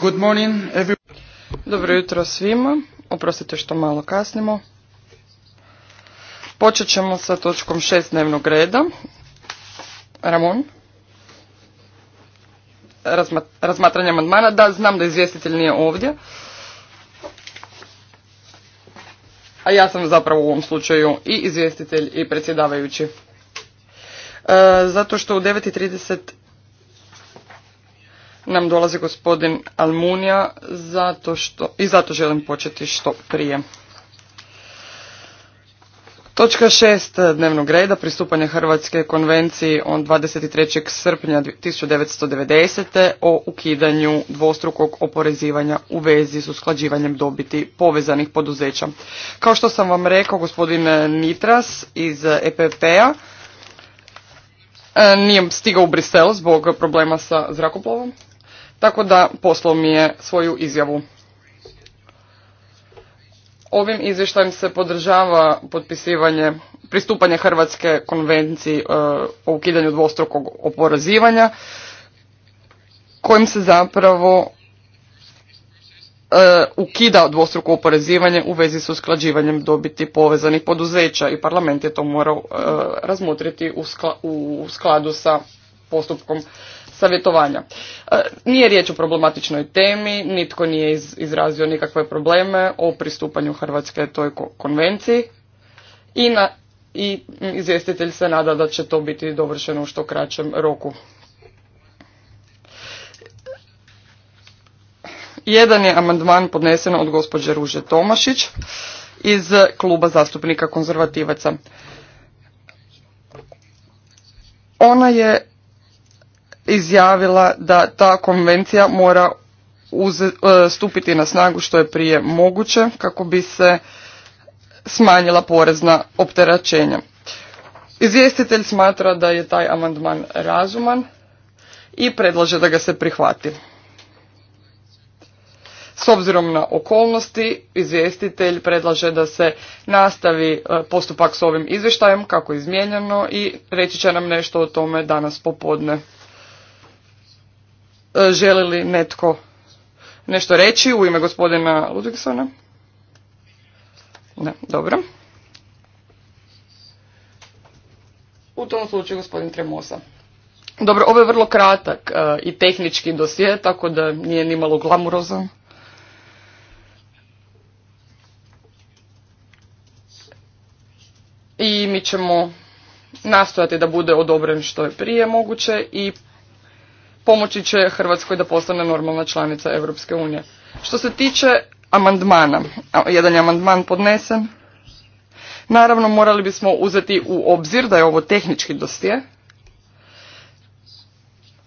good morning Dobro jutro svima. Oprostite što malo kasnimo. Počet ćemo sa točkom 6 dnevnog reda. Ramon? razmatranje amandmana. Da, znam da izvjestitelj nije ovdje. A ja sam zapravo u ovom slučaju i izvjestitelj i predsjedavajući. E, zato što u 9.30 nam dolazi gospodin Almunija zato što, i zato želim početi što prije. Točka šest dnevnog reda pristupanje Hrvatske konvenciji on 23. srpnja 1990. o ukidanju dvostrukog oporezivanja u vezi s usklađivanjem dobiti povezanih poduzeća. Kao što sam vam rekao, gospodin Nitras iz EPP-a e, nije stigao u Brisel zbog problema sa zrakoplovom tako da poslao mi je svoju izjavu. Ovim izvještajem se podržava potpisivanje, pristupanje Hrvatske konvenciji e, o ukidanju dvostrukog oporezivanja, kojim se zapravo e, ukida dvostruko oporezivanje u vezi s usklađivanjem dobiti povezanih poduzeća i parlament je to morao e, razmotriti u skladu sa postupkom savjetovanja. E, nije riječ o problematičnoj temi, nitko nije izrazio nikakve probleme o pristupanju Hrvatske toj konvenciji i, i izvjestitelj se nada da će to biti dovršeno u što kraćem roku. Jedan je amandman podnesen od gospođe Ruže Tomašić iz kluba zastupnika konzervativaca. Ona je izjavila da ta konvencija mora e, stupiti na snagu što je prije moguće kako bi se smanjila porezna opterećenja. Izvjestitelj smatra da je taj amandman razuman i predlaže da ga se prihvati. S obzirom na okolnosti, izvjestitelj predlaže da se nastavi e, postupak s ovim izvještajem kako je izmijenjeno i reći će nam nešto o tome danas popodne. E, želi li netko nešto reći u ime gospodina Ludvigsona? Ne, dobro. U tom slučaju gospodin Tremosa. Dobro, ovo je vrlo kratak e, i tehnički dosje, tako da nije ni malo glamurozan. I mi ćemo nastojati da bude odobren što je prije moguće i pomoći će Hrvatskoj da postane normalna članica Europske unije. Što se tiče amandmana, jedan je amandman podnesen. Naravno, morali bismo uzeti u obzir da je ovo tehnički dostije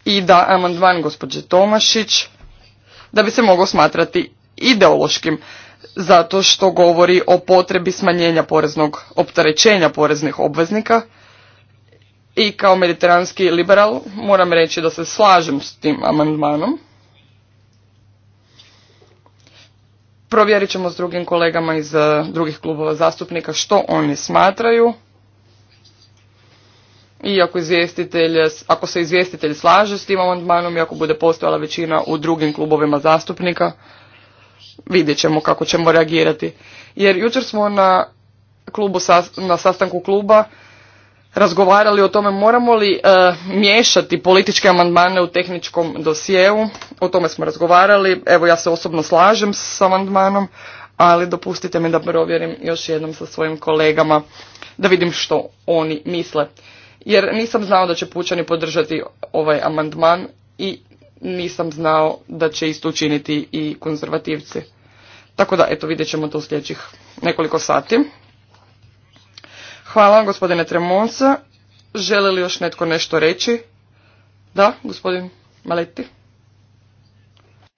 i da amandman gospođe Tomašić da bi se mogao smatrati ideološkim zato što govori o potrebi smanjenja poreznog opterećenja poreznih obveznika i kao mediteranski liberal moram reći da se slažem s tim amandmanom. Provjerit ćemo s drugim kolegama iz eh, drugih klubova zastupnika što oni smatraju. I ako, izvjestitelj, ako se izvjestitelj slaže s tim amandmanom i ako bude postojala većina u drugim klubovima zastupnika, vidjet ćemo kako ćemo reagirati. Jer jučer smo na, klubu, na sastanku kluba razgovarali o tome moramo li e, miješati političke amandmane u tehničkom dosjeu. O tome smo razgovarali. Evo ja se osobno slažem s amandmanom, ali dopustite mi da provjerim još jednom sa svojim kolegama da vidim što oni misle. Jer nisam znao da će pučani podržati ovaj amandman i nisam znao da će isto učiniti i konzervativci. Tako da, eto, vidjet ćemo to u sljedećih nekoliko sati. Hvala gospodine Tremonsa. Želi li još netko nešto reći? Da, gospodin Maleti.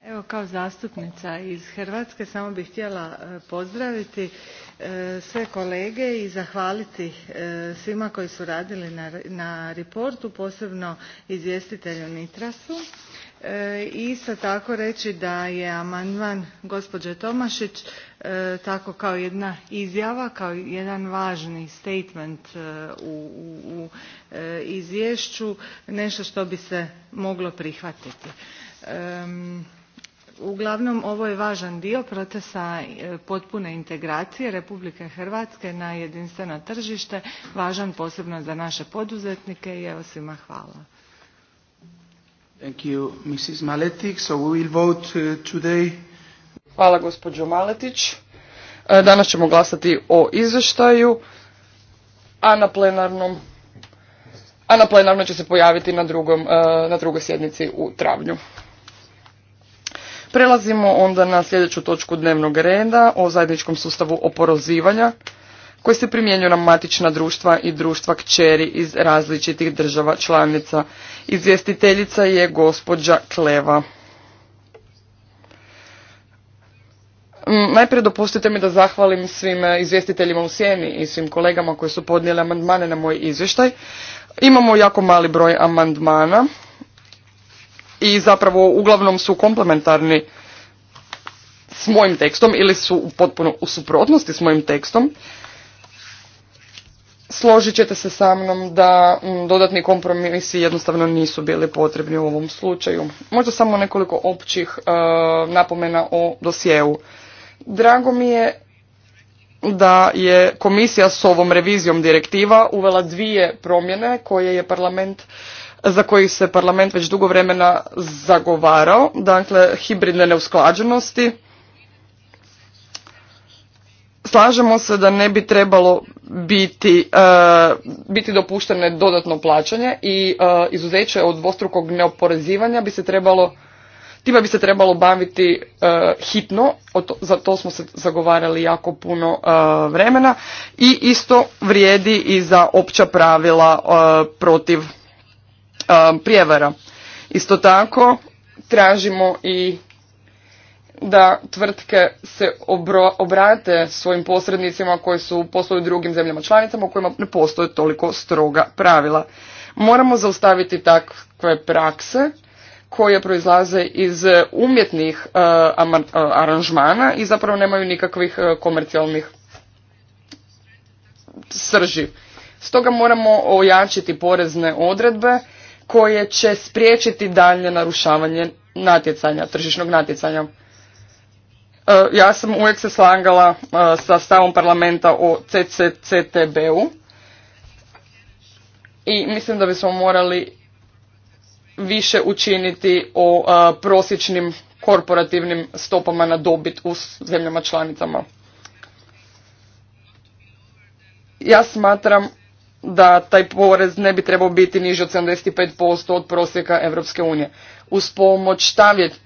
Evo kao zastupnica iz Hrvatske samo bih htjela e, pozdraviti e, sve kolege i zahvaliti e, svima koji su radili na, na reportu, posebno izvjestitelju Nitrasu E, i isto tako reći da je amandman gospođe Tomašić e, tako kao jedna izjava, kao jedan važni statement e, u, izvješću nešto što bi se moglo prihvatiti. Uglavnom ovo je važan dio procesa potpune integracije Republike Hrvatske na jedinstveno tržište, važan posebno za naše poduzetnike i evo svima hvala. Thank you, Mrs. Uh, Hvala gospođo Maletić. E, danas ćemo glasati o izvještaju, a na plenarnom a na plenarno će se pojaviti na, e, na drugoj sjednici u travnju. Prelazimo onda na sljedeću točku dnevnog reda o zajedničkom sustavu oporozivanja koji se primjenjuju na matična društva i društva kćeri iz različitih država članica. Izvjestiteljica je gospođa Kleva. Mm, najprije dopustite mi da zahvalim svim izvjestiteljima u sjeni i svim kolegama koji su podnijeli amandmane na moj izvještaj. Imamo jako mali broj amandmana i zapravo uglavnom su komplementarni s mojim tekstom ili su potpuno u suprotnosti s mojim tekstom složit ćete se sa mnom da mm, dodatni kompromisi jednostavno nisu bili potrebni u ovom slučaju. Možda samo nekoliko općih e, napomena o dosjeu. Drago mi je da je komisija s ovom revizijom direktiva uvela dvije promjene koje je parlament za koji se parlament već dugo vremena zagovarao, dakle hibridne neusklađenosti slažemo se da ne bi trebalo biti, e, biti dopuštene dodatno plaćanje i e, izuzeće od dvostrukog neoporezivanja bi se trebalo time bi se trebalo baviti e, hitno to, za to smo se zagovarali jako puno vremena i isto vrijedi i za opća pravila protiv prijevara isto tako tražimo i da tvrtke se obrate svojim posrednicima koji su posluju drugim zemljama članicama u kojima ne postoje toliko stroga pravila. Moramo zaustaviti takve prakse koje proizlaze iz umjetnih e, e, aranžmana i zapravo nemaju nikakvih e, komercijalnih srži. Stoga moramo ojačiti porezne odredbe koje će spriječiti daljnje narušavanje natjecanja, tržišnog natjecanja. Eh, ja sam uvijek se slangala eh, sa stavom parlamenta o CCCTB-u i mislim da bismo morali više učiniti o eh, prosječnim korporativnim stopama na dobit u zemljama članicama. Ja smatram da taj porez ne bi trebao biti niži od 75% od prosjeka Europske unije. Uz pomoć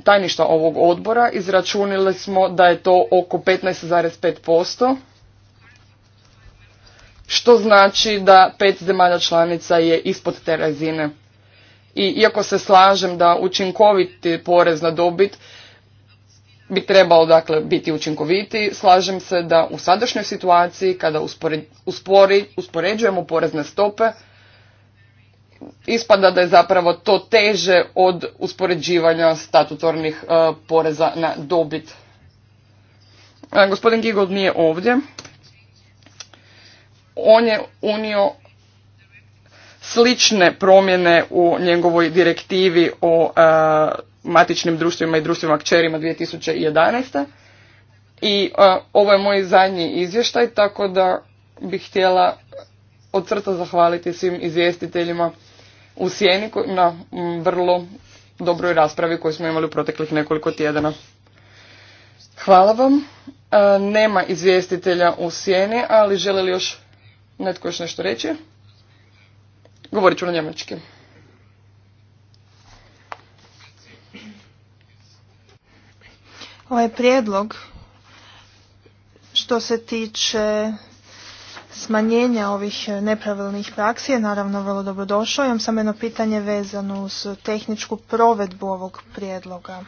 tajništva ovog odbora izračunili smo da je to oko 15,5%, što znači da pet zemalja članica je ispod te razine. I iako se slažem da učinkoviti porez na dobit bi trebao dakle biti učinkoviti, slažem se da u sadašnjoj situaciji kada uspoređujemo porezne stope, ispada da je zapravo to teže od uspoređivanja statutornih e, poreza na dobit. E, gospodin Gigold nije ovdje. On je unio slične promjene u njegovoj direktivi o e, matičnim društvima i društvima kćerima 2011. I ovo je moj zadnji izvještaj, tako da bih htjela od srca zahvaliti svim izvjestiteljima u sjeni na mm, vrlo dobroj raspravi koju smo imali u proteklih nekoliko tjedana. Hvala vam. E, nema izvjestitelja u sjeni, ali želi li još netko još nešto reći? Govorit ću na njemački. Ovaj prijedlog što se tiče smanjenja ovih nepravilnih praksi je naravno vrlo dobrodošao. Imam samo jedno pitanje vezano uz tehničku provedbu ovog prijedloga.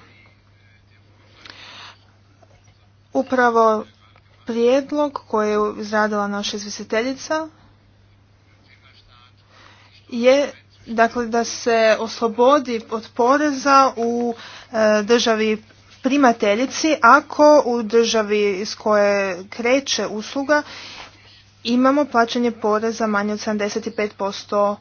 Upravo prijedlog koji je izradila naša izvjestiteljica je dakle da se oslobodi od poreza u e, državi primateljici ako u državi iz koje kreće usluga imamo plaćanje poreza manje od 75%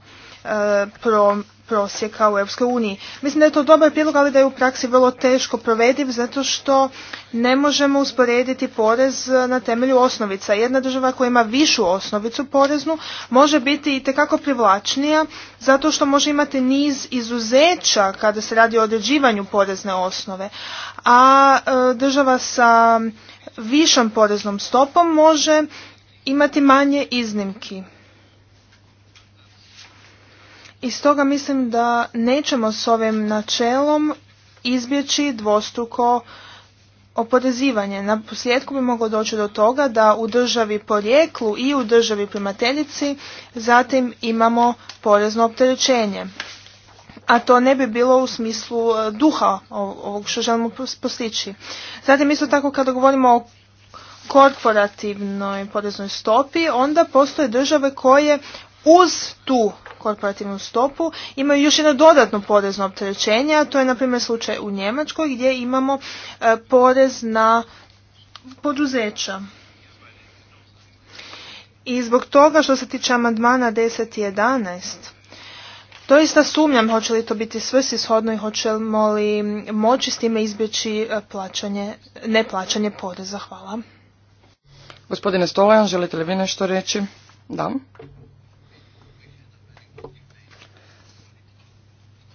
e, pro, prosjeka u Europskoj uniji. Mislim da je to dobar prijedlog, ali da je u praksi vrlo teško provediv zato što ne možemo usporediti porez na temelju osnovica. Jedna država koja ima višu osnovicu poreznu može biti i tekako privlačnija zato što može imati niz izuzeća kada se radi o određivanju porezne osnove. A e, država sa višom poreznom stopom može imati manje iznimki. I stoga mislim da nećemo s ovim načelom izbjeći dvostruko oporezivanje. Na posljedku bi moglo doći do toga da u državi porijeklu i u državi primateljici zatim imamo porezno opterećenje. A to ne bi bilo u smislu e, duha ovog što želimo postići. Zatim isto tako kada govorimo o korporativnoj poreznoj stopi, onda postoje države koje uz tu korporativnu stopu imaju još jedno dodatno porezno opterećenje, a to je na primjer slučaj u Njemačkoj gdje imamo e, porez na poduzeća. I zbog toga što se tiče amandmana 10 i 11, doista sumnjam hoće li to biti svrsishodno i hoćemo li moći s time izbjeći e, plaćanje, neplaćanje poreza. Hvala. Gospodine Stolojan, želite li vi nešto reći? Da.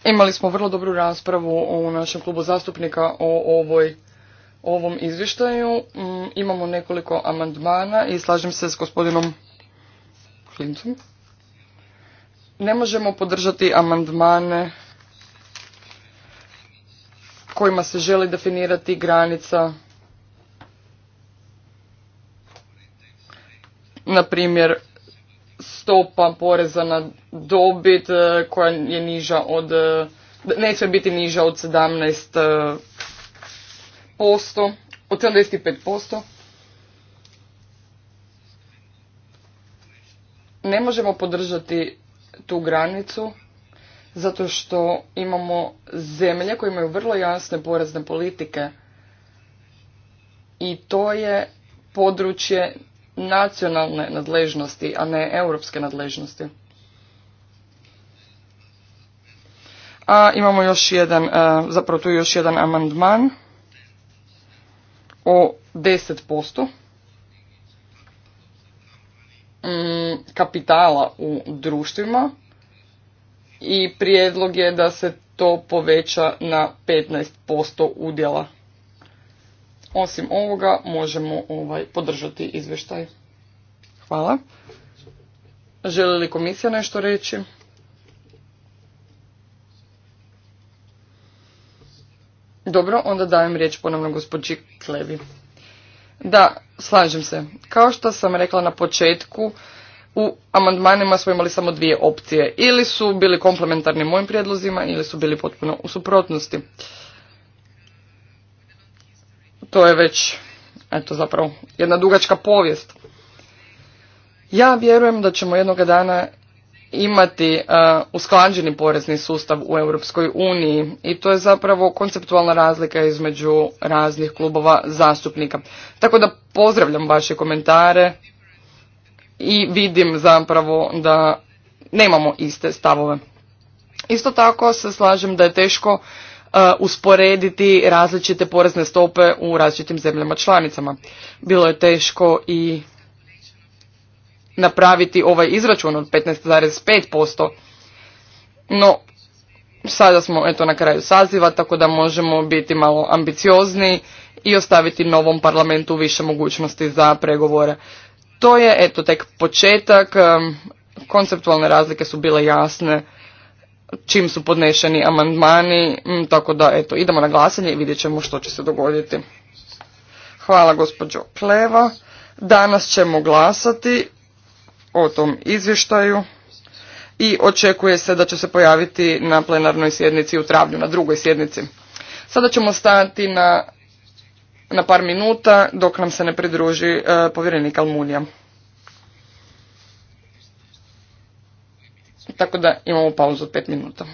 Imali smo vrlo dobru raspravu u našem klubu zastupnika o ovoj ovom izvještaju. Mm, imamo nekoliko amandmana i slažem se s gospodinom Klincom. Ne možemo podržati amandmane kojima se želi definirati granica na primjer stopa poreza na dobit e, koja je niža od, e, neće biti niža od 17%, e, od 75%. Ne možemo podržati tu granicu zato što imamo zemlje koje imaju vrlo jasne porezne politike i to je područje nacionalne nadležnosti, a ne europske nadležnosti. A imamo još jedan, e, zapravo tu je još jedan amandman o 10% mm, kapitala u društvima i prijedlog je da se to poveća na 15% udjela osim ovoga možemo ovaj, podržati izvještaj. Hvala. Želi li komisija nešto reći? Dobro, onda dajem riječ ponovno gospođi Klevi. Da, slažem se. Kao što sam rekla na početku, u amandmanima smo imali samo dvije opcije. Ili su bili komplementarni mojim prijedlozima, ili su bili potpuno u suprotnosti to je već eto zapravo jedna dugačka povijest. Ja vjerujem da ćemo jednoga dana imati uh, usklađeni porezni sustav u Europskoj uniji i to je zapravo konceptualna razlika između raznih klubova zastupnika. Tako da pozdravljam vaše komentare i vidim zapravo da nemamo iste stavove. Isto tako se slažem da je teško Uh, usporediti različite porezne stope u različitim zemljama članicama. Bilo je teško i napraviti ovaj izračun od 15,5%, no sada smo eto na kraju saziva, tako da možemo biti malo ambiciozni i ostaviti novom parlamentu više mogućnosti za pregovore. To je eto tek početak, um, konceptualne razlike su bile jasne čim su podnešeni amandmani, mm, tako da eto, idemo na glasanje i vidjet ćemo što će se dogoditi. Hvala gospođo Pleva. Danas ćemo glasati o tom izvještaju i očekuje se da će se pojaviti na plenarnoj sjednici u travnju, na drugoj sjednici. Sada ćemo stati na, par minuta dok nam se ne pridruži e, povjerenik Almunija. tako da imamo pauzu od 5 minuta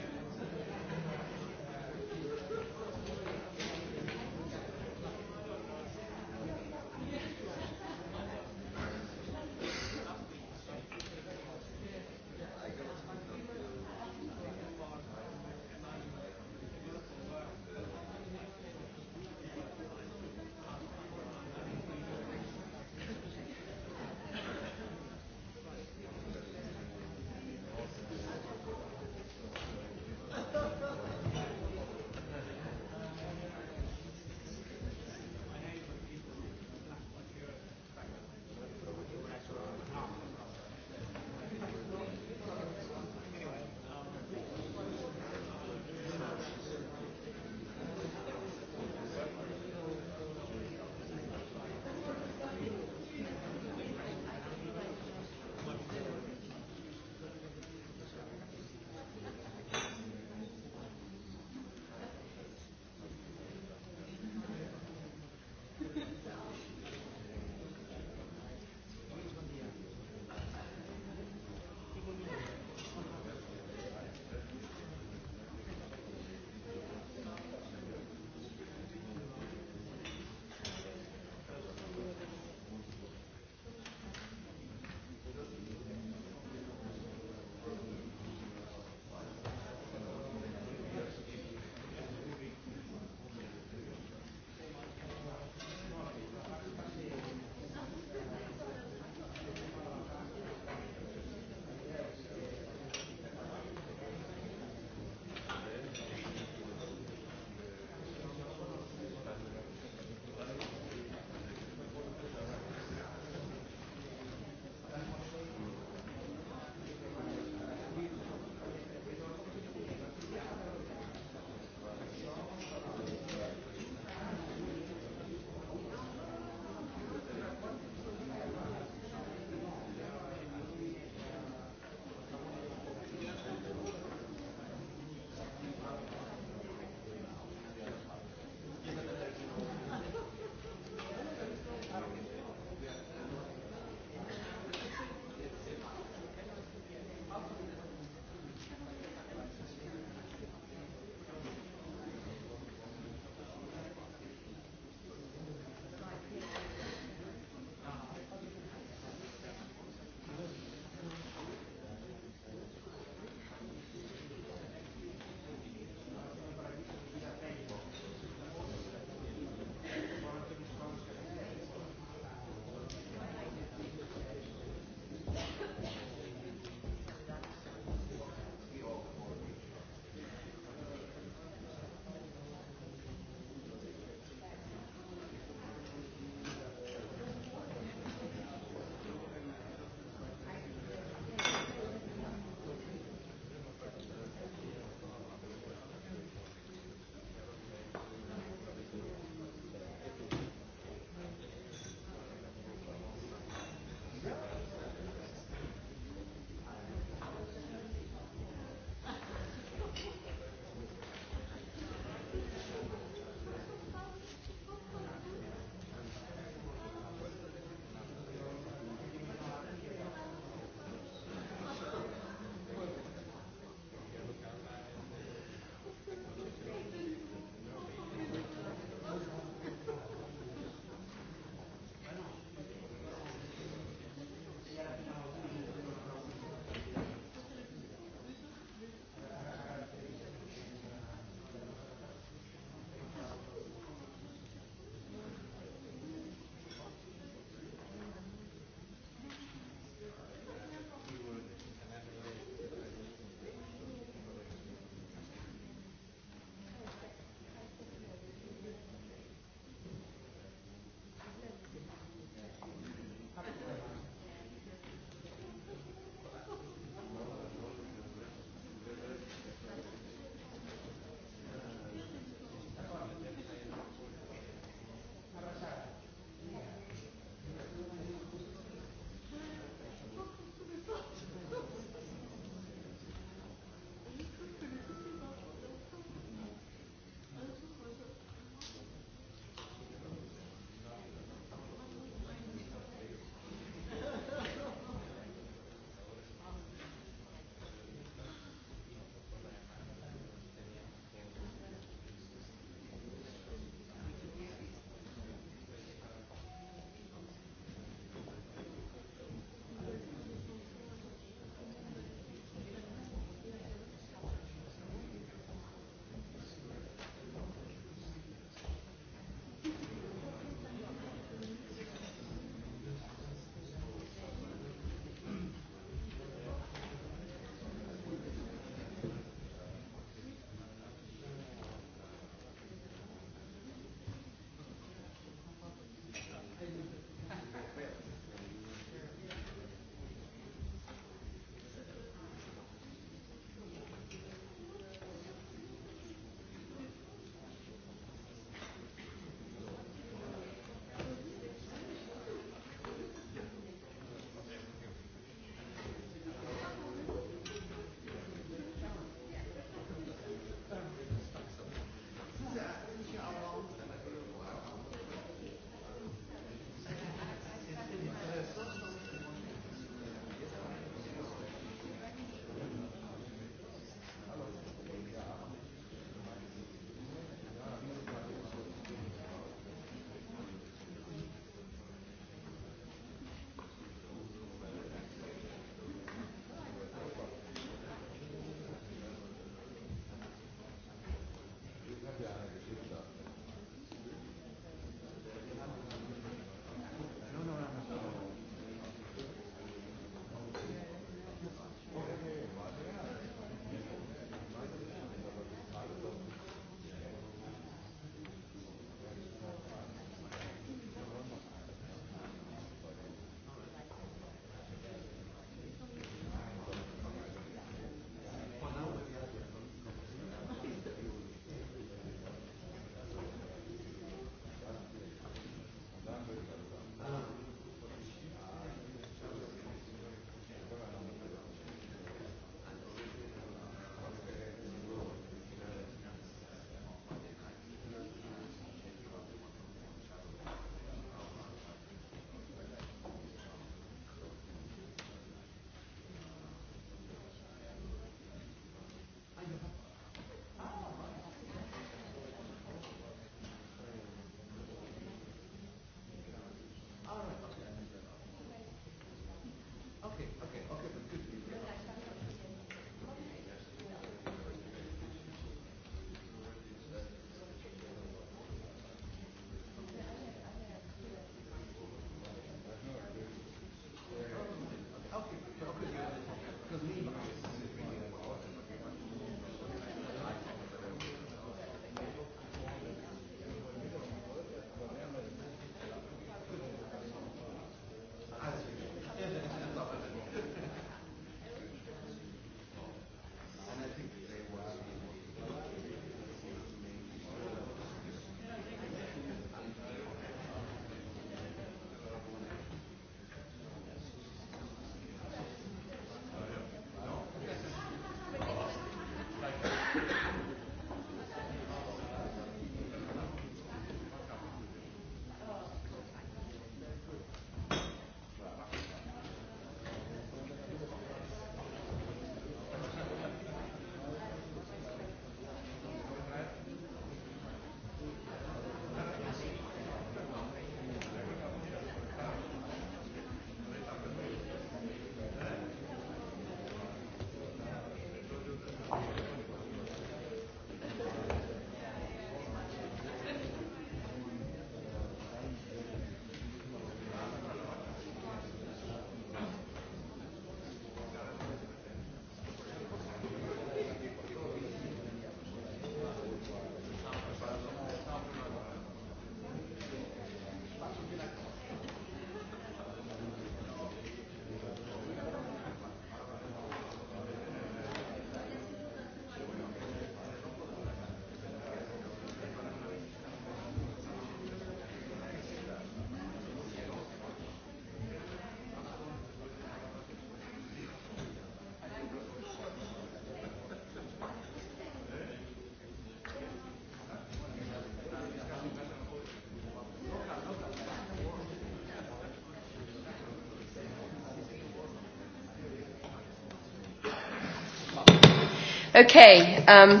Okay, um,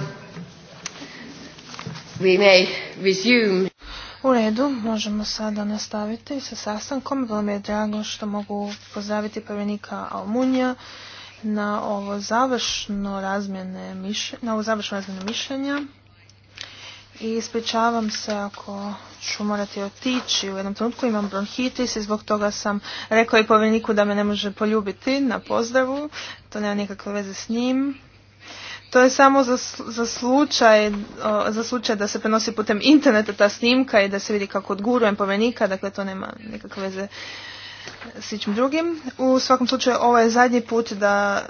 we may resume. U redu, možemo sada nastaviti sa sastankom. Vrlo mi je drago što mogu pozdraviti prvenika Almunija na ovo završno razmjene mišljenja, na ovo završno razmjene mišljenja. I ispričavam se ako ću morati otići. U jednom trenutku imam bronhitis i zbog toga sam rekao i povjereniku da me ne može poljubiti na pozdravu. To nema nikakve veze s njim. To je samo za, za, slučaj, za slučaj da se prenosi putem interneta ta snimka i da se vidi kako odgurujem povenika, dakle to nema nekakve veze s ničim drugim. U svakom slučaju ovo je zadnji put da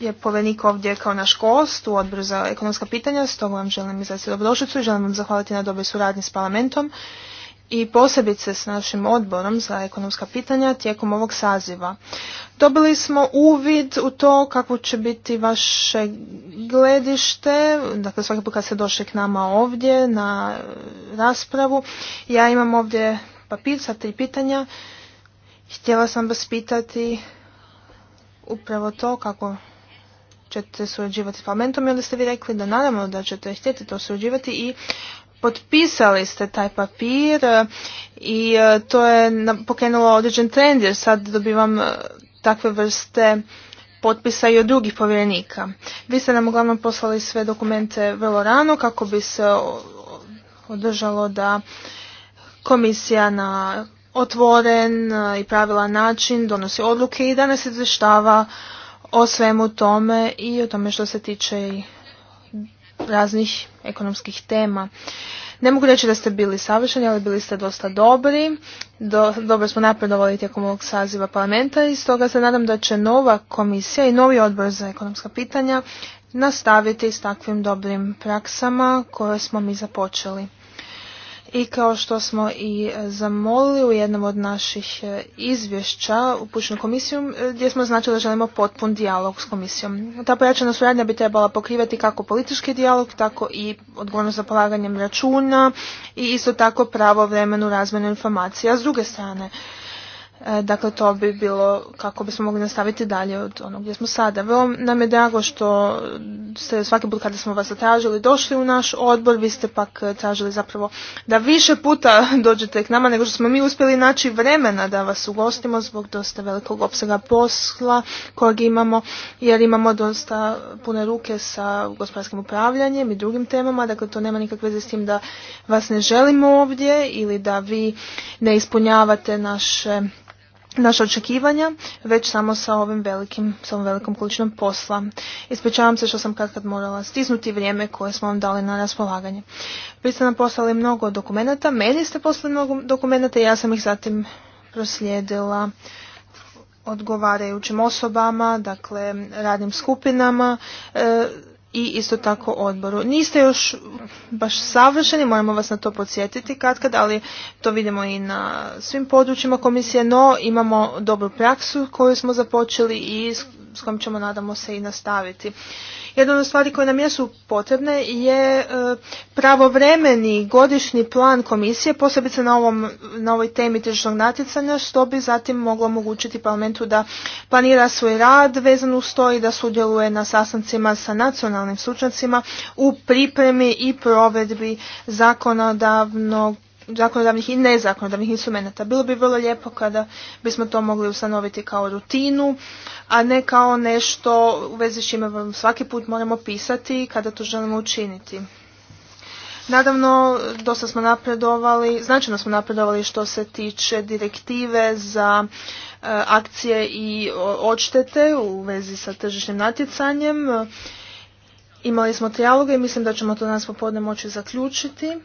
je povenik ovdje kao naš gost u odboru za ekonomska pitanja, stoga vam želim izraziti dobrodošlicu i želim vam zahvaliti na dobroj suradnji s parlamentom i posebice s našim odborom za ekonomska pitanja tijekom ovog saziva. Dobili smo uvid u to kako će biti vaše gledište, dakle svaki put kad ste došli k nama ovdje na raspravu, ja imam ovdje papir sa tri pitanja. Htjela sam vas pitati upravo to kako ćete surađivati s parlamentom i onda ste vi rekli da naravno da ćete htjeti to surađivati i potpisali ste taj papir e, i e, to je pokrenulo određen trend jer sad dobivam e, takve vrste potpisa i od drugih povjerenika. Vi ste nam uglavnom poslali sve dokumente vrlo rano kako bi se održalo da komisija na otvoren i pravilan način donosi odluke i danas se izvještava o svemu tome i o tome što se tiče raznih ekonomskih tema. Ne mogu reći da ste bili savršeni, ali bili ste dosta dobri. dobro smo napredovali tijekom ovog saziva parlamenta i stoga se nadam da će nova komisija i novi odbor za ekonomska pitanja nastaviti s takvim dobrim praksama koje smo mi započeli. I kao što smo i e, zamolili u jednom od naših e, izvješća u Pučnu komisiju, e, gdje smo značili da želimo potpun dijalog s komisijom. Ta pojačana suradnja bi trebala pokrivati kako politički dijalog, tako i odgovornost za polaganjem računa i isto tako pravo vremenu razmjenu informacija. S druge strane, E, dakle, to bi bilo kako bismo mogli nastaviti dalje od onog gdje smo sada. Veo nam je drago što ste svaki put kada smo vas zatražili došli u naš odbor, vi ste pak e, tražili zapravo da više puta dođete k nama nego što smo mi uspjeli naći vremena da vas ugostimo zbog dosta velikog opsega posla kojeg imamo, jer imamo dosta pune ruke sa gospodarskim upravljanjem i drugim temama, dakle to nema nikakve veze s tim da vas ne želimo ovdje ili da vi ne ispunjavate naše naša očekivanja, već samo sa ovim velikim, sa ovom velikom količinom posla. Ispričavam se što sam kad kad morala stisnuti vrijeme koje smo vam dali na raspolaganje. Vi ste nam poslali mnogo dokumenata, meni ste poslali mnogo dokumenata i ja sam ih zatim proslijedila odgovarajućim osobama, dakle radnim skupinama. E, i isto tako odboru. Niste još baš savršeni, moramo vas na to podsjetiti kad, ali to vidimo i na svim područjima komisije, no imamo dobru praksu koju smo započeli i s kojom ćemo nadamo se i nastaviti. Jedna od stvari koje nam jesu potrebne je e, pravovremeni godišnji plan komisije, posebice na, ovom, na ovoj temi tržišnog natjecanja, što bi zatim moglo omogućiti parlamentu da planira svoj rad vezan uz to i da sudjeluje na sastancima sa nacionalnim stručnjacima u pripremi i provedbi zakonodavnog zakonodavnih i nezakonodavnih instrumenta. Bilo bi vrlo lijepo kada bismo to mogli ustanoviti kao rutinu, a ne kao nešto u vezi s čime svaki put moramo pisati kada to želimo učiniti. Nadavno, dosta smo napredovali, značajno smo napredovali što se tiče direktive za eh, akcije i eh, odštete u vezi sa tržišnim natjecanjem. Imali smo trijaloge i mislim da ćemo to danas popodne moći zaključiti.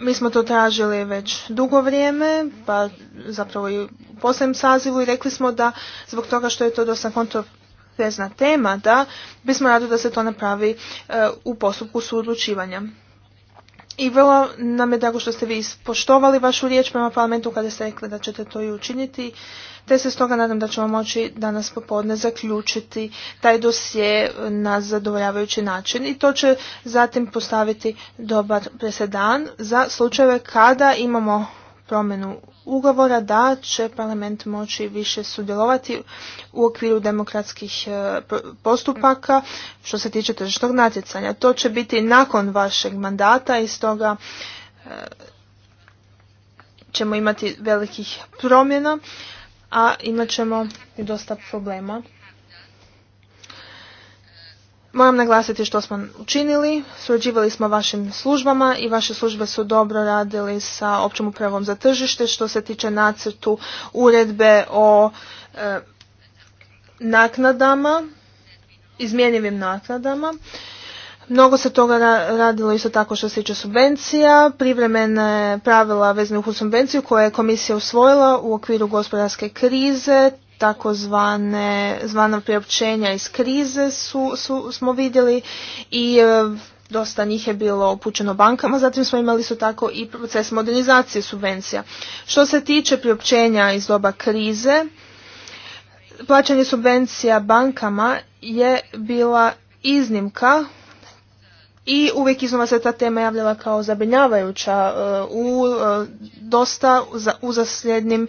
Mi smo to tražili već dugo vrijeme, pa zapravo i u posljednjem sazivu i rekli smo da zbog toga što je to dosta kontroverzna tema, da bismo radili da se to napravi e, u postupku suodlučivanja. I vrlo nam je drago što ste vi ispoštovali vašu riječ prema parlamentu kada ste rekli da ćete to i učiniti, te se stoga nadam da ćemo moći danas popodne zaključiti taj dosje na zadovoljavajući način i to će zatim postaviti dobar presedan za slučajeve kada imamo promjenu ugovora da će parlament moći više sudjelovati u okviru demokratskih e, postupaka što se tiče tržišnog natjecanja. To će biti nakon vašeg mandata i stoga e, ćemo imati velikih promjena, a imat ćemo i dosta problema Moram naglasiti što smo učinili. Surađivali smo vašim službama i vaše službe su dobro radili sa općom upravom za tržište što se tiče nacrtu uredbe o e, naknadama, izmjenjivim naknadama. Mnogo se toga radilo isto tako što se tiče subvencija, privremene pravila vezane u subvenciju koje je komisija usvojila u okviru gospodarske krize, takozvane zvana priopćenja iz krize su, smo vidjeli i e, dosta njih je bilo upućeno bankama, zatim smo imali su tako i proces modernizacije subvencija. Što se tiče priopćenja iz doba krize, plaćanje subvencija bankama je bila iznimka i uvijek iznova se ta tema javljala kao zabrinjavajuća e, u e, dosta uzasljednim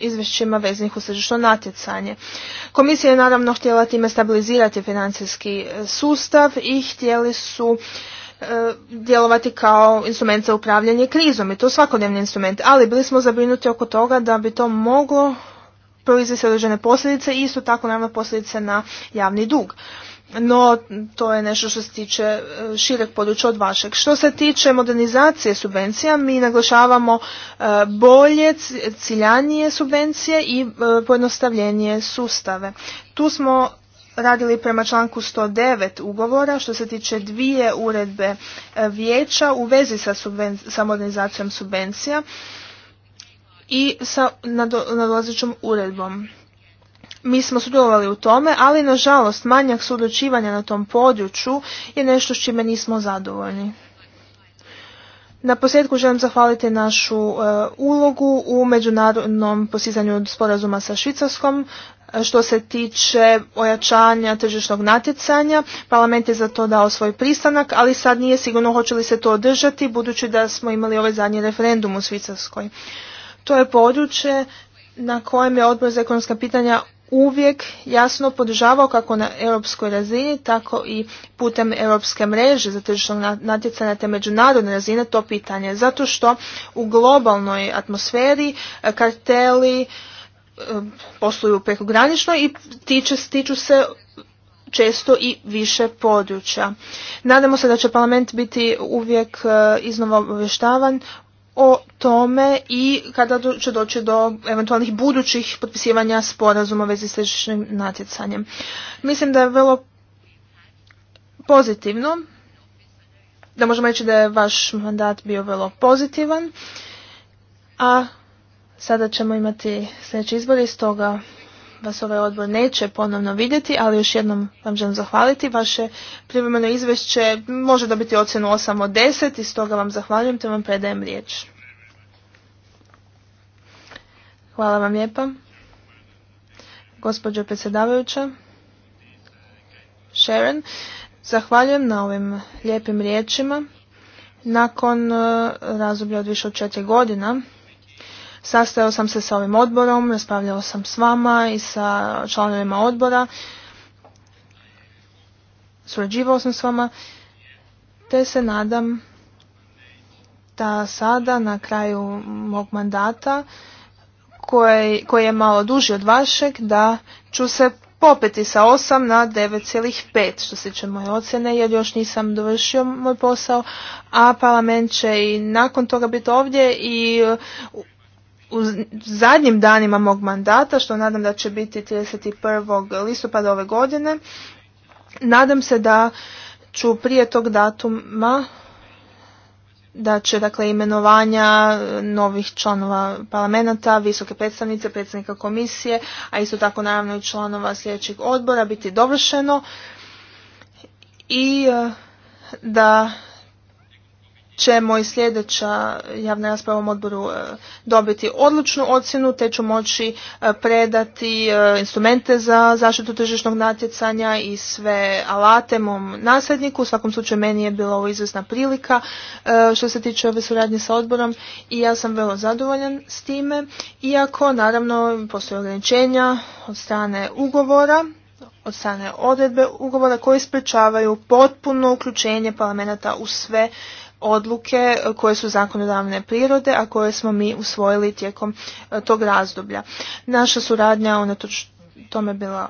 izvješćima veznih u sržišno natjecanje. Komisija je naravno htjela time stabilizirati financijski e, sustav i htjeli su djelovati kao instrument za upravljanje krizom i to svakodnevni instrument, ali bili smo zabrinuti oko toga da bi to moglo proizvesti određene posljedice i isto tako naravno posljedice na javni dug no to je nešto što se tiče e, šireg područja od vašeg. Što se tiče modernizacije subvencija, mi naglašavamo e, bolje, ciljanije subvencije i e, pojednostavljenije sustave. Tu smo radili prema članku 109 ugovora što se tiče dvije uredbe vijeća u vezi sa, sa modernizacijom subvencija i sa nadolazećom uredbom. Mi smo sudjelovali u tome, ali nažalost manjak sudočivanja na tom području je nešto s čime nismo zadovoljni. Na posljedku želim zahvaliti našu e, ulogu u međunarodnom postizanju sporazuma sa Švicarskom e, što se tiče ojačanja tržišnog natjecanja. Parlament je za to dao svoj pristanak, ali sad nije sigurno hoće li se to održati budući da smo imali ovaj zadnji referendum u Švicarskoj. To je područje na kojem je odbor za ekonomska pitanja uvijek jasno podržavao kako na europskoj razini, tako i putem europske mreže za tržišnog natjecanja te međunarodne razine to pitanje. Zato što u globalnoj atmosferi e, karteli e, posluju prekogranično i tiče, tiču se često i više područja. Nadamo se da će parlament biti uvijek e, iznova obavještavan o tome i kada će doći do eventualnih budućih potpisivanja sporazuma vezi s tržišnim natjecanjem. Mislim da je vrlo pozitivno, da možemo reći da je vaš mandat bio vrlo pozitivan, a sada ćemo imati sljedeći izbore i stoga vas ovaj odbor neće ponovno vidjeti, ali još jednom vam želim zahvaliti. Vaše privremeno izvješće može dobiti ocjenu 8 od 10 i stoga vam zahvaljujem te vam predajem riječ. Hvala vam lijepa. Gospođo predsjedavajuća, Sharon, zahvaljujem na ovim lijepim riječima. Nakon eh, razdoblja od više od četiri godina, Sastao sam se sa ovim odborom, raspravljao sam s vama i sa članovima odbora. Surađivao sam s vama, te se nadam da sada na kraju mog mandata koji, koji je malo duži od vašeg da ću se popeti sa 8 na 9,5 što se tiče moje ocjene jer još nisam dovršio moj posao, a parlament će i nakon toga biti ovdje i u zadnjim danima mog mandata, što nadam da će biti 31. listopada ove godine, nadam se da ću prije tog datuma da će dakle imenovanja novih članova parlamenta, visoke predstavnice, predsjednika komisije, a isto tako naravno i članova sljedećeg odbora biti dovršeno i eh, da ćemo i sljedeća javna rasprava u odboru e, dobiti odlučnu ocjenu te ću moći e, predati e, instrumente za zaštitu tržišnog natjecanja i sve alate mom nasljedniku. U svakom slučaju meni je bila ovo izvjesna prilika što se tiče ove suradnje sa odborom i ja sam vrlo zadovoljan s time. Iako naravno postoje ograničenja od strane ugovora od strane odredbe ugovora koji sprečavaju potpuno uključenje parlamenta u sve odluke e, koje su zakonodavne prirode, a koje smo mi usvojili tijekom e, tog razdoblja. Naša suradnja unatoč tome bila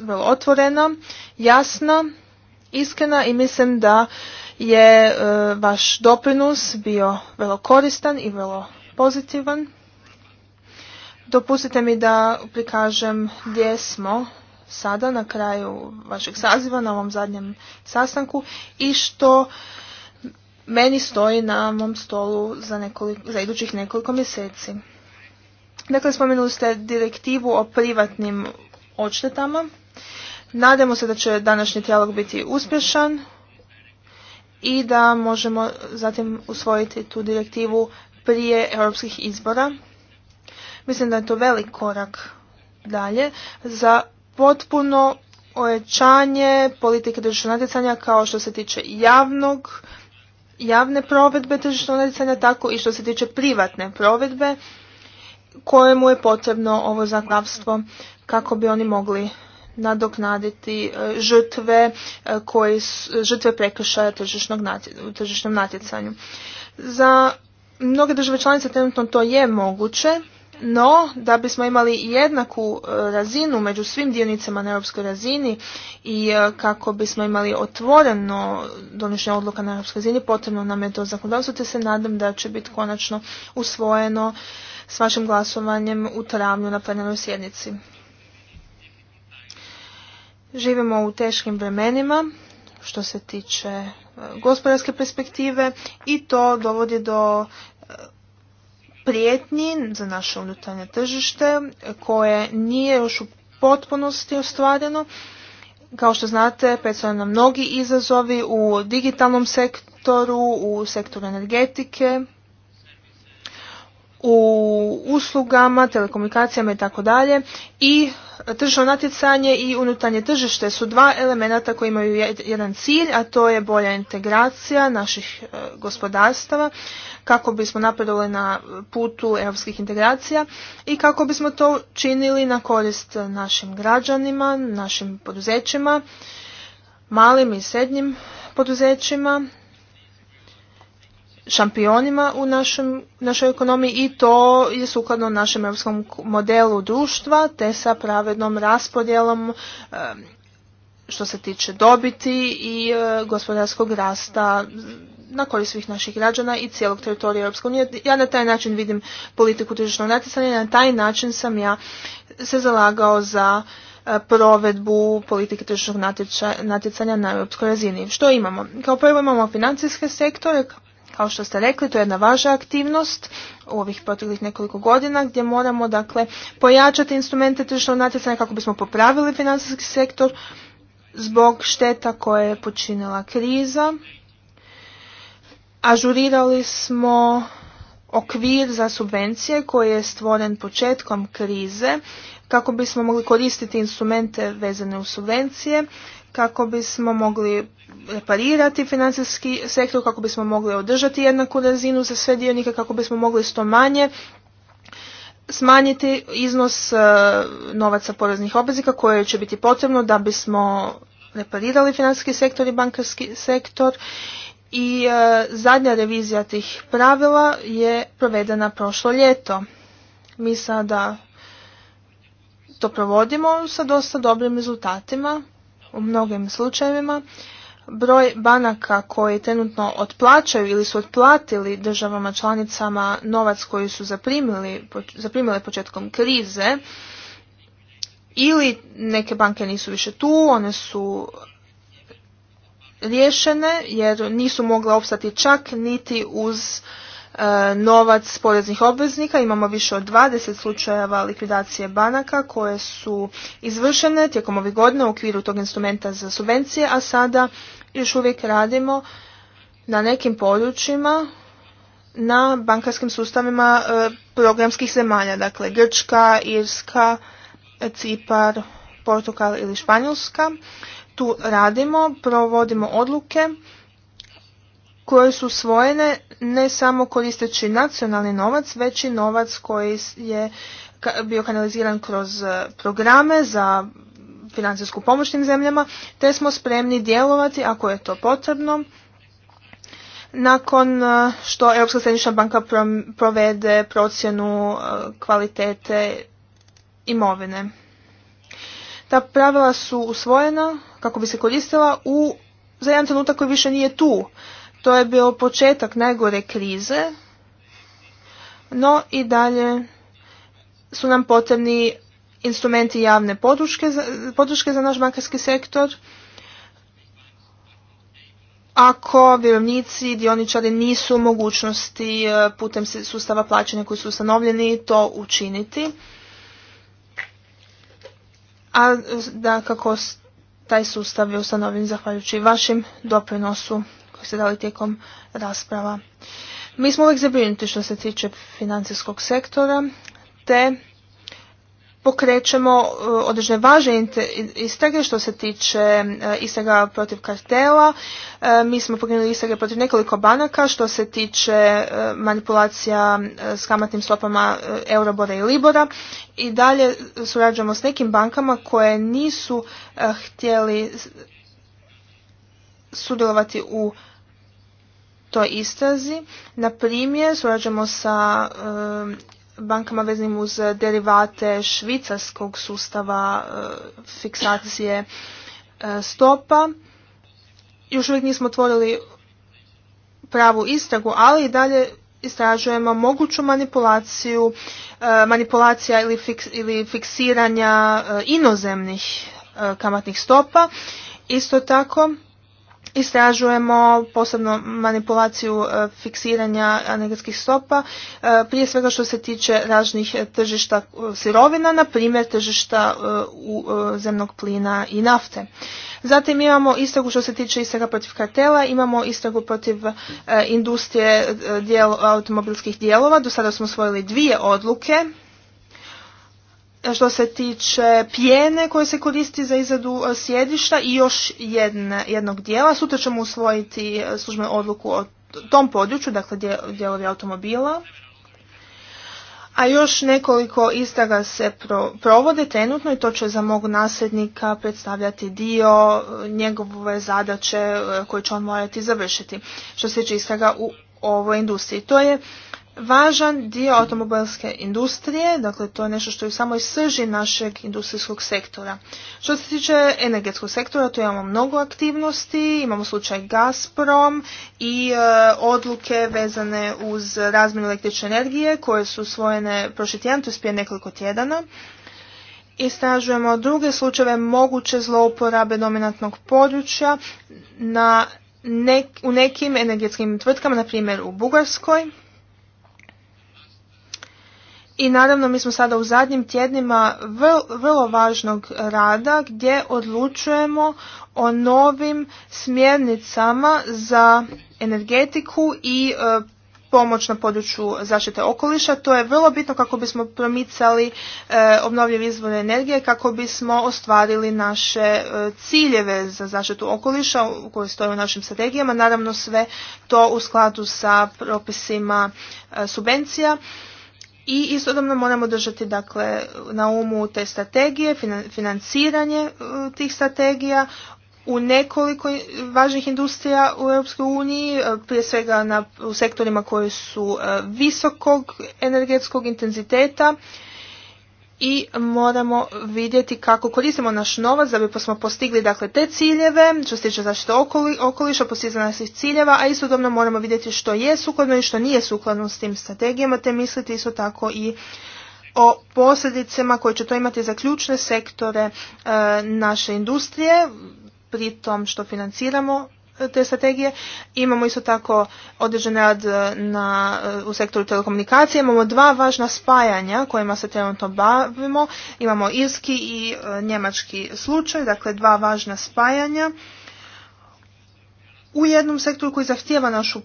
vrlo otvorena, jasna, iskrena i mislim da je e, vaš doprinos bio vrlo koristan i vrlo pozitivan. Dopustite mi da prikažem gdje smo sada na kraju vašeg saziva na ovom zadnjem sastanku i što meni stoji na mom stolu za, za idućih nekoliko mjeseci. Dakle, spomenuli ste direktivu o privatnim odštetama. Nadamo se da će današnji trijalog biti uspješan i da možemo zatim usvojiti tu direktivu prije europskih izbora. Mislim da je to velik korak dalje za potpuno ojačanje politike tržišnog natjecanja kao što se tiče javnog javne provedbe tržišnog natjecanja, tako i što se tiče privatne provedbe kojemu je potrebno ovo zakonodavstvo kako bi oni mogli nadoknaditi e, žrtve, e, koji, žrtve prekršaja tržišnog tržišnom natjecanju. Za mnoge države članice trenutno to je moguće, no, da bismo imali jednaku e, razinu među svim dionicama na europskoj razini i e, kako bismo imali otvoreno donošenje odluka na europskoj razini, potrebno nam je to zakonodavstvo, te se nadam da će biti konačno usvojeno s vašim glasovanjem u travnju na plenarnoj sjednici. Živimo u teškim vremenima što se tiče e, gospodarske perspektive i to dovodi do prijetnji za naše unutarnje tržište koje nije još u potpunosti ostvareno. Kao što znate, predstavljaju nam mnogi izazovi u digitalnom sektoru, u sektoru energetike, u uslugama, telekomunikacijama i tako dalje i tržno natjecanje i unutarnje tržište su dva elementa koji imaju jedan cilj, a to je bolja integracija naših e, gospodarstava kako bismo napredovali na putu europskih integracija i kako bismo to činili na korist našim građanima, našim poduzećima, malim i srednjim poduzećima, šampionima u našem, našoj ekonomiji i to je sukladno našem europskom modelu društva te sa pravednom raspodjelom e, što se tiče dobiti i e, gospodarskog rasta na korist svih naših građana i cijelog teritorija Europske unije. Ja na taj način vidim politiku tržišnog natjecanja i na taj način sam ja se zalagao za e, provedbu politike tržišnog natjecanja na europskoj razini. Što imamo? Kao prvo imamo financijske sektore kao što ste rekli, to je jedna važna aktivnost u ovih proteklih nekoliko godina gdje moramo dakle pojačati instrumente tržišnog natjecanja kako bismo popravili financijski sektor zbog šteta koje je počinila kriza. Ažurirali smo okvir za subvencije koji je stvoren početkom krize kako bismo mogli koristiti instrumente vezane u subvencije kako bismo mogli reparirati financijski sektor, kako bismo mogli održati jednaku razinu za sve dionike, kako bismo mogli što manje smanjiti iznos e, novaca poreznih obveznika koje će biti potrebno da bismo reparirali financijski sektor i bankarski sektor i e, zadnja revizija tih pravila je provedena prošlo ljeto. Mi sada to provodimo sa dosta dobrim rezultatima u mnogim slučajevima broj banaka koji trenutno otplaćaju ili su otplatili državama članicama novac koji su zaprimili, zaprimile početkom krize ili neke banke nisu više tu, one su riješene jer nisu mogle opstati čak niti uz E, novac poreznih obveznika. Imamo više od 20 slučajeva likvidacije banaka koje su izvršene tijekom ovih godina u okviru tog instrumenta za subvencije, a sada još uvijek radimo na nekim područjima na bankarskim sustavima e, programskih zemalja, dakle Grčka, Irska, Cipar, Portugal ili Španjolska. Tu radimo, provodimo odluke koje su svojene ne samo koristeći nacionalni novac, već i novac koji je bio kanaliziran kroz e, programe za financijsku pomoć tim zemljama, te smo spremni djelovati ako je to potrebno. Nakon e, što Europska središnja banka provede procjenu e, kvalitete imovine. Ta pravila su usvojena kako bi se koristila u, za jedan trenutak koji više nije tu. To je bio početak najgore krize, no i dalje su nam potrebni instrumenti javne podrške, za naš bankarski sektor ako vjerovnici i dioničari nisu u mogućnosti e, putem sustava plaćanja koji su ustanovljeni to učiniti. A e, da kako taj sustav je ustanovljen zahvaljujući vašim doprinosu se dali tijekom rasprava. Mi smo uvijek zabrinuti što se tiče financijskog sektora, te pokrećemo e, određene važne istrage što se tiče e, istraga protiv kartela. E, mi smo pokrenuli istrage protiv nekoliko banaka što se tiče manipulacija s kamatnim stopama Eurobora i Libora. I dalje surađujemo s nekim bankama koje nisu htjeli sudjelovati u toj istrazi. Na primjer, surađujemo sa bankama veznim uz derivate švicarskog sustava eh, fiksacije eh, stopa. Još uvijek nismo otvorili pravu istragu, ali i dalje istražujemo moguću manipulaciju, eh, manipulacija ili, ili fiksiranja inozemnih kamatnih stopa. Isto tako istražujemo posebno manipulaciju e, fiksiranja energetskih stopa, e, prije svega što se tiče ražnih tržišta e, sirovina, na primjer tržišta zemnog plina i nafte. Zatim imamo istragu što se tiče istraga protiv kartela, imamo istragu protiv industrije automobilskih dijelova, do sada smo osvojili dvije odluke što se tiče pjene koje se koristi za izradu e, sjedišta i još jednog dijela. Sutra ćemo usvojiti e, službenu odluku o tom području, dakle dijelovi automobila. A još nekoliko istraga se provode trenutno i to će za mog nasljednika predstavljati dio e, njegove zadaće koje će on morati završiti što se tiče istraga u ovoj industriji. To je važan dio automobilske industrije, dakle to je nešto što je u samoj srži našeg industrijskog sektora. Što se tiče energetskog sektora, tu imamo mnogo aktivnosti, imamo slučaj Gazprom i e, odluke vezane uz razmjenu električne energije koje su usvojene prošli tjedan, to je nekoliko tjedana. Istražujemo druge slučajeve moguće zlouporabe dominantnog područja na u nekim energetskim tvrtkama, na primjer u Bugarskoj i naravno mi smo sada u zadnjim tjednima vrlo važnog rada gdje odlučujemo o novim smjernicama za energetiku i e, pomoć na području zaštite okoliša. To je vrlo bitno kako bismo promicali e, obnovljive izvore energije, kako bismo ostvarili naše e, ciljeve za zaštitu okoliša koji stoje u našim strategijama. Naravno sve to u skladu sa propisima subvencija i istodobno moramo držati dakle, na umu te strategije, financiranje e, tih strategija u nekoliko važnih industrija u Europskoj uniji, e, prije svega na, u sektorima koji su e, visokog energetskog intenziteta i moramo vidjeti kako koristimo naš novac da bi smo postigli dakle, te ciljeve što se tiče zaštite okoli, okoliša, postizanja naših ciljeva, a istodobno moramo vidjeti što je sukladno i što nije sukladno s tim strategijama, te misliti isto tako i o posljedicama koje će to imati za ključne sektore e, naše industrije, pri tom što financiramo te strategije. Imamo isto tako određen rad e, na, e, u sektoru telekomunikacije. Imamo dva važna spajanja kojima se trenutno bavimo. Imamo irski i e, njemački slučaj, dakle dva važna spajanja u jednom sektoru koji zahtijeva našu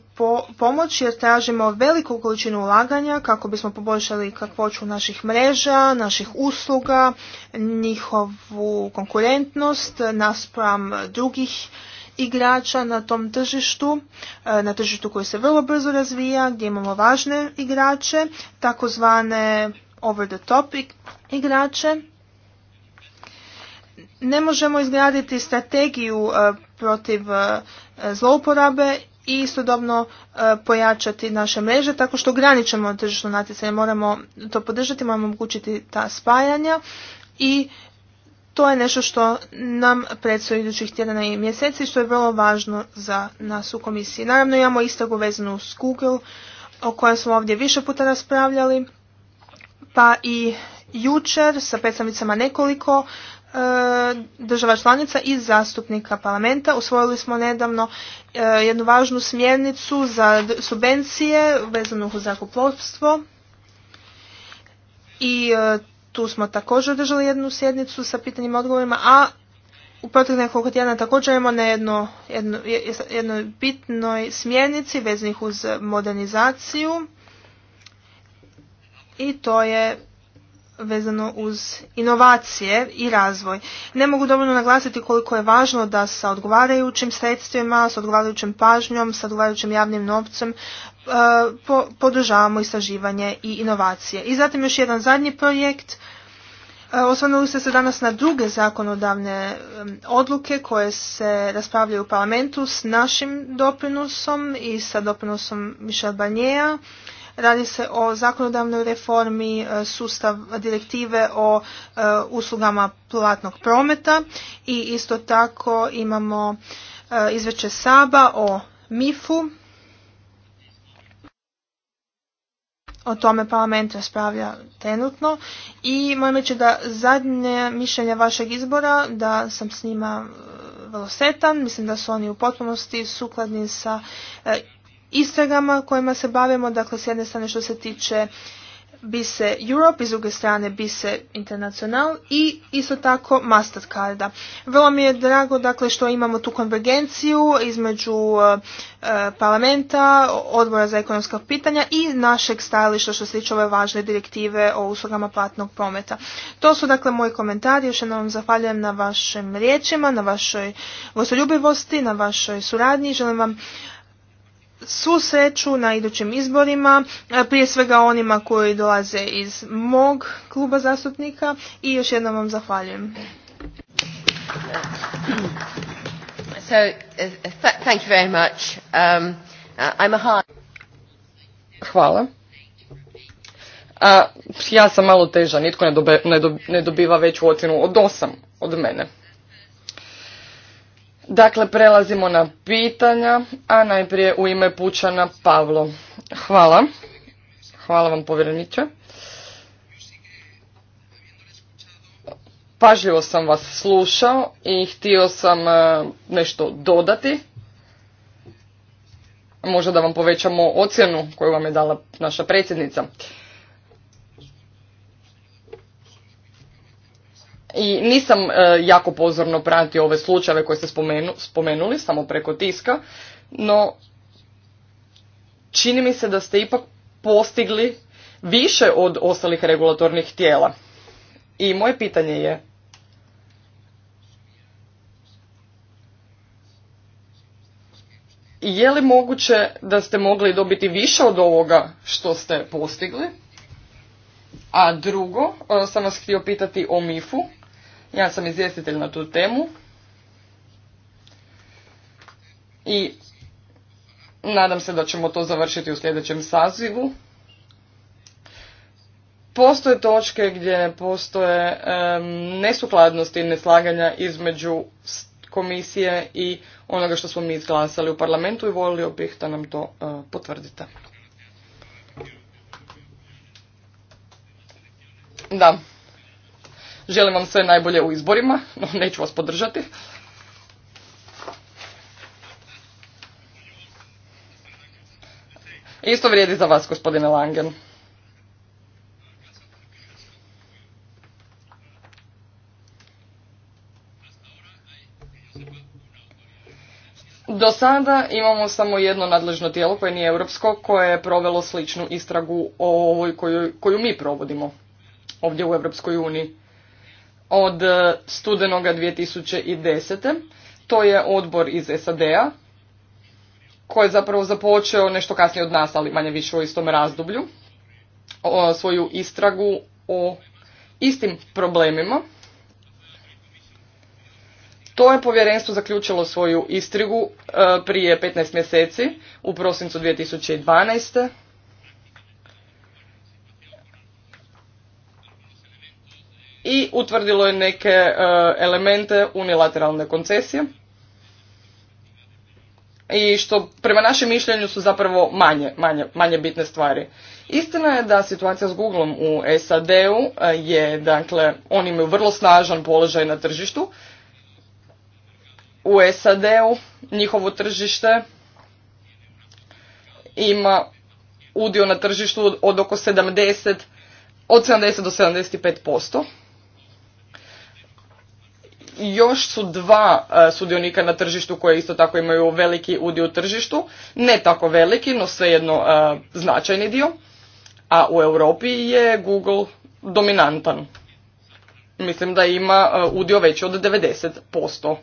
pomoć jer tražimo veliku količinu ulaganja kako bismo poboljšali kakvoću naših mreža, naših usluga, njihovu konkurentnost naspram drugih igrača na tom tržištu, e, na tržištu koji se vrlo brzo razvija, gdje imamo važne igrače, takozvane over the top igrače. Ne možemo izgraditi strategiju e, protiv e, zlouporabe i istodobno pojačati naše mreže tako što ograničemo tržišno natjecanje. Moramo to podržati, moramo omogućiti ta spajanja i to je nešto što nam predstoji idućih tjedana i mjeseci, što je vrlo važno za nas u komisiji. Naravno imamo istragu vezanu s Google, o kojoj smo ovdje više puta raspravljali, pa i jučer sa predstavnicama nekoliko e, država članica i zastupnika parlamenta. Usvojili smo nedavno e, jednu važnu smjernicu za subvencije vezanu u zrakoplovstvo i e, tu smo također održali jednu sjednicu sa pitanjima odgovorima, a u proteklih nekoliko također imamo na jedno, jedno, jednoj bitnoj smjernici vezanih uz modernizaciju i to je vezano uz inovacije i razvoj. Ne mogu dovoljno naglasiti koliko je važno da sa odgovarajućim sredstvima, sa odgovarajućim pažnjom, sa odgovarajućim javnim novcem E, podržavamo istraživanje i inovacije. I zatim još jedan zadnji projekt. E, osvrnuli ste se danas na druge zakonodavne e, odluke koje se raspravljaju u parlamentu s našim doprinosom i sa doprinosom Michel Barnier. Radi se o zakonodavnoj reformi sustav direktive o uslugama platnog prometa i isto tako imamo izveće Saba o MIFU o tome parlament raspravlja trenutno i moram reći da zadnje mišljenje vašeg izbora, da sam s njima e, vrlo mislim da su oni u potpunosti sukladni sa e, istragama kojima se bavimo, dakle s jedne strane što se tiče bi se Europe, iz druge strane se International i isto tako Mastercarda. Vrlo mi je drago dakle što imamo tu konvergenciju između e, e, parlamenta, odbora za ekonomska pitanja i našeg stajališta što se tiče ove važne direktive o uslugama platnog prometa. To su dakle moji komentari, još jednom vam zahvaljujem na vašim riječima, na vašoj gostoljubivosti, na vašoj suradnji. Želim vam svu sreću na idućim izborima, e, prije svega onima koji dolaze iz mog kluba zastupnika i još jednom vam zahvaljujem. Hvala. ja sam malo teža, nitko ne, ne, dobiva veću ocjenu od osam od mene. Dakle, prelazimo na pitanja, a najprije u ime Pučana Pavlo. Hvala. Hvala vam povjereniče. Pažljivo sam vas slušao i htio sam e, nešto dodati. Možda da vam povećamo ocjenu koju vam je dala naša predsjednica. i nisam e, jako pozorno pratio ove slučajeve koje ste spomenu, spomenuli, samo preko tiska, no čini mi se da ste ipak postigli više od ostalih regulatornih tijela. I moje pitanje je, je li moguće da ste mogli dobiti više od ovoga što ste postigli? A drugo, e, sam vas htio pitati o mifu. u ja sam izvjestitelj na tu temu i nadam se da ćemo to završiti u sljedećem sazivu. Postoje točke gdje postoje nesukladnosti i neslaganja između komisije i onoga što smo mi izglasali u parlamentu i volio bih da nam to e, potvrdite. Da. Želim vam sve najbolje u izborima, no neću vas podržati. Isto vrijedi za vas, gospodine Langen. Do sada imamo samo jedno nadležno tijelo koje nije europsko, koje je provelo sličnu istragu o ovoj koju, koju mi provodimo ovdje u Europskoj uniji od e, studenoga 2010. To je odbor iz SAD-a koji je zapravo započeo nešto kasnije od nas, ali manje više u istom razdoblju, o, svoju istragu o istim problemima. To je povjerenstvo zaključilo svoju istrigu e, prije 15 mjeseci u prosincu 2012. i utvrdilo je neke e, elemente unilateralne koncesije i što prema našem mišljenju su zapravo manje, manje, manje bitne stvari. Istina je da situacija s Google u SAD-u e, je, dakle, oni imaju vrlo snažan položaj na tržištu. U SAD-u njihovo tržište ima udio na tržištu od oko 70, od 70 do 75% još su dva e, sudionika na tržištu koje isto tako imaju veliki udio u tržištu, ne tako veliki, no svejedno e, značajni dio, a u Europi je Google dominantan. Mislim da ima e, udio veći od 90%.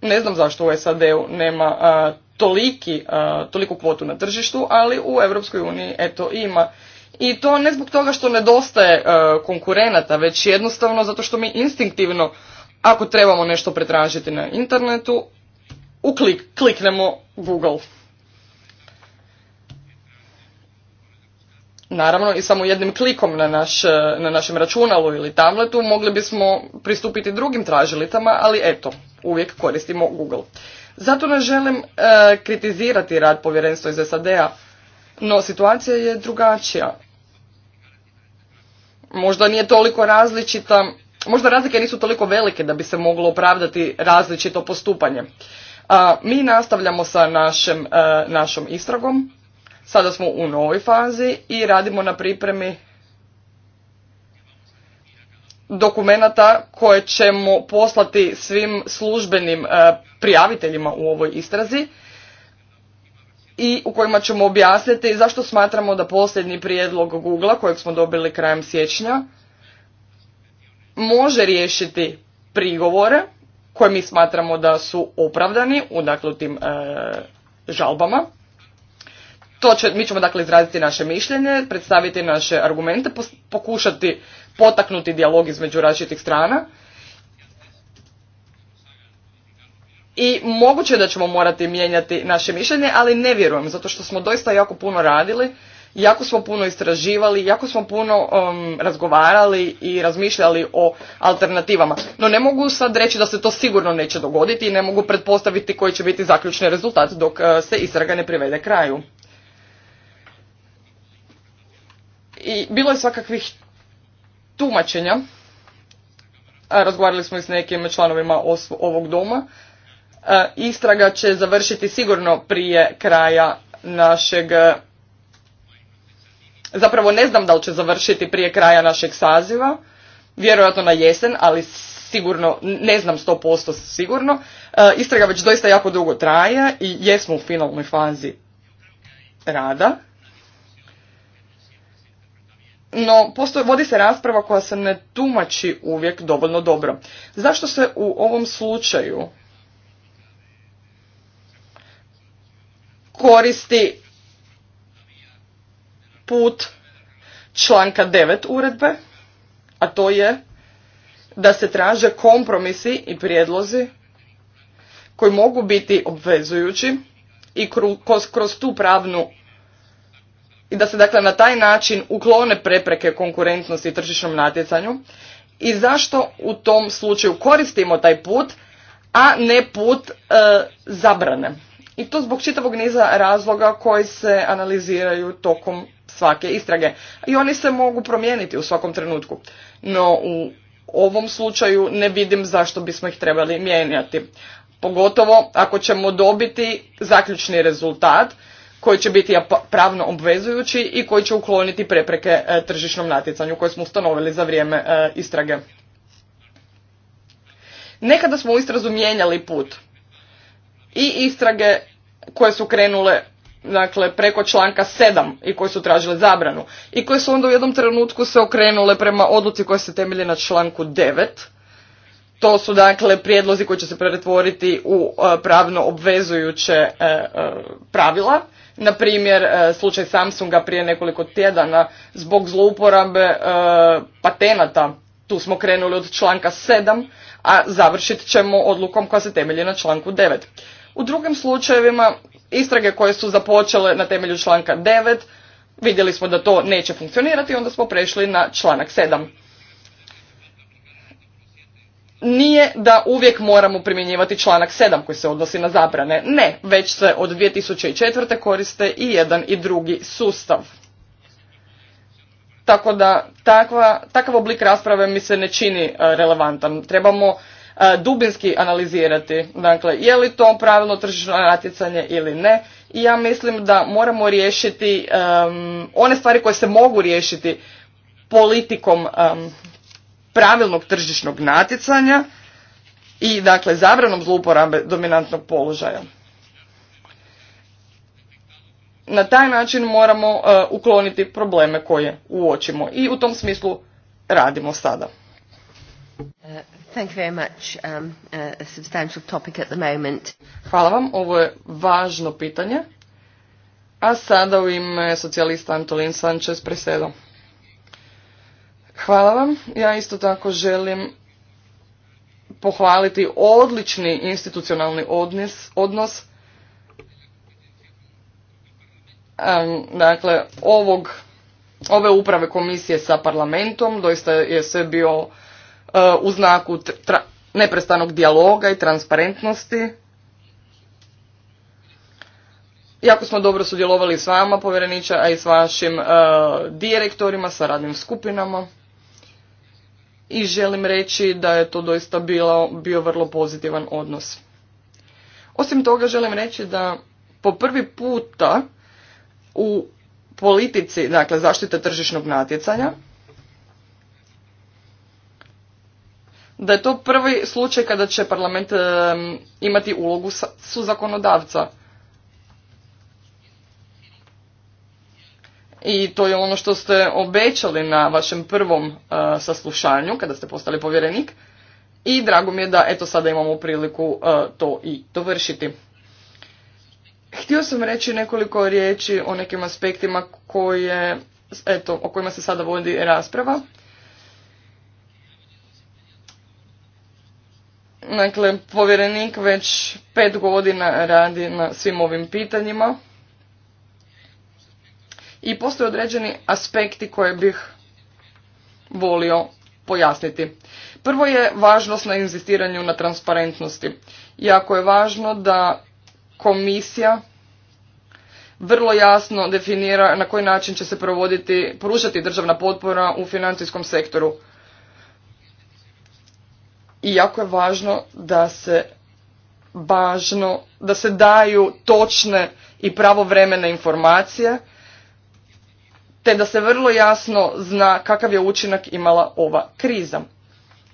Ne znam zašto u SAD-u nema toliki, toliku kvotu na tržištu, ali u Europskoj uniji eto ima i to ne zbog toga što nedostaje e, konkurenata, već jednostavno zato što mi instinktivno, ako trebamo nešto pretražiti na internetu, uklik, kliknemo Google. Naravno i samo jednim klikom na, naš, e, na našem računalu ili tabletu mogli bismo pristupiti drugim tražilicama, ali eto, uvijek koristimo Google. Zato ne želim e, kritizirati rad povjerenstva iz SAD-a, no, situacija je drugačija. Možda nije toliko različita, možda razlike nisu toliko velike da bi se moglo opravdati različito postupanje. mi nastavljamo sa našem, e, našom istragom. Sada smo u novoj fazi i radimo na pripremi dokumenata koje ćemo poslati svim službenim e, prijaviteljima u ovoj istrazi i u kojima ćemo objasniti zašto smatramo da posljednji prijedlog Google-a kojeg smo dobili krajem siječnja može riješiti prigovore koje mi smatramo da su opravdani u dakle, tim e, žalbama. mi ćemo dakle izraziti naše mišljenje, predstaviti naše argumente, pokušati potaknuti dijalog između različitih strana i moguće da ćemo morati mijenjati naše mišljenje, ali ne vjerujem, zato što smo doista jako puno radili, jako smo puno istraživali, jako smo puno um, razgovarali i razmišljali o alternativama. No ne mogu sad reći da se to sigurno neće dogoditi i ne mogu pretpostaviti koji će biti zaključni rezultat dok uh, se istraga ne privede kraju. I bilo je svakakvih tumačenja. Razgovarali smo i s nekim članovima ovog doma E, istraga će završiti sigurno prije kraja našeg e, zapravo ne znam da li će završiti prije kraja našeg saziva, vjerojatno na jesen, ali sigurno, ne znam sto posto sigurno. E, istraga već doista jako dugo traje i jesmo u finalnoj fazi rada. No, vodi se rasprava koja se ne tumači uvijek dovoljno dobro. Zašto se u ovom slučaju koristi put članka 9 uredbe, a to je da se traže kompromisi i prijedlozi koji mogu biti obvezujući i kroz, tu pravnu i da se dakle na taj način uklone prepreke konkurentnosti i tržišnom natjecanju i zašto u tom slučaju koristimo taj put, a ne put e, zabrane. I to zbog čitavog niza razloga koji se analiziraju tokom svake istrage. I oni se mogu promijeniti u svakom trenutku. No u ovom slučaju ne vidim zašto bismo ih trebali mijenjati. Pogotovo ako ćemo dobiti zaključni rezultat koji će biti pravno obvezujući i koji će ukloniti prepreke e, tržišnom natjecanju koje smo ustanovili za vrijeme e, istrage. Nekada smo u istrazu mijenjali put i istrage koje su krenule dakle preko članka 7 i koje su tražile zabranu i koje su onda u jednom trenutku se okrenule prema odluci koja se temelji na članku 9. To su dakle prijedlozi koji će se pretvoriti u e, pravno obvezujuće e, e, pravila. Na primjer, slučaj Samsunga prije nekoliko tjedana zbog zlouporabe patenata. Tu smo krenuli od članka 7, a završit ćemo odlukom koja se temelji na članku 9. U drugim slučajevima istrage koje su započele na temelju članka 9 vidjeli smo da to neće funkcionirati onda smo prešli na članak 7. Nije da uvijek moramo primjenjivati članak 7 koji se odnosi na zabrane. Ne, već se od 2004. koriste i jedan i drugi sustav. Tako da takav oblik rasprave mi se ne čini e, relevantan. Trebamo E, dubinski analizirati. Dakle, je li to pravilno tržišno natjecanje ili ne? I ja mislim da moramo riješiti one stvari koje se mogu riješiti politikom pravilnog tržišnog natjecanja i dakle zabranom zlouporabe dominantnog položaja. Na taj način moramo e, ukloniti probleme koje uočimo i u tom smislu radimo sada. Hvala vam, ovo je važno pitanje. A sada u ime socijalista Antolin Sanchez presedo. Hvala vam. Ja isto tako želim pohvaliti odlični institucionalni odnos um, dakle ovog ove uprave komisije sa parlamentom doista je sve bio E, u znaku neprestanog dijaloga i transparentnosti. Jako smo dobro sudjelovali s vama, povjereniče, a i s vašim e, direktorima, sa radnim skupinama. I želim reći da je to doista bio vrlo pozitivan odnos. Osim toga želim reći da po prvi puta u politici, dakle zaštite tržišnog natjecanja, da je to prvi slučaj kada će parlament imati ulogu su zakonodavca. I to je ono što ste obećali na vašem prvom eh, saslušanju kada ste postali povjerenik. I drago mi je da eto sada imamo priliku eh, to i dovršiti. Htio sam reći nekoliko riječi o nekim aspektima koje, eto, o kojima se sada vodi rasprava. Dakle, povjerenik već pet godina radi na svim ovim pitanjima i postoje određeni aspekti koje bih volio pojasniti. Prvo je važnost na inzistiranju na transparentnosti. Jako je važno da komisija vrlo jasno definira na koji način će se provoditi, porušati državna potpora u financijskom sektoru i jako je važno da se važno da se daju točne i pravovremene informacije te da se vrlo jasno zna kakav je učinak imala ova kriza.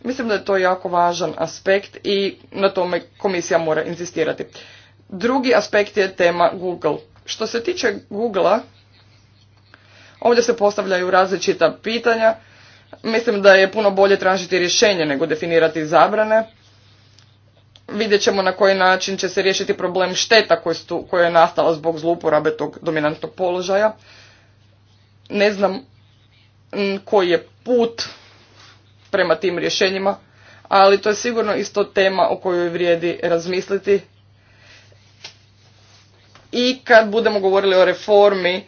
Mislim da je to jako važan aspekt i na tome komisija mora insistirati. Drugi aspekt je tema Google. Što se tiče Googlea, ovdje se postavljaju različita pitanja Mislim da je puno bolje tražiti rješenje nego definirati zabrane. Vidjet ćemo na koji način će se riješiti problem šteta koja je nastala zbog zlouporabe tog dominantnog položaja. Ne znam koji je put prema tim rješenjima, ali to je sigurno isto tema o kojoj vrijedi razmisliti. I kad budemo govorili o reformi e,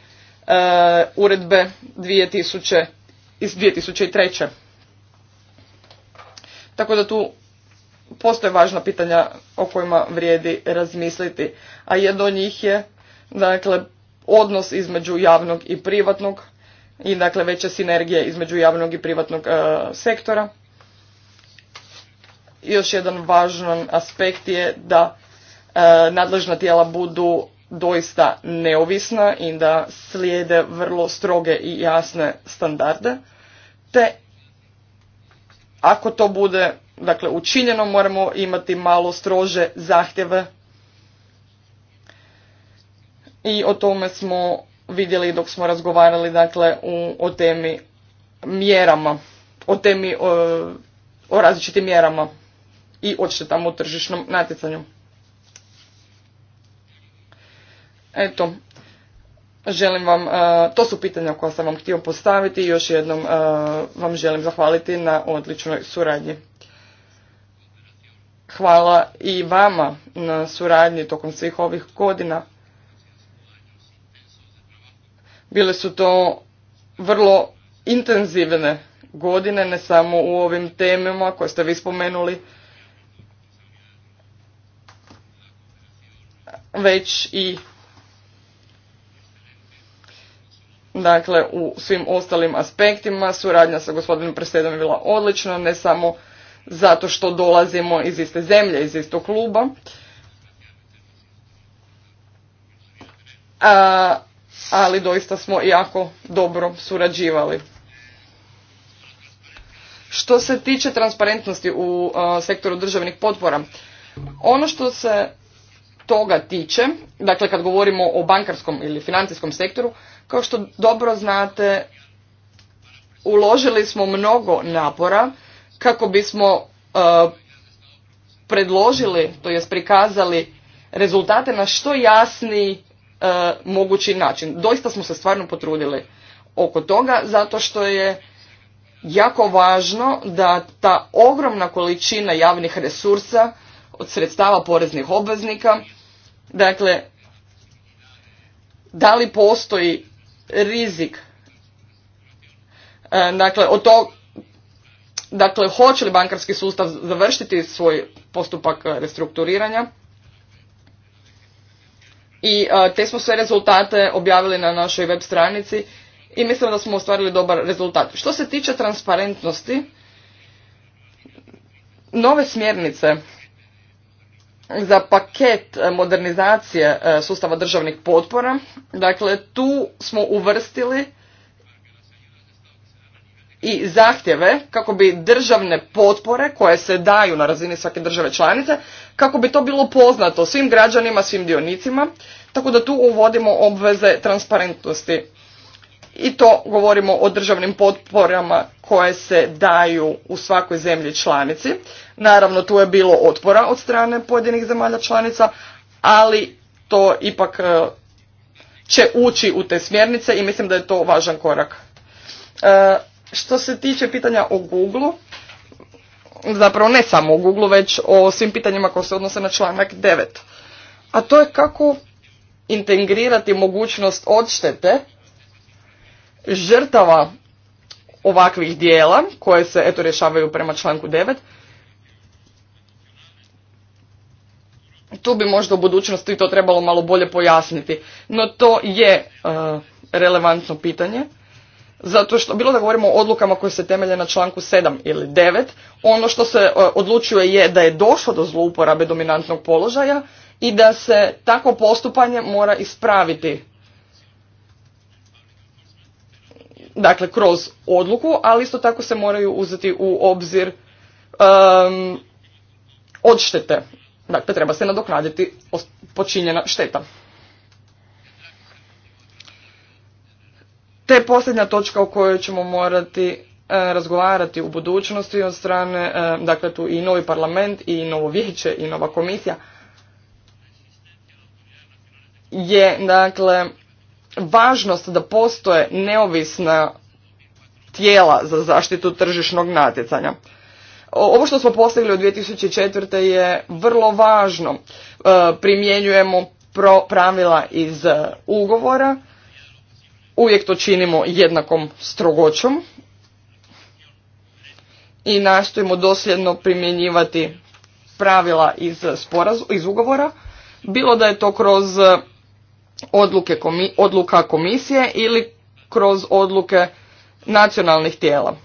uredbe 2000 iz 2003. Tako da tu postoje važna pitanja o kojima vrijedi razmisliti, a jedno od njih je dakle, odnos između javnog i privatnog i dakle veće sinergije između javnog i privatnog e, sektora. Još jedan važan aspekt je da e, nadležna tijela budu doista neovisna i da slijede vrlo stroge i jasne standarde te ako to bude dakle učinjeno moramo imati malo strože zahtjeve i o tome smo vidjeli dok smo razgovarali dakle u, o temi mjerama o temi o, različitim mjerama i odštetama u tržišnom natjecanju eto Želim vam, e, to su pitanja koja sam vam htio postaviti i još jednom e, vam želim zahvaliti na odličnoj suradnji. Hvala i vama na suradnji tokom svih ovih godina. Bile su to vrlo intenzivne godine, ne samo u ovim temama koje ste vi spomenuli, već i Dakle, u svim ostalim aspektima suradnja sa gospodinom Presedom je bila odlična, ne samo zato što dolazimo iz iste zemlje, iz istog kluba. A, ali doista smo jako dobro surađivali. Što se tiče transparentnosti u sektoru državnih potpora, ono što se toga tiče, dakle kad govorimo o bankarskom ili financijskom sektoru, kao što dobro znate, uložili smo mnogo napora kako bismo e, predložili, to jest prikazali rezultate na što jasni uh, e, mogući način. Doista smo se stvarno potrudili oko toga zato što je jako važno da ta ogromna količina javnih resursa od sredstava poreznih obveznika Dakle, da li postoji rizik e, dakle od to dakle hoće li bankarski sustav završiti svoj postupak restrukturiranja i e, te smo sve rezultate objavili na našoj web stranici i mislim da smo ostvarili dobar rezultat. Što se tiče transparentnosti, nove smjernice za paket e, modernizacije e, sustava državnih potpora. Dakle, tu smo uvrstili i zahtjeve kako bi državne potpore koje se daju na razini svake države članice, kako bi to bilo poznato svim građanima, svim dionicima, tako da tu uvodimo obveze transparentnosti. I to govorimo o državnim potporama koje se daju u svakoj zemlji članici Naravno, tu je bilo otpora od strane pojedinih zemalja članica, ali to ipak e, će ući u te smjernice i mislim da je to važan korak. E, što se tiče pitanja o Google, zapravo ne samo o Google, već o svim pitanjima koje se odnose na članak 9. A to je kako integrirati mogućnost odštete žrtava ovakvih dijela koje se eto rješavaju prema članku 9 tu bi možda u budućnosti to trebalo malo bolje pojasniti. No to je e, relevantno pitanje. Zato što, bilo da govorimo o odlukama koje se temelje na članku 7 ili 9, ono što se e, odlučuje je da je došlo do zlouporabe dominantnog položaja i da se tako postupanje mora ispraviti. Dakle, kroz odluku, ali isto tako se moraju uzeti u obzir odštete Dakle, treba se nadoknaditi počinjena šteta. Te posljednja točka o kojoj ćemo morati e, razgovarati u budućnosti od strane, e, dakle tu i novi parlament i novo vijeće i nova komisija je dakle važnost da postoje neovisna tijela za zaštitu tržišnog natjecanja. Ovo što smo postigli od 2004. je vrlo važno. E, primjenjujemo pravila iz e, ugovora, uvijek to činimo jednakom strogoćom i nastojimo dosljedno primjenjivati pravila iz, iz ugovora, bilo da je to kroz e, odluke odluka komisije ili kroz odluke nacionalnih tijela.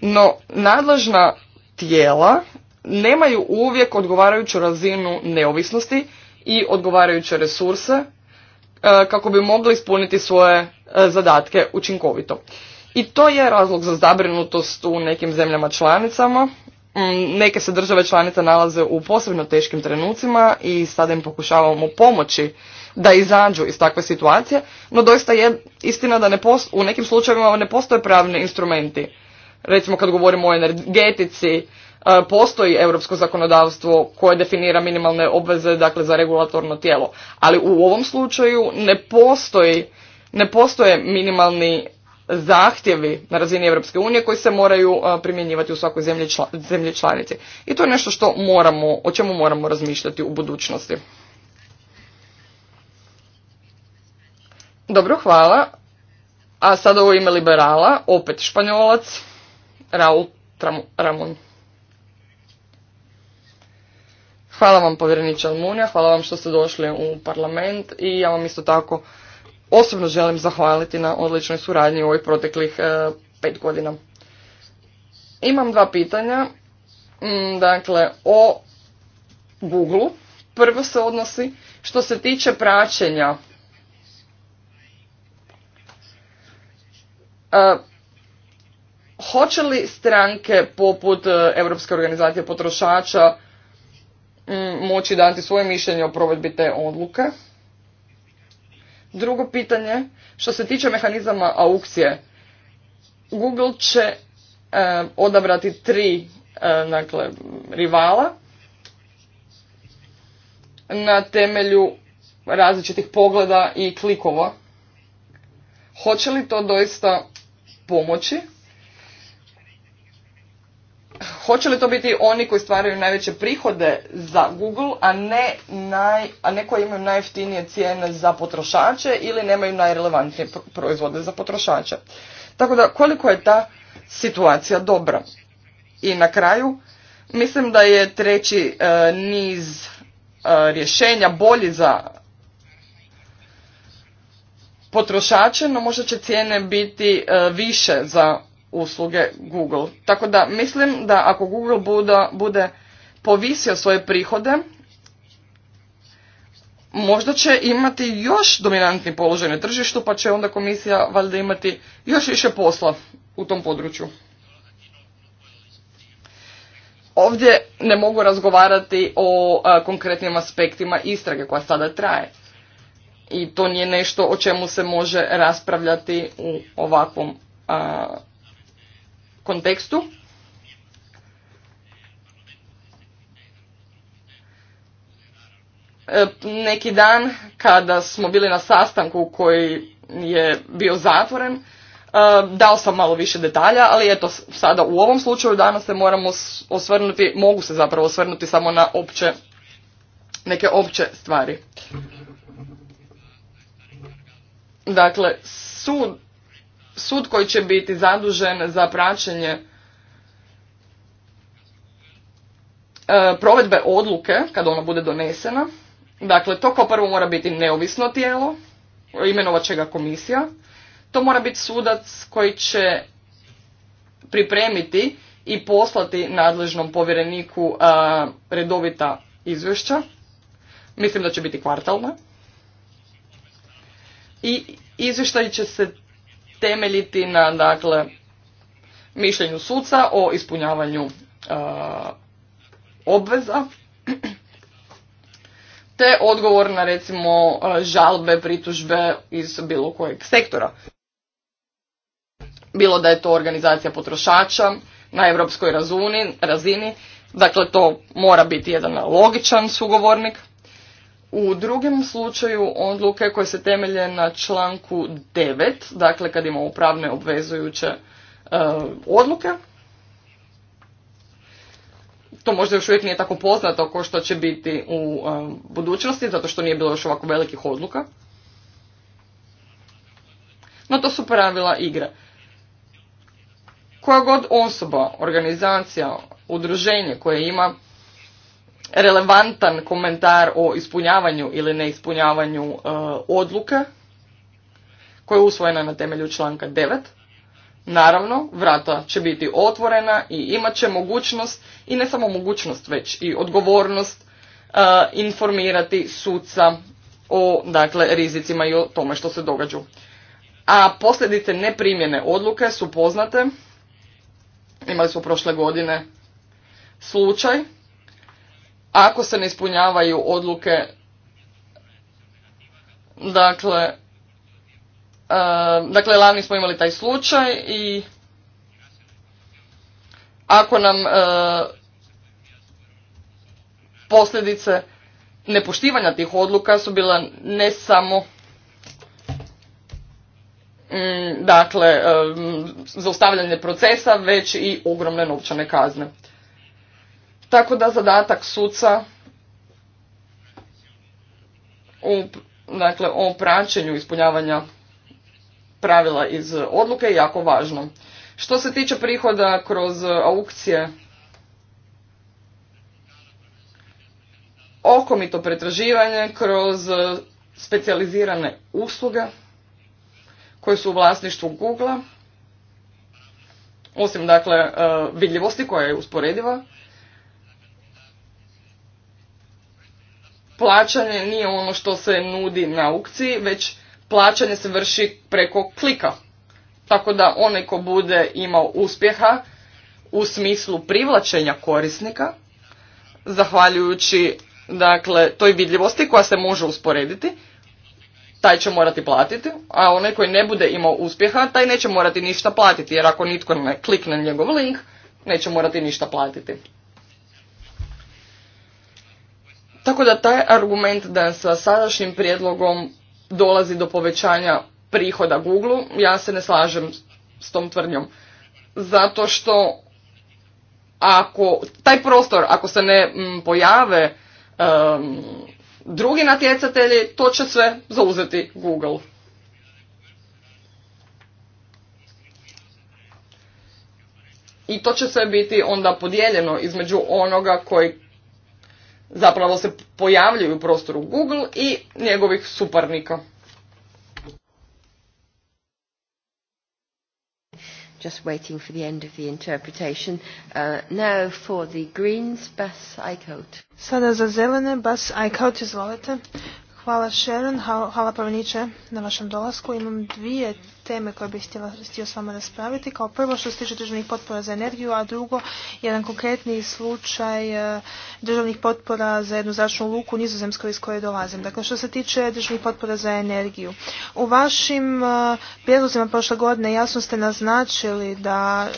No, nadležna tijela nemaju uvijek odgovarajuću razinu neovisnosti i odgovarajuće resurse e, kako bi mogli ispuniti svoje e, zadatke učinkovito. I to je razlog za zabrinutost u nekim zemljama članicama. Mm, neke se države članice nalaze u posebno teškim trenucima i sada im pokušavamo pomoći da izađu iz takve situacije, no doista je istina da ne u nekim slučajevima ne postoje pravni instrumenti recimo kad govorimo o energetici, e, postoji europsko zakonodavstvo koje definira minimalne obveze dakle za regulatorno tijelo, ali u ovom slučaju ne postoji ne postoje minimalni zahtjevi na razini Europske unije koji se moraju e, primjenjivati u svakoj zemlji, zemlji članici. I to je nešto što moramo, o čemu moramo razmišljati u budućnosti. Dobro, hvala. A sada u ime liberala, opet španjolac. Raul Ramon. Hvala vam povjereniče Almunija, hvala vam što ste došli u parlament i ja vam isto tako osobno želim zahvaliti na odličnoj suradnji u ovih proteklih e, pet godina. Imam dva pitanja, mm, dakle o Google. Prvo se odnosi što se tiče praćenja. E, hoće li stranke poput e, Europske organizacije potrošača mm, moći dati svoje mišljenje o provedbi te odluke? Drugo pitanje, što se tiče mehanizama aukcije, Google će e, odabrati tri e, dakle, rivala na temelju različitih pogleda i klikova. Hoće li to doista pomoći? hoće li to biti oni koji stvaraju najveće prihode za Google, a ne, naj, a ne koji imaju najjeftinije cijene za potrošače ili nemaju najrelevantnije proizvode za potrošače. Tako da koliko je ta situacija dobra. I na kraju mislim da je treći e, niz e, rješenja bolji za potrošače, no možda će cijene biti e, više za usluge Google. Tako da mislim da ako Google bude, bude povisio svoje prihode, možda će imati još dominantni položaj na tržištu, pa će onda komisija valjda imati još više posla u tom području. Ovdje ne mogu razgovarati o e, konkretnim aspektima istrage koja sada traje. I to nije nešto o čemu se može raspravljati u ovakvom kontekstu e, neki dan kada smo bili na sastanku koji je bio zatvoren, e, dao sam malo više detalja, ali eto sada u ovom slučaju danas se moramo osvrnuti, mogu se zapravo osvrnuti samo na opće, neke opće stvari. Dakle, sud sud koji će biti zadužen za praćenje e, provedbe odluke kad ona bude donesena. Dakle, to kao prvo mora biti neovisno tijelo, imenovat će ga komisija. To mora biti sudac koji će pripremiti i poslati nadležnom povjereniku e, redovita izvješća. Mislim da će biti kvartalna. I izvještaj će se temeljiti na dakle mišljenju suca o ispunjavanju obveza te odgovor na recimo žalbe, pritužbe iz bilo kojeg sektora. Bilo da je to organizacija potrošača na europskoj razini, dakle to mora biti jedan logičan sugovornik u drugom slučaju odluke koje se temelje na članku 9, dakle kad imamo pravne obvezujuće e, odluke, to možda još uvijek nije tako poznato kao što će biti u e, budućnosti, zato što nije bilo još ovako velikih odluka. No to su pravila igre. Koja god osoba, organizacija, udruženje koje ima relevantan komentar o ispunjavanju ili neispunjavanju e, odluke koja je usvojena na temelju članka 9. Naravno, vrata će biti otvorena i imat će mogućnost, i ne samo mogućnost, već i odgovornost e, informirati suca o dakle, rizicima i o tome što se događa. A posljedice neprimjene odluke su poznate. Imali smo prošle godine slučaj ako se ne ispunjavaju odluke dakle uh, dakle lani smo imali taj slučaj i ako nam eh, posljedice nepoštivanja tih odluka su bila ne samo mm, dakle eh, zaustavljanje procesa već i ogromne novčane kazne tako da zadatak suca u, dakle, o praćenju ispunjavanja pravila iz odluke je jako važno. Što se tiče prihoda kroz aukcije, okomito pretraživanje kroz specijalizirane usluge koje su u vlasništvu Google-a, osim dakle e, vidljivosti koja je usporediva, plaćanje nije ono što se nudi na aukciji, već plaćanje se vrši preko klika. Tako da onaj ko bude imao uspjeha u smislu privlačenja korisnika, zahvaljujući dakle, toj vidljivosti koja se može usporediti, taj će morati platiti, a onaj koji ne bude imao uspjeha, taj neće morati ništa platiti, jer ako nitko ne klikne njegov link, neće morati ništa platiti. Tako da taj argument da sa sadašnjim prijedlogom dolazi do povećanja prihoda Google, ja se ne slažem s tom tvrdnjom. Zato što ako taj prostor, ako se ne pojave drugi natjecatelji, to će sve zauzeti Google. I to će sve biti onda podijeljeno između onoga koji zapravo se pojavljuju u prostoru Google i njegovih suparnika. Just waiting for the end of the interpretation. Uh, now for the Greens, Bas Eichhout. Sada za zelene, Bas Eichhout, izvolite. Hvala Sharon, hvala Pavniče na vašem dolasku. Imam dvije teme koje bih htjela, htio s vama raspraviti. Kao prvo što se tiče državnih potpora za energiju, a drugo jedan konkretni slučaj e, državnih potpora za jednu zračnu luku u Nizozemskoj iz koje dolazim. Dakle, što se tiče državnih potpora za energiju. U vašim e, prijedlozima prošle godine jasno ste naznačili da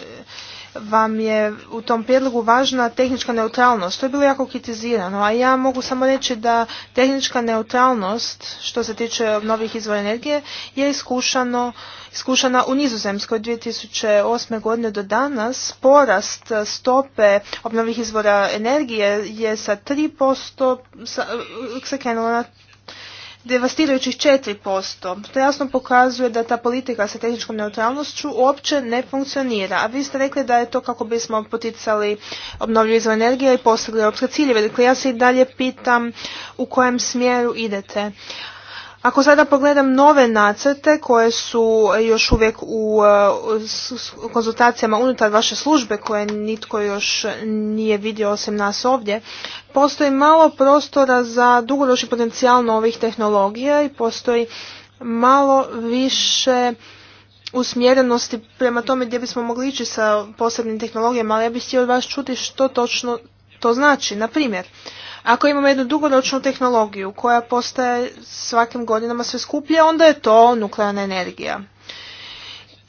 vam je u tom prijedlogu važna tehnička neutralnost. To je bilo jako kritizirano, a ja mogu samo reći da tehnička neutralnost što se tiče novih izvora energije je iskušano, iskušana u Nizozemskoj 2008. godine do danas. Porast stope obnovih izvora energije je sa 3% sa, se krenula na devastirajućih 4%. To jasno pokazuje da ta politika sa tehničkom neutralnošću uopće ne funkcionira. A vi ste rekli da je to kako bismo poticali obnovljive izvore energije i postigli europske ciljeve. Dakle, ja se i dalje pitam u kojem smjeru idete. Ako sada pogledam nove nacrte koje su još uvijek e, u konzultacijama unutar vaše službe koje nitko još nije vidio osim nas ovdje, postoji malo prostora za dugoročni potencijal novih tehnologija i postoji malo više usmjerenosti prema tome gdje bismo mogli ići sa posebnim tehnologijama, ali ja bih htio od vas čuti što točno to znači. Na primjer, ako imamo jednu dugoročnu tehnologiju koja postaje svakim godinama sve skuplje, onda je to nuklearna energija.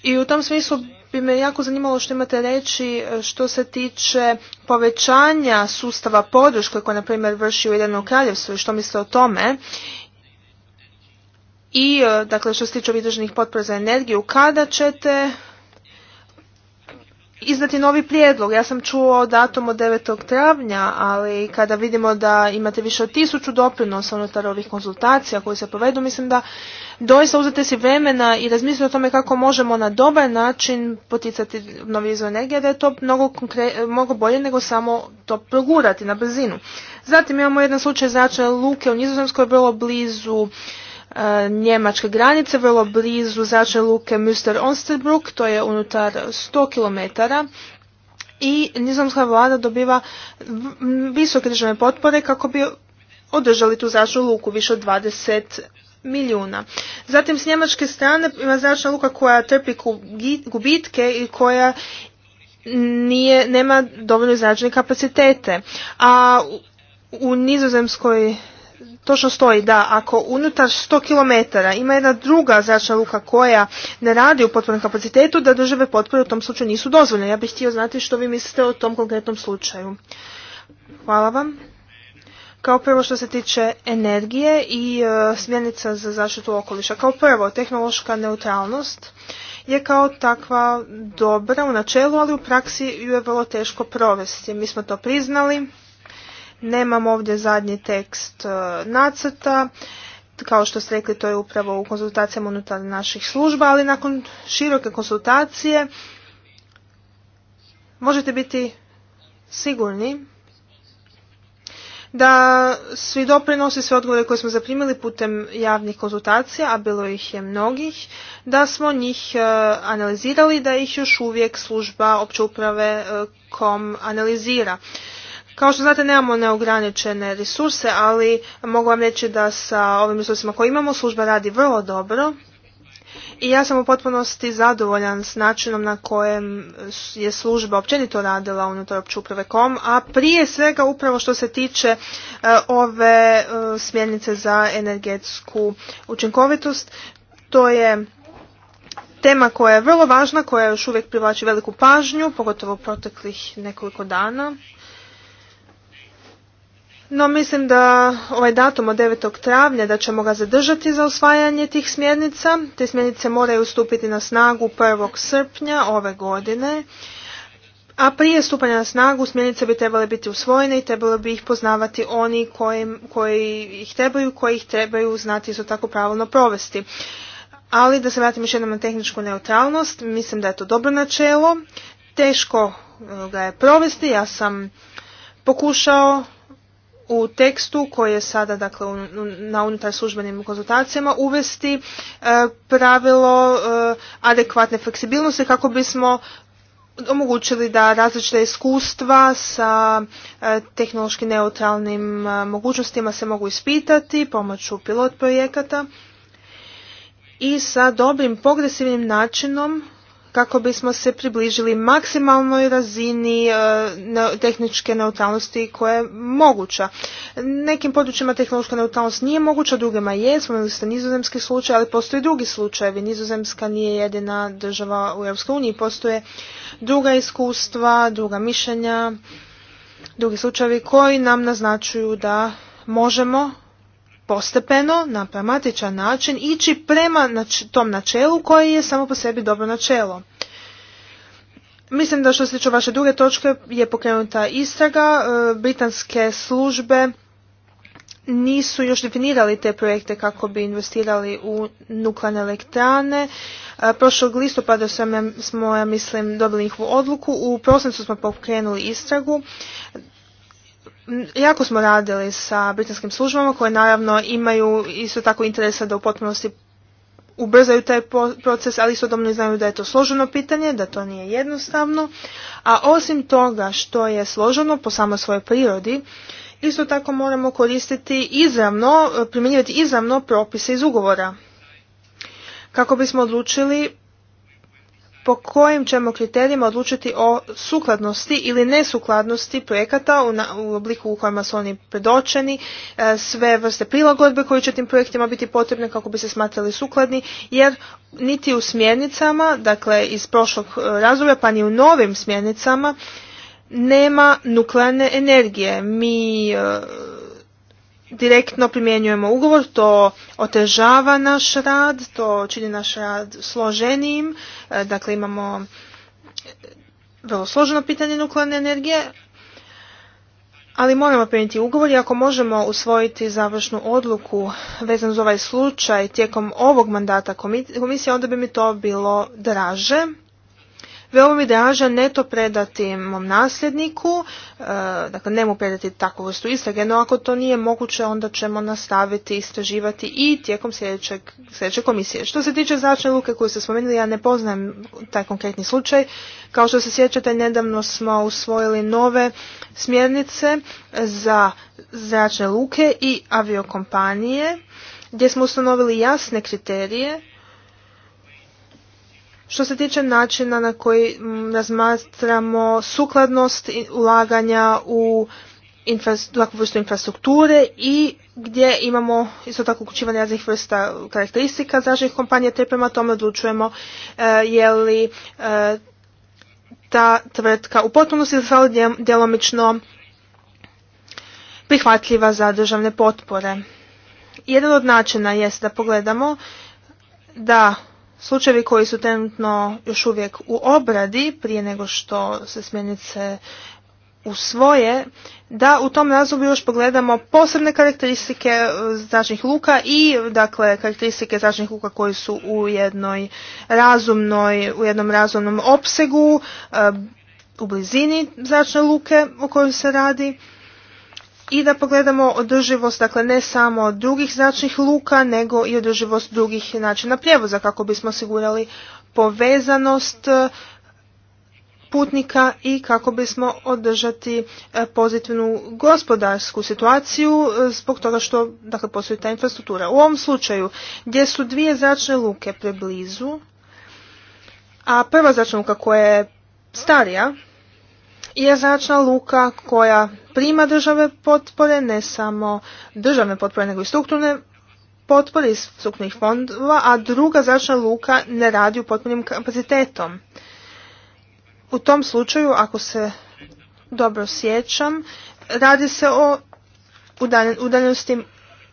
I u tom smislu bi me jako zanimalo što imate reći e, što se tiče povećanja sustava podrške koje, na primjer, vrši u Kraljevstvu i što misle o tome. I, e, dakle, što se tiče vidrženih potpora za energiju, kada ćete izdati novi prijedlog. Ja sam čuo datum od 9. travnja, ali kada vidimo da imate više od tisuću doprinosa unutar ovih konzultacija koji se povedu, mislim da doista uzete si vremena i razmislite o tome kako možemo na dobar način poticati novi izvoj energije, da je to mnogo, mnogo bolje nego samo to progurati na brzinu. Zatim imamo jedan slučaj zračne luke u Nizozemskoj, vrlo blizu njemačke granice, vrlo blizu zračne luke Mr. onsterbruck to je unutar 100 km i nizozemska vlada dobiva visoke državne potpore kako bi održali tu zračnu luku, više od 20 milijuna. Zatim s njemačke strane ima zračna luka koja trpi gubitke i koja nije, nema dovoljno izrađene kapacitete. A u nizozemskoj točno stoji da ako unutar 100 km ima jedna druga zračna luka koja ne radi u potpunom kapacitetu, da države potpore u tom slučaju nisu dozvoljene. Ja bih htio znati što vi mislite o tom konkretnom slučaju. Hvala vam. Kao prvo što se tiče energije i e, smjernica za zaštitu okoliša. Kao prvo, tehnološka neutralnost je kao takva dobra u načelu, ali u praksi ju je vrlo teško provesti. Mi smo to priznali Nemam ovdje zadnji tekst e, nacrta. Kao što ste rekli, to je upravo u konzultacijama unutar naših služba, ali nakon široke konsultacije možete biti sigurni da svi doprinosi, sve odgovore koje smo zaprimili putem javnih konzultacija, a bilo ih je mnogih, da smo njih e, analizirali, da ih još uvijek služba opće uprave e, kom analizira. Kao što znate, nemamo neograničene resurse, ali mogu vam reći da sa ovim resursima koje imamo služba radi vrlo dobro. I ja sam u potpunosti zadovoljan s načinom na kojem je služba općenito radila unutar opće uprave kom, a prije svega upravo što se tiče e, ove e, smjernice za energetsku učinkovitost, to je tema koja je vrlo važna, koja još uvijek privlači veliku pažnju, pogotovo proteklih nekoliko dana. No mislim da ovaj datum od 9. travnja da ćemo ga zadržati za osvajanje tih smjernica. Te smjernice moraju stupiti na snagu 1. srpnja ove godine. A prije stupanja na snagu smjernice bi trebale biti usvojene i trebalo bi ih poznavati oni koji, koji ih trebaju, koji ih trebaju znati isto tako pravilno provesti. Ali da se vratim još jednom na tehničku neutralnost, mislim da je to dobro načelo, teško e, ga je provesti, ja sam pokušao u tekstu koji je sada dakle, na unutar službenim konzultacijama uvesti e, pravilo e, adekvatne fleksibilnosti kako bismo omogućili da različita iskustva sa e, tehnološki neutralnim mogućnostima se mogu ispitati pomoću pilot projekata i sa dobrim progresivnim načinom kako bismo se približili maksimalnoj razini e, tehničke neutralnosti koja je moguća. Nekim područjima tehnološka neutralnost nije moguća, drugima je, smo imali ste nizozemski slučaj, ali postoje drugi slučajevi. Nizozemska nije jedina država u EU, postoje druga iskustva, druga mišljenja, drugi slučajevi koji nam naznačuju da možemo postepeno na pragmatičan način ići prema tom načelu koje je samo po sebi dobro načelo. Mislim da što se tiče vaše druge točke je pokrenuta istraga. E, britanske službe nisu još definirali te projekte kako bi investirali u nuklearne elektrane. E, prošlog listopada smo, ja mislim, dobili njihovu odluku. U prosincu smo pokrenuli istragu jako smo radili sa britanskim službama koje naravno imaju isto tako interesa da u potpunosti ubrzaju taj proces, ali istodobno znaju da je to složeno pitanje, da to nije jednostavno. A osim toga što je složeno po samo svojoj prirodi, isto tako moramo koristiti izravno, primjenjivati izravno propise iz ugovora. Kako bismo odlučili po kojim ćemo kriterijima odlučiti o sukladnosti ili nesukladnosti projekata u, obliku u kojima su oni predočeni, e, sve vrste prilagodbe koje će tim projektima biti potrebne kako bi se smatrali sukladni, jer niti u smjernicama, dakle iz prošlog e, razdoblja, pa ni u novim smjernicama, nema nuklearne energije. Mi e, direktno primjenjujemo ugovor, to otežava naš rad, to čini naš rad složenijim, e, dakle imamo e, vrlo složeno pitanje nuklearne energije, ali moramo primjeniti ugovor i ako možemo usvojiti završnu odluku vezan za ovaj slučaj tijekom ovog mandata komisije, onda bi mi to bilo draže veoma mi draža ne to predati mom nasljedniku, e, dakle ne mu predati takvu vrstu istrage, no ako to nije moguće onda ćemo nastaviti istraživati i tijekom sljedećeg, sljedeće komisije. Što se tiče zračne luke koju ste spomenuli, ja ne poznajem taj konkretni slučaj. Kao što se sjećate, nedavno smo usvojili nove smjernice za zračne luke i aviokompanije gdje smo ustanovili jasne kriterije što se tiče načina na koji mm, razmatramo sukladnost ulaganja u takvu vrstu infrastrukture i gdje imamo isto tako uključivanje raznih vrsta karakteristika zračnih kompanija, te prema tome odlučujemo e, je li e, ta tvrtka u potpunosti ili djelomično prihvatljiva za državne potpore. Jedan od načina jest da pogledamo da Slučajevi koji su trenutno još uvijek u obradi prije nego što se smjernice usvoje, da u tom razlogu još pogledamo posebne karakteristike e, zračnih luka i dakle karakteristike zračnih luka koji su u jednoj razumnoj, u jednom razumnom opsegu, e, u blizini zračne luke o kojoj se radi i da pogledamo održivost, dakle ne samo drugih zračnih luka, nego i održivost drugih načina prijevoza kako bismo osigurali povezanost e, putnika i kako bismo održati e, pozitivnu gospodarsku situaciju e, zbog toga što dakle, postoji ta infrastruktura. U ovom slučaju gdje su dvije zračne luke preblizu, a prva zračna luka koja je starija, je zračna luka koja prima države potpore, ne samo državne potpore, nego i strukturne potpore iz strukturnih fondova, a druga zračna luka ne radi u potpunim kapacitetom. U tom slučaju, ako se dobro sjećam, radi se o udaljenosti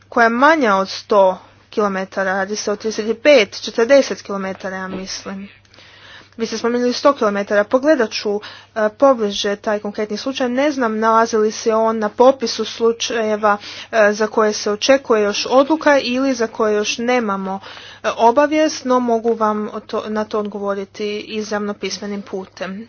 koja je manja od 100 km, radi se o 35-40 km, ja mislim. Vi ste spomenuli 100 km. Pogledat ću e, pobliže taj konkretni slučaj. Ne znam nalazi li se on na popisu slučajeva e, za koje se očekuje još odluka ili za koje još nemamo e, obavijest, no mogu vam na to odgovoriti izravno pismenim putem.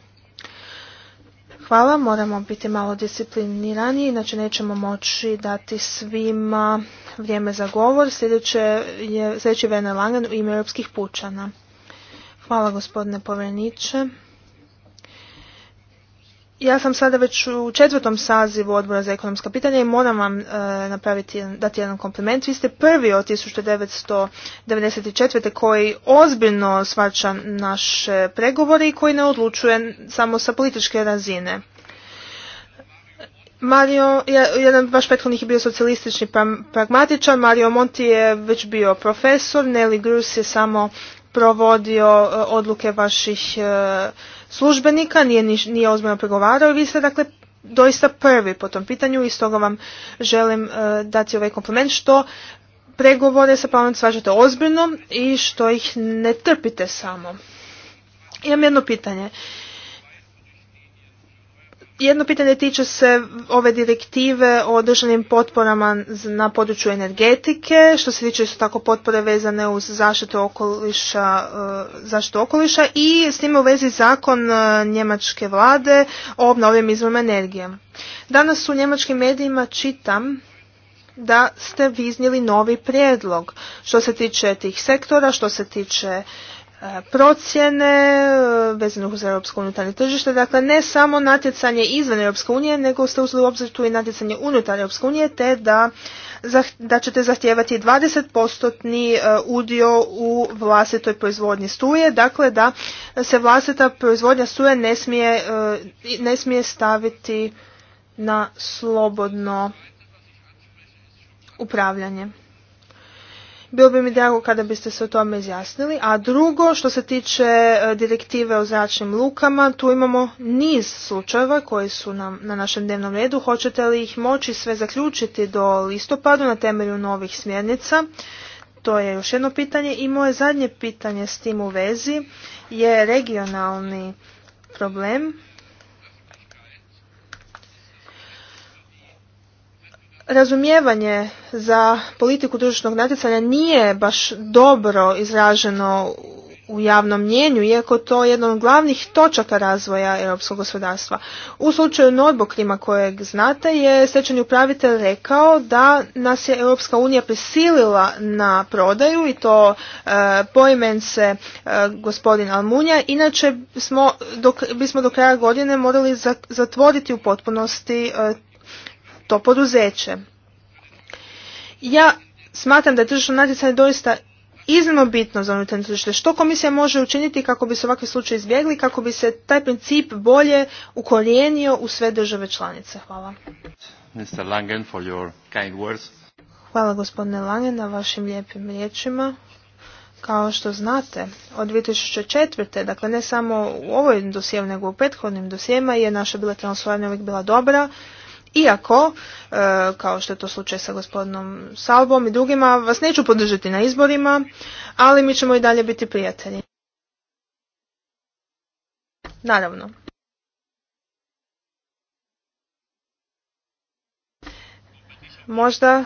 Hvala, moramo biti malo disciplinirani, inače nećemo moći dati svima vrijeme za govor. Sljedeće je, sljedeći je Langen u ime Europskih pučana. Hvala gospodine povjereniče. Ja sam sada već u četvrtom sazivu odbora za ekonomska pitanja i moram vam e, napraviti, dati jedan kompliment. Vi ste prvi od 1994. koji ozbiljno svača naše pregovore i koji ne odlučuje samo sa političke razine. Mario, jedan vaš prethodnih je bio socijalistični pragmatičan, Mario Monti je već bio profesor, Nelly Grus je samo provodio e, odluke vaših e, službenika, nije, nije ozbiljno pregovarao i vi ste dakle doista prvi po tom pitanju i stoga vam želim e, dati ovaj komplement što pregovore sa planom svađate ozbiljno i što ih ne trpite samo. Imam jedno pitanje. Jedno pitanje tiče se ove direktive o državnim potporama na području energetike, što se tiče isto tako potpore vezane uz zaštitu okoliša, e, zaštitu okoliša i s time u vezi zakon e, njemačke vlade o obnovljivim izvorima energije. Danas u njemačkim medijima čitam da ste vi iznijeli novi prijedlog što se tiče tih sektora, što se tiče E, procjene e, vezano uz Europsko unutarnje tržište. Dakle, ne samo natjecanje izvan Europske unije, nego ste uzeli u obzir tu i natjecanje unutar Europske unije, te da, da ćete zahtijevati 20-postotni e, udio u vlastitoj proizvodnji struje. Dakle, da se vlastita proizvodnja struje ne smije, ne smije staviti na slobodno upravljanje. Bilo bi mi drago kada biste se o tome izjasnili. A drugo, što se tiče e, direktive o zračnim lukama, tu imamo niz slučajeva koji su nam na našem dnevnom redu. Hoćete li ih moći sve zaključiti do listopadu na temelju novih smjernica? To je još jedno pitanje. I moje zadnje pitanje s tim u vezi je regionalni problem razumijevanje za politiku tržišnog natjecanja nije baš dobro izraženo u javnom mnjenju, iako to je od glavnih točaka razvoja europskog gospodarstva. U slučaju Norbokrima kojeg znate je stečajni upravitelj rekao da nas je Europska unija prisilila na prodaju i to e, se e, gospodin Almunja, inače smo, bismo do kraja godine morali zatvoriti u potpunosti e, to poduzeće. Ja smatram da je tržišno natjecanje doista iznimno bitno za unutarnje tržište. Što komisija može učiniti kako bi se ovakvi slučaj izbjegli, kako bi se taj princip bolje ukorijenio u sve države članice? Hvala. Langen Hvala gospodine Langen na vašim lijepim riječima. Kao što znate, od 2004. dakle ne samo u ovoj dosijevu, nego u prethodnim dosijema je naša bilateralna suradnja uvijek bila dobra. Iako, e, kao što je to slučaj sa gospodinom Salbom i drugima, vas neću podržati na izborima, ali mi ćemo i dalje biti prijatelji. Naravno. Možda,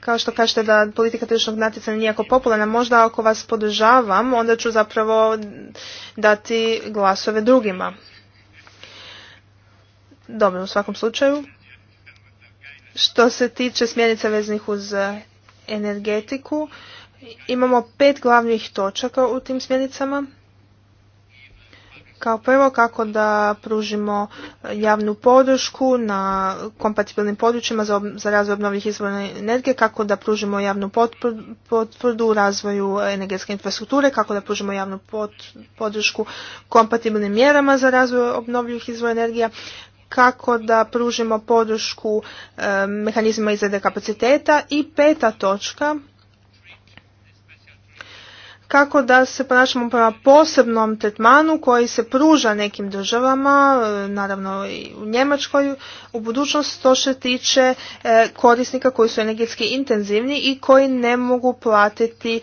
kao što kažete da politika tržišnog natjecanja nije jako popularna, možda ako vas podržavam, onda ću zapravo dati glasove drugima. Dobro, u svakom slučaju. Što se tiče smjernica veznih uz e, energetiku, imamo pet glavnih točaka u tim smjernicama. Kao prvo kako da pružimo javnu podršku na kompatibilnim područjima za, razvoj obnovljivih izvora energije, kako da pružimo javnu potvrdu u razvoju energetske infrastrukture, kako da pružimo javnu podršku kompatibilnim mjerama za razvoj obnovljivih izvora energija, kako da pružimo podršku e, mehanizma izrede kapaciteta i peta točka kako da se ponašamo prema posebnom tretmanu koji se pruža nekim državama, e, naravno i u Njemačkoj, u budućnost to se tiče e, korisnika koji su energetski intenzivni i koji ne mogu platiti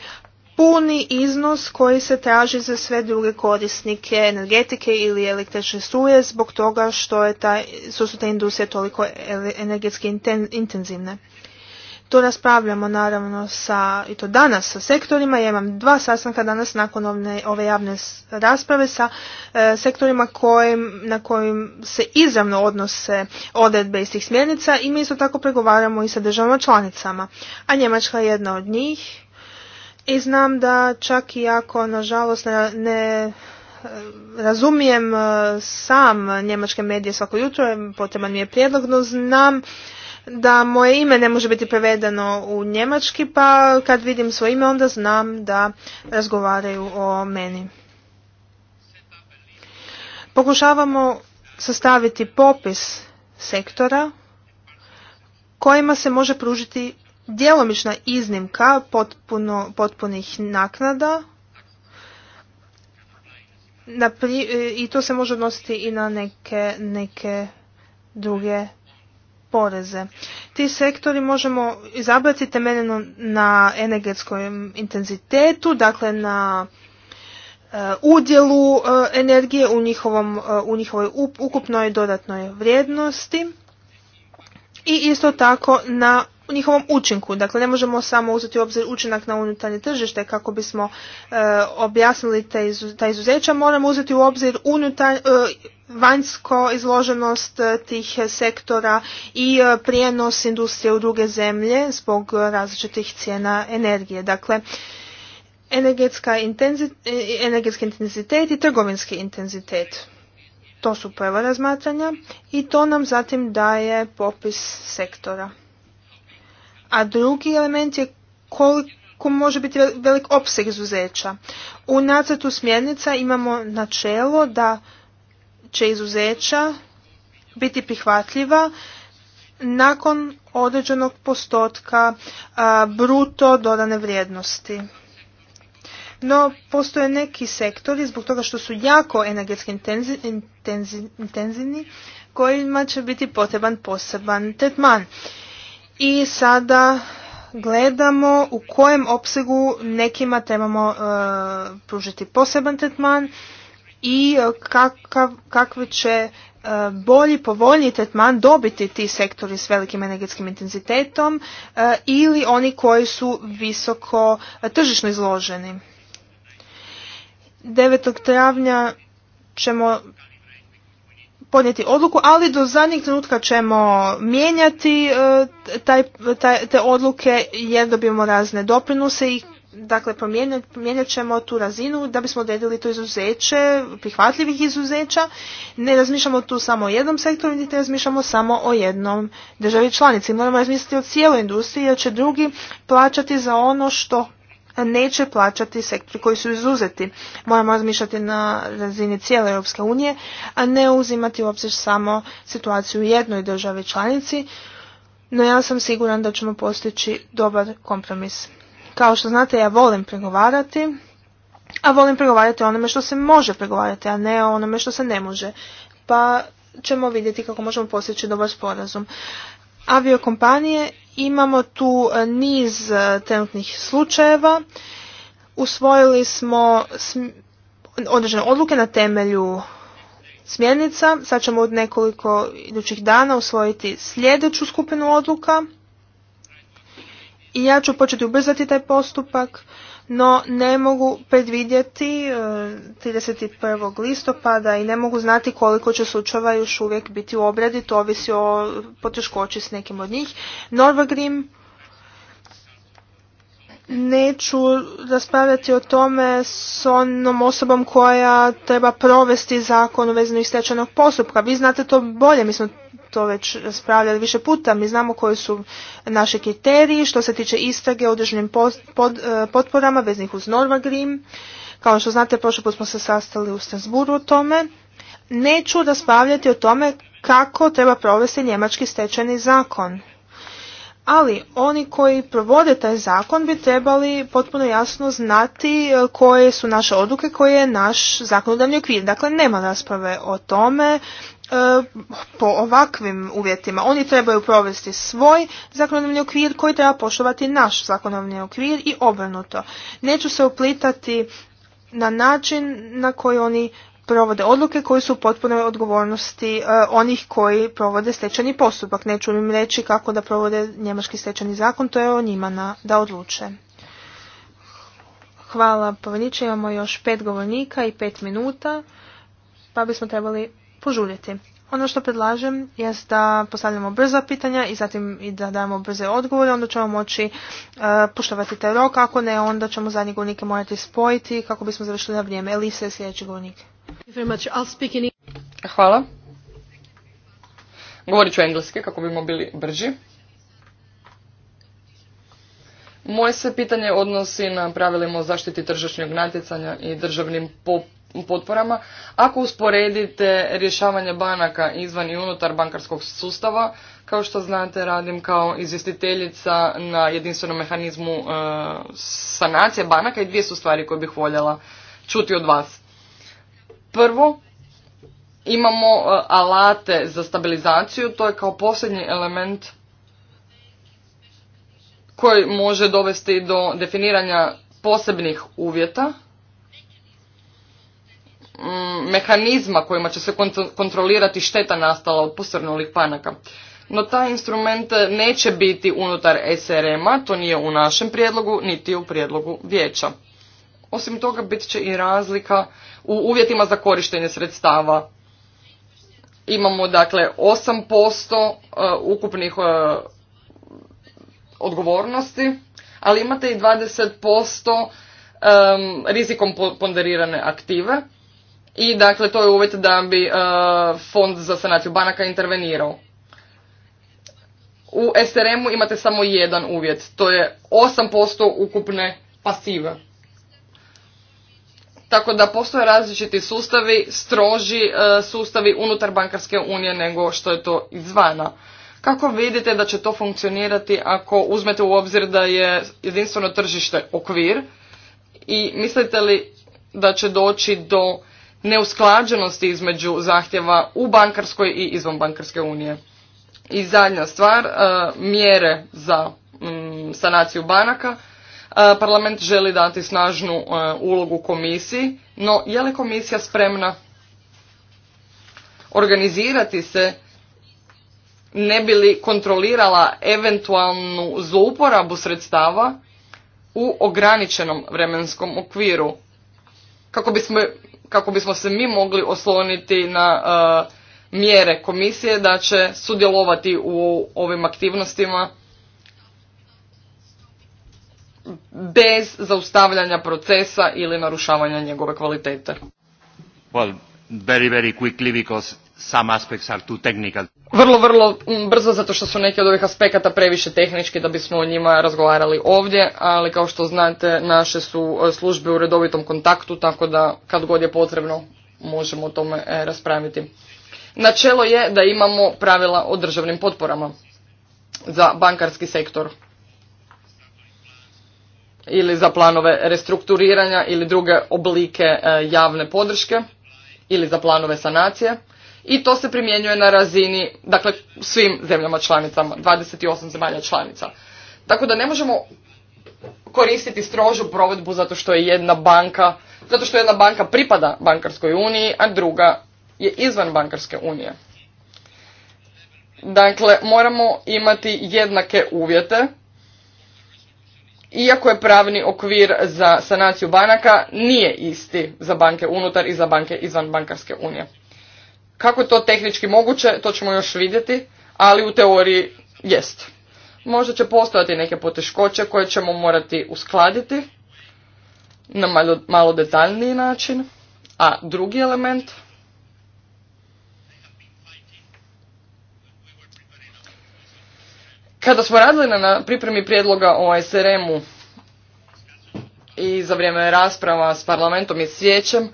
puni iznos koji se traži za sve druge korisnike energetike ili električne struje zbog toga što je ta, su, te industrije toliko energetski intenzivne. To raspravljamo naravno sa, i to danas sa sektorima. Ja imam dva sastanka danas nakon ove javne rasprave sa e, sektorima na kojim se izravno odnose odredbe iz tih smjernica i mi isto tako pregovaramo i sa državama članicama. A Njemačka je jedna od njih i znam da čak i ako, nažalost, ne, razumijem e, sam njemačke medije svako jutro, potreban mi je prijedlog, no znam da moje ime ne može biti prevedeno u njemački, pa kad vidim svoje ime onda znam da razgovaraju o meni. Pokušavamo sastaviti popis sektora kojima se može pružiti djelomična iznimka potpuno, potpunih naknada na e, i to se može odnositi i na neke, neke druge poreze. Ti sektori možemo izabrati temeljeno na energetskom intenzitetu, dakle na e, udjelu e, energije u, njihovom, u njihovoj ukupnoj dodatnoj vrijednosti i isto tako na u njihovom učinku. Dakle, ne možemo samo uzeti u obzir učinak na unutarnje tržište kako bismo e, objasnili ta izuzeća. Moramo uzeti u obzir unutar, e, vanjsko izloženost e, tih sektora i prijenos industrije u druge zemlje zbog različitih cijena energije. Dakle, energetska energetski intenzitet i trgovinski intenzitet. To su prva razmatranja i to nam zatim daje popis sektora a drugi element je koliko može biti velik opseg izuzeća. U nacrtu smjernica imamo načelo da će izuzeća biti prihvatljiva nakon određenog postotka bruto dodane vrijednosti. No, postoje neki sektori zbog toga što su jako energetski intenzivni kojima će biti potreban poseban tretman i sada gledamo u kojem opsegu nekima trebamo e, pružiti poseban tretman i e, kakvi će e, bolji, povoljniji tretman dobiti ti sektori s velikim energetskim intenzitetom ili oni koji su visoko tržišno izloženi. 9. travnja ćemo podnijeti odluku, ali do zadnjeg trenutka ćemo mijenjati e, taj, te odluke jer dobijemo razne doprinose i dakle promijenjat ćemo tu razinu da bismo odredili to izuzeće, prihvatljivih izuzeća. Ne razmišljamo tu samo o jednom sektoru, niti razmišljamo samo o jednom državi članici. Moramo razmisliti o cijeloj industriji jer će drugi plaćati za ono što neće plaćati sektori koji su izuzeti. Moramo razmišljati na razini cijele Europske unije, a ne uzimati u obzir samo situaciju u jednoj državi članici, no ja sam siguran da ćemo postići dobar kompromis. Kao što znate, ja volim pregovarati, a volim pregovarati onome što se može pregovarati, a ne onome što se ne može. Pa ćemo vidjeti kako možemo postići dobar sporazum aviokompanije imamo tu e, niz e, trenutnih slučajeva. Usvojili smo određene odluke na temelju smjernica. Sad ćemo od nekoliko idućih dana usvojiti sljedeću skupinu odluka i ja ću početi ubrzati taj postupak, no ne mogu predvidjeti 31. E, listopada i ne mogu znati koliko će slučajeva još uvijek biti u obradi, to ovisi o poteškoći s nekim od njih. Norvagrim neću raspravljati o tome s onom osobom koja treba provesti zakon u iz stečajnog postupka. Vi znate to bolje, mi smo to već raspravljali više puta, mi znamo koji su naši kriteriji što se tiče istrage određenim e, potporama veznih uz Norma Grim. Kao što znate, prošli put smo se sastali u Strasburu o tome. Neću raspravljati o tome kako treba provesti njemački stečajni zakon ali oni koji provode taj zakon bi trebali potpuno jasno znati e, koje su naše odluke, koje je naš zakonodavni okvir. Dakle, nema rasprave o tome e, po ovakvim uvjetima. Oni trebaju provesti svoj zakonodavni okvir koji treba poštovati naš zakonodavni okvir i obrnuto. Neću se uplitati na način na koji oni provode odluke koje su u potpunoj odgovornosti e, onih koji provode stečajni postupak. Neću im reći kako da provode njemački stečajni zakon, to je o njima da odluče. Hvala povrniče, imamo još pet govornika i pet minuta, pa bismo trebali požuljeti. Ono što predlažem je da postavljamo brza pitanja i zatim i da dajemo brze odgovore, onda ćemo moći e, poštovati taj rok, ako ne, onda ćemo zadnje govornike morati spojiti kako bismo završili na vrijeme. Elisa je sljedeći govornik. Hvala. Govorit ću engleski kako bimo bili brži. Moje se pitanje odnosi na pravilima o zaštiti tržišnog natjecanja i državnim potporama. Ako usporedite rješavanje banaka izvan i unutar bankarskog sustava, kao što znate radim kao izvjestiteljica na jedinstvenom mehanizmu e, sanacije banaka i dvije su stvari koje bih voljela čuti od vas. Prvo, imamo e, alate za stabilizaciju, to je kao posljednji element koji može dovesti do definiranja posebnih uvjeta, mm, mehanizma kojima će se kontrolirati šteta nastala od posrnulih panaka. No taj instrument neće biti unutar SRM-a, to nije u našem prijedlogu, niti u prijedlogu vijeća. Osim toga bit će i razlika u uvjetima za korištenje sredstava. Imamo dakle 8% e, ukupnih e, odgovornosti, ali imate i 20% e, rizikom ponderirane aktive i dakle to je uvjet da bi fond za sanaciju banaka intervenirao. U SRM-u imate samo jedan uvjet, to je 8% ukupne pasive. Tako da postoje različiti sustavi, stroži e, sustavi unutar bankarske unije nego što je to izvana. Kako vidite da će to funkcionirati ako uzmete u obzir da je jedinstveno tržište okvir i mislite li da će doći do neusklađenosti između zahtjeva u bankarskoj i izvan bankarske unije? I zadnja stvar, e, mjere za mm, sanaciju banaka E, parlament želi dati snažnu e, ulogu komisiji, no je li komisija spremna organizirati se ne bi li kontrolirala eventualnu zlouporabu sredstava u ograničenom vremenskom okviru kako bismo, kako bismo se mi mogli osloniti na e, mjere komisije da će sudjelovati u ovim aktivnostima bez zaustavljanja procesa ili narušavanja njegove kvalitete. very, very quickly because some aspects are too technical. Vrlo, vrlo mm, brzo zato što su neki od ovih aspekata previše tehnički da bismo o njima razgovarali ovdje, ali kao što znate naše su e, službe u redovitom kontaktu, tako da kad god je potrebno možemo o tome e, raspraviti. Načelo je da imamo pravila o državnim potporama za bankarski sektor ili za planove restrukturiranja ili druge oblike e, javne podrške ili za planove sanacije i to se primjenjuje na razini, dakle, svim zemljama članicama, 28 zemalja članica. Tako da ne možemo koristiti strožu provedbu zato što je jedna banka, zato što jedna banka pripada bankarskoj uniji, a druga je izvan bankarske unije. Dakle, moramo imati jednake uvjete iako je pravni okvir za sanaciju banaka nije isti za banke unutar i za banke izvan bankarske unije. Kako je to tehnički moguće, to ćemo još vidjeti, ali u teoriji jest. Možda će postojati neke poteškoće koje ćemo morati uskladiti na malo, malo detaljniji način, a drugi element Kada smo radili na pripremi prijedloga o SRM-u i za vrijeme rasprava s parlamentom i svijećem,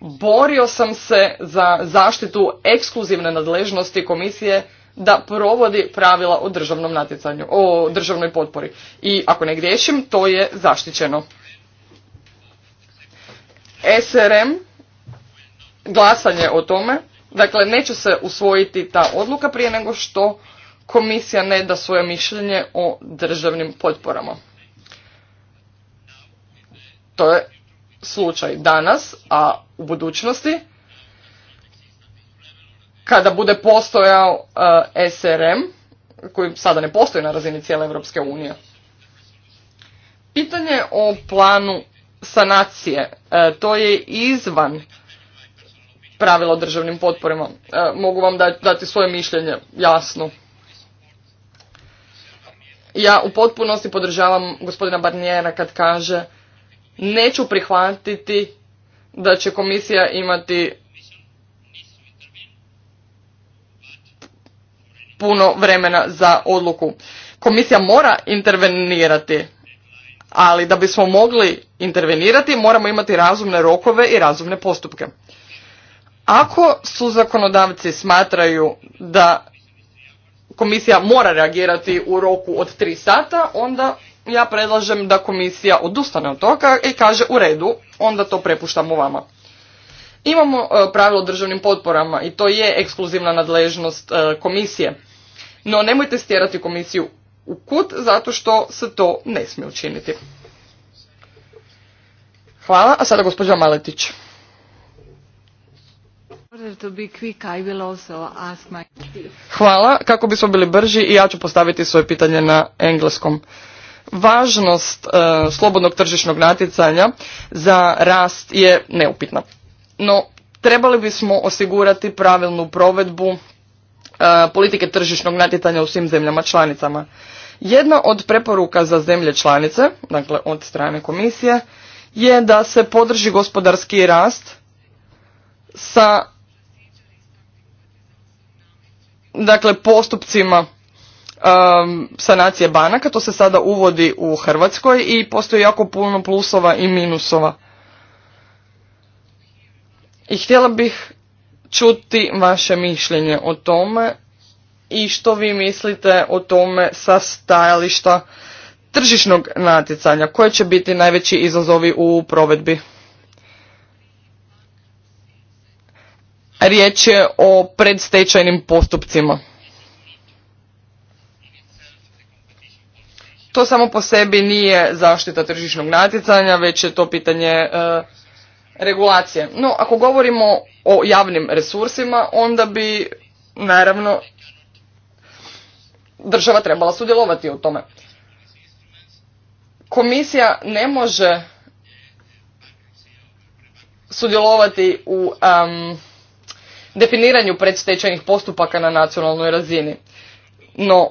borio sam se za zaštitu ekskluzivne nadležnosti komisije da provodi pravila o državnom natjecanju, o državnoj potpori. I ako ne griješim, to je zaštićeno. SRM, glasanje o tome, dakle neće se usvojiti ta odluka prije nego što komisija ne da svoje mišljenje o državnim potporama. To je slučaj danas, a u budućnosti kada bude postojao e, SRM, koji sada ne postoji na razini cijele Europske unije. Pitanje o planu sanacije, e, to je izvan pravila o državnim potporima. E, mogu vam dati svoje mišljenje, jasno ja u potpunosti podržavam gospodina Barnijera kad kaže neću prihvatiti da će komisija imati puno vremena za odluku. Komisija mora intervenirati, ali da bismo mogli intervenirati moramo imati razumne rokove i razumne postupke. Ako su zakonodavci smatraju da komisija mora reagirati u roku od tri sata, onda ja predlažem da komisija odustane od toga i kaže u redu, onda to prepuštamo vama. Imamo e, pravilo o državnim potporama i to je ekskluzivna nadležnost e, komisije. No nemojte stjerati komisiju u kut zato što se to ne smije učiniti. Hvala, a sada gospođa Maletić. Hvala. Kako bismo bili brži i ja ću postaviti svoje pitanje na engleskom. Važnost e, slobodnog tržišnog natjecanja za rast je neupitna. No, trebali bismo osigurati pravilnu provedbu e, politike tržišnog natjecanja u svim zemljama članicama. Jedna od preporuka za zemlje članice, dakle od strane komisije, je da se podrži gospodarski rast sa dakle postupcima um, sanacije banaka, to se sada uvodi u Hrvatskoj i postoji jako puno plusova i minusova. I htjela bih čuti vaše mišljenje o tome i što vi mislite o tome sa stajališta tržišnog natjecanja, koje će biti najveći izazovi u provedbi. Riječ je o predstečajnim postupcima. To samo po sebi nije zaštita tržišnog natjecanja, već je to pitanje e, regulacije. No, ako govorimo o javnim resursima, onda bi, naravno, država trebala sudjelovati u tome. Komisija ne može sudjelovati u definiranju predstečajnih postupaka na nacionalnoj razini. No,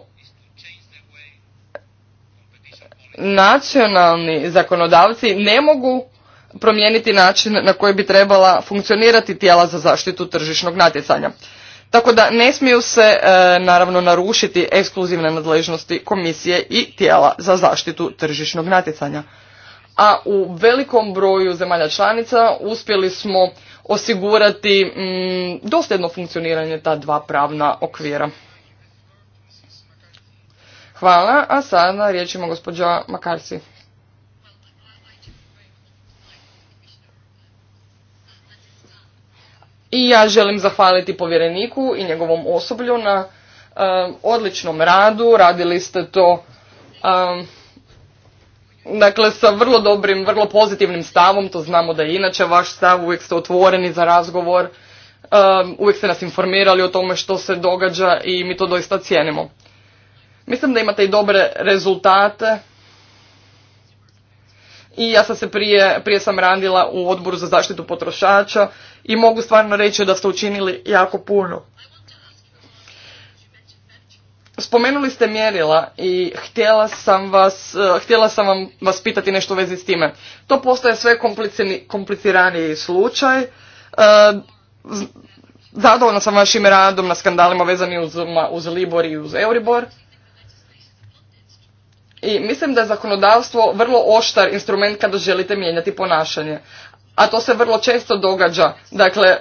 nacionalni zakonodavci ne mogu promijeniti način na koji bi trebala funkcionirati tijela za zaštitu tržišnog natjecanja. Tako da ne smiju se e, naravno narušiti ekskluzivne nadležnosti komisije i tijela za zaštitu tržišnog natjecanja. A u velikom broju zemalja članica uspjeli smo osigurati mm, dosljedno funkcioniranje ta dva pravna okvira. Hvala, a sada riječ ima gospođa Makarci. I ja želim zahvaliti povjereniku i njegovom osoblju na eh, odličnom radu. Radili ste to eh, Dakle, sa vrlo dobrim, vrlo pozitivnim stavom, to znamo da je inače vaš stav, uvijek ste otvoreni za razgovor, um, uvijek ste nas informirali o tome što se događa i mi to doista cijenimo. Mislim da imate i dobre rezultate i ja sam se prije, prije sam radila u odboru za zaštitu potrošača i mogu stvarno reći da ste učinili jako puno. Spomenuli ste mjerila i htjela sam vas, e, htjela sam vam, vas pitati nešto u vezi s time. To postaje sve kompliciraniji slučaj. E, zadovoljna sam vašim radom na skandalima vezani uz, uz Libor i uz Euribor. I mislim da je zakonodavstvo vrlo oštar instrument kada želite mijenjati ponašanje. A to se vrlo često događa. Dakle,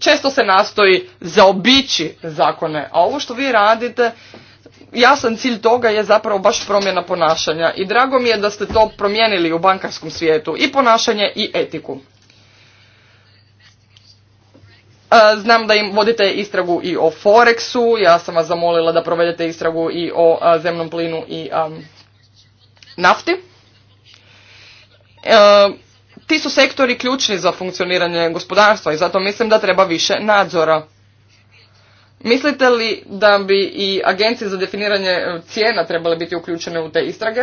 često se nastoji zaobići zakone. A ovo što vi radite jasan cilj toga je zapravo baš promjena ponašanja i drago mi je da ste to promijenili u bankarskom svijetu i ponašanje i etiku. E, znam da im vodite istragu i o Forexu, ja sam vas zamolila da provedete istragu i o e, zemnom plinu i e, nafti. Ti su sektori ključni za funkcioniranje gospodarstva i zato mislim da treba više nadzora. Mislite li da bi i agencije za definiranje e, cijena trebale biti uključene u te istrage?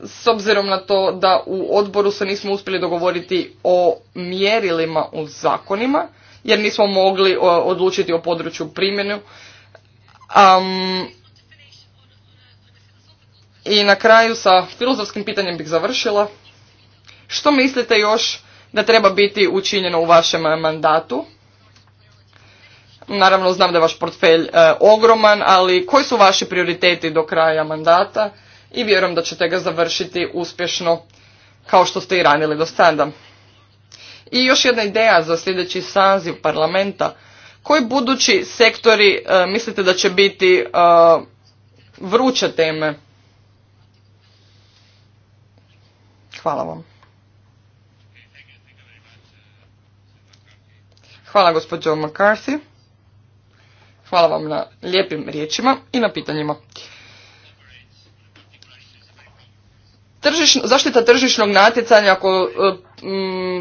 S obzirom na to da u odboru se nismo uspjeli dogovoriti o mjerilima u zakonima, jer nismo mogli e, odlučiti o području primjenu. I na kraju sa filozofskim pitanjem bih završila. Što mislite još da treba biti učinjeno u vašem mandatu? Naravno, znam da je vaš portfelj e, ogroman, ali koji su vaši prioriteti do kraja mandata i vjerujem da ćete ga završiti uspješno kao što ste i ranili do sada. I još jedna ideja za sljedeći saziv parlamenta. Koji budući sektori e, mislite da će biti e, vruće teme? Hvala vam. Hvala gospođo McCarthy. Hvala vam na lijepim riječima i na pitanjima. zaštita tržišnog natjecanja ako e,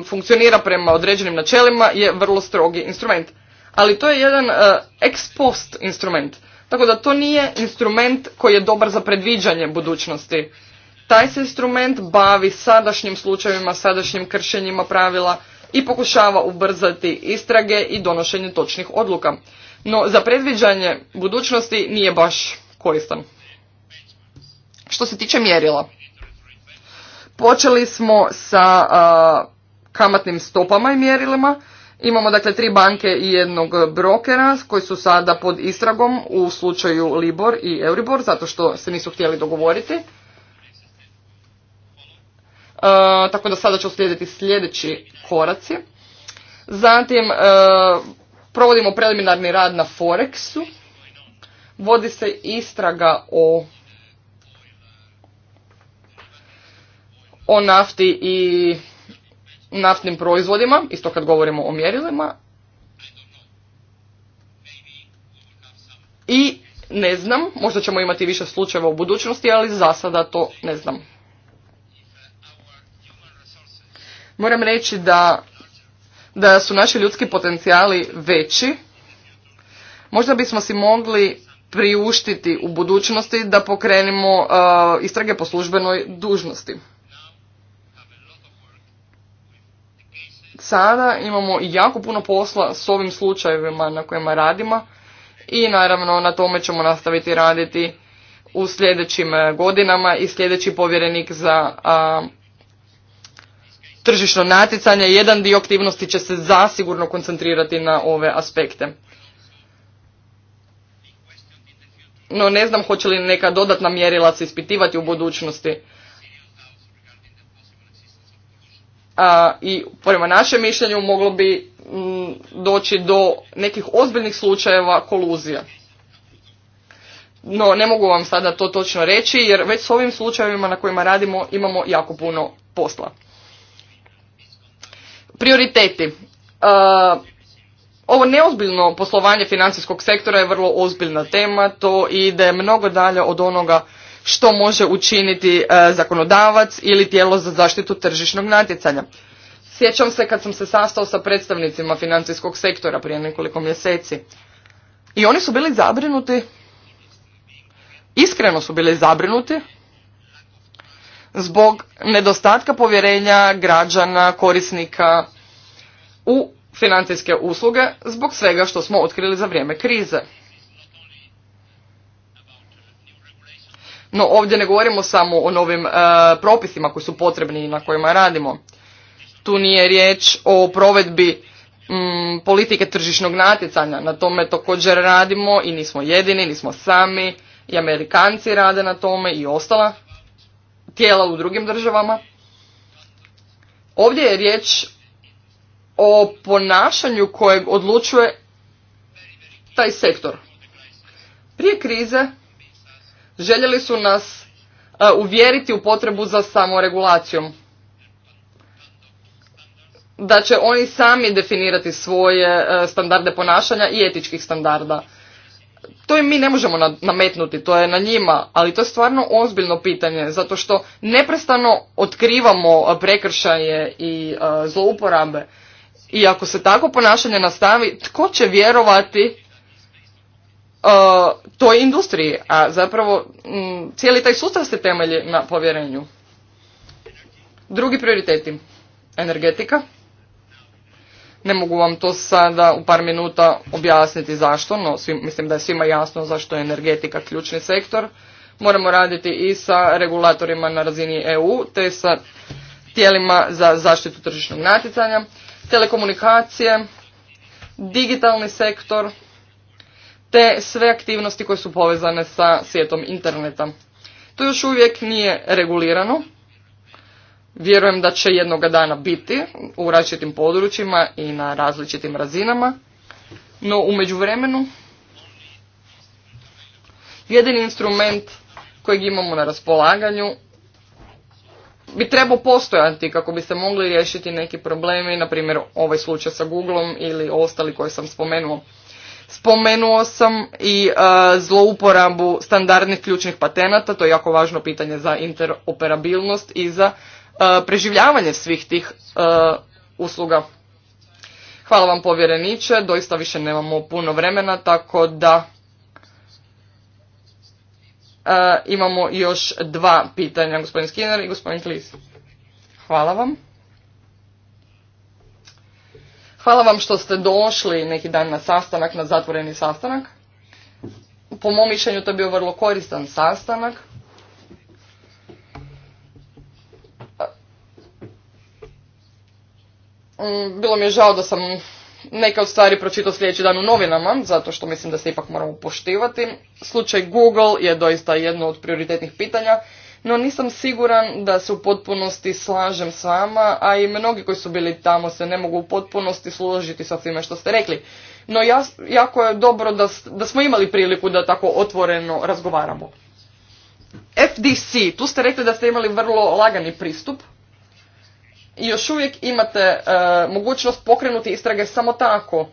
funkcionira prema određenim načelima je vrlo strogi instrument. Ali to je jedan uh, ex post instrument. Tako da to nije instrument koji je dobar za predviđanje budućnosti. Taj se instrument bavi sadašnjim slučajevima, sadašnjim kršenjima pravila i pokušava ubrzati istrage i donošenje točnih odluka no za predviđanje budućnosti nije baš koristan. Što se tiče mjerila, počeli smo sa kamatnim stopama i mjerilima. Imamo dakle tri banke i jednog brokera koji su sada pod istragom u slučaju Libor i Euribor zato što se nisu htjeli dogovoriti. tako da sada će uslijediti sljedeći koraci. Zatim provodimo preliminarni rad na Forexu, vodi se istraga o o nafti i naftnim proizvodima, isto kad govorimo o mjerilima. I ne znam, možda ćemo imati više slučajeva u budućnosti, ali za sada to ne znam. Moram reći da da su naši ljudski potencijali veći, možda bismo si mogli priuštiti u budućnosti da pokrenimo uh, istrage po službenoj dužnosti. Sada imamo jako puno posla s ovim slučajevima na kojima radimo i naravno na tome ćemo nastaviti raditi u sljedećim uh, godinama i sljedeći povjerenik za uh, tržišno natjecanje, jedan dio aktivnosti će se zasigurno koncentrirati na ove aspekte. No ne znam hoće li neka dodatna mjerila se ispitivati u budućnosti. I prema našem mišljenju moglo bi mm, doći do nekih ozbiljnih slučajeva koluzija. No ne mogu vam sada to točno reći jer već s ovim slučajevima na kojima radimo imamo jako puno posla. Prioriteti. E, ovo neozbiljno poslovanje financijskog sektora je vrlo ozbiljna tema, to ide mnogo dalje od onoga što može učiniti e, zakonodavac ili tijelo za zaštitu tržišnog natjecanja. Sjećam se kad sam se sastao sa predstavnicima financijskog sektora prije nekoliko mjeseci. I oni su bili zabrinuti, iskreno su bili zabrinuti zbog nedostatka povjerenja građana, korisnika u financijske usluge zbog svega što smo otkrili za vrijeme krize. No ovdje ne govorimo samo o novim e, propisima koji su potrebni i na kojima radimo. Tu nije riječ o provedbi mm, politike tržišnog natjecanja. Na tome također radimo i nismo jedini, nismo sami. I Amerikanci rade na tome i ostala tijela u drugim državama. Ovdje je riječ o ponašanju kojeg odlučuje taj sektor. Prije krize željeli su nas e, uvjeriti u potrebu za samoregulacijom. Da će oni sami definirati svoje e, standarde ponašanja i etičkih standarda to im mi ne možemo nametnuti, to je na njima, ali to je stvarno ozbiljno pitanje, zato što neprestano otkrivamo prekršaje i zlouporabe. I ako se tako ponašanje nastavi, tko će vjerovati toj industriji? A zapravo cijeli taj sustav se temelji na povjerenju. Drugi prioriteti. Energetika. Ne mogu vam to sada u par minuta objasniti zašto, no mislim da je svima jasno zašto je energetika ključni sektor. Moramo raditi i sa regulatorima na razini EU, te sa tijelima za zaštitu tržišnog natjecanja, telekomunikacije, digitalni sektor, te sve aktivnosti koje su povezane sa svijetom interneta. To još uvijek nije regulirano, Vjerujem da će jednoga dana biti u različitim područjima i na različitim razinama, no u međuvremenu jedini instrument kojeg imamo na raspolaganju bi trebao postojati kako bi se mogli riješiti neki problemi, na primjer ovaj slučaj sa Googleom ili ostali koje sam spomenuo. Spomenuo sam i e, zlouporabu standardnih ključnih patenata, to je jako važno pitanje za interoperabilnost i za E, preživljavanje svih tih e, usluga. Hvala vam povjereniče, doista više nemamo puno vremena, tako da e, imamo još dva pitanja, gospodin Skinner i gospodin Klis. Hvala vam. Hvala vam što ste došli neki dan na sastanak, na zatvoreni sastanak. Po mom mišljenju to je bio vrlo koristan sastanak. Mm, bilo mi je žao da sam neke od stvari pročitao sljedeći dan u novinama, zato što mislim da se ipak moramo poštivati. Slučaj Google je doista jedno od prioritetnih pitanja, no nisam siguran da se u potpunosti slažem s vama, a i mnogi koji su bili tamo se ne mogu u potpunosti složiti sa svime što ste rekli. No jako je dobro da, da smo imali priliku da tako otvoreno razgovaramo. FDC, tu ste rekli da ste imali vrlo lagani pristup, još uvijek imate e, mogućnost pokrenuti istrage samo tako.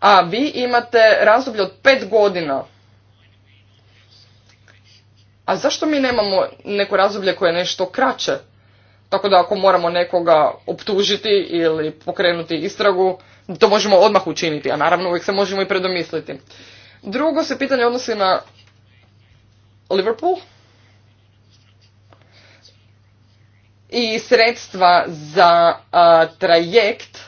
A vi imate razdoblje od pet godina. A zašto mi nemamo neko razdoblje koje je nešto kraće? Tako da ako moramo nekoga optužiti ili pokrenuti istragu, to možemo odmah učiniti, a naravno uvijek se možemo i predomisliti. Drugo se pitanje odnosi na Liverpool. i sredstva za trajekt e,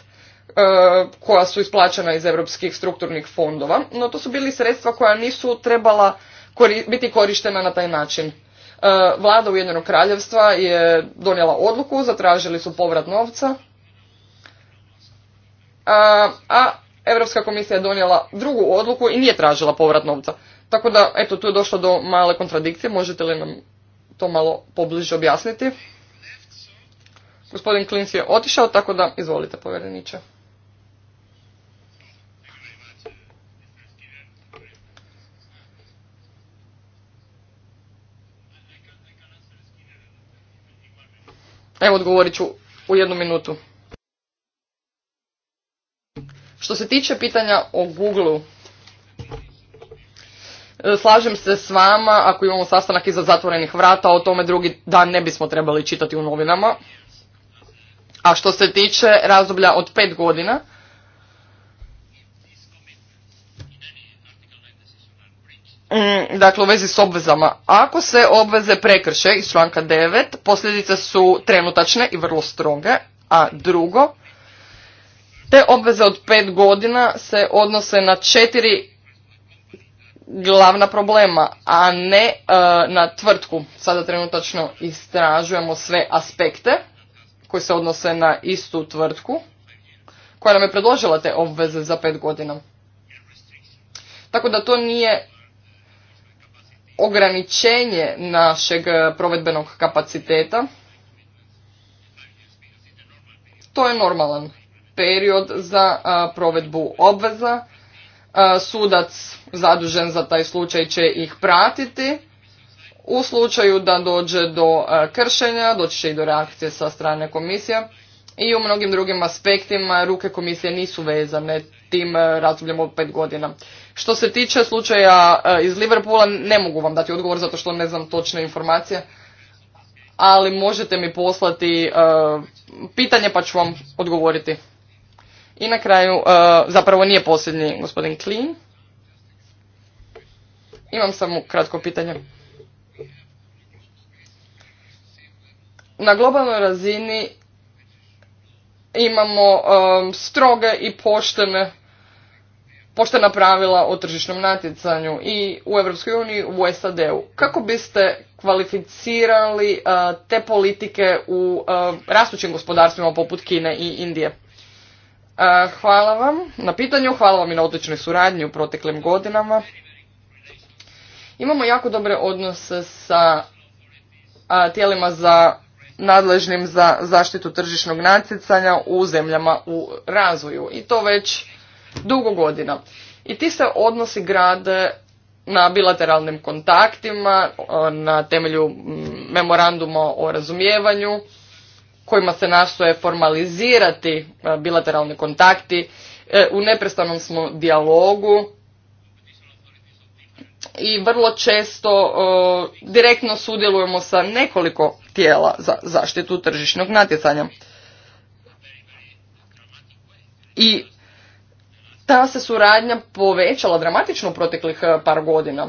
koja su isplaćena iz europskih strukturnih fondova, no to su bili sredstva koja nisu trebala biti korištena na taj način. E, vlada Ujedinjenog kraljevstva je donijela odluku, zatražili su povrat novca, a Europska komisija je donijela drugu odluku i nije tražila povrat novca. Tako da, eto, tu je došlo do male kontradikcije, možete li nam to malo pobliže objasniti? Gospodin Klins je otišao, tako da izvolite povjereniče. Evo odgovorit ću u jednu minutu. Što se tiče pitanja o Google, e, slažem se s vama, ako imamo sastanak iza zatvorenih vrata, o tome drugi dan ne bismo trebali čitati u novinama. A što se tiče razdoblja od pet godina, mm, dakle u vezi s obvezama. Ako se obveze prekrše iz članka 9, posljedice su trenutačne i vrlo stroge, a drugo, te obveze od pet godina se odnose na četiri glavna problema, a ne e, na tvrtku. Sada trenutačno istražujemo sve aspekte koji se odnose na istu tvrtku koja nam je predložila te obveze za pet godina. Tako da to nije ograničenje našeg eh, provedbenog kapaciteta. To je normalan period za eh, provedbu obveza. Eh, sudac zadužen za taj slučaj će ih pratiti u slučaju da dođe do e, kršenja, doći će i do reakcije sa strane komisija i u mnogim drugim aspektima ruke komisije nisu vezane tim e, razdobljem od pet godina. Što se tiče slučaja e, iz Liverpoola, ne mogu vam dati odgovor zato što ne znam točne informacije, ali možete mi poslati pitanje pa ću vam odgovoriti. I na kraju, zapravo nije posljednji gospodin Klin. Imam samo kratko pitanje. na globalnoj razini imamo um, stroge i poštene poštena pravila o tržišnom natjecanju i u Europskoj uniji u SAD-u. Kako biste kvalificirali uh, te politike u uh, rastućim gospodarstvima poput Kine i Indije? Uh, hvala vam na pitanju, hvala vam i na odličnoj suradnji u proteklim godinama. Imamo jako dobre odnose sa uh, tijelima za nadležnim za zaštitu tržišnog natjecanja u zemljama u razvoju i to već dugo godina. I ti se odnosi grade na bilateralnim kontaktima, na temelju memoranduma o razumijevanju, kojima se nastoje formalizirati e, bilateralni kontakti, e, u neprestanom smo dijalogu i vrlo često direktno sudjelujemo sa nekoliko tijela za zaštitu tržišnog natjecanja. I ta se suradnja povećala dramatično u proteklih e, par godina.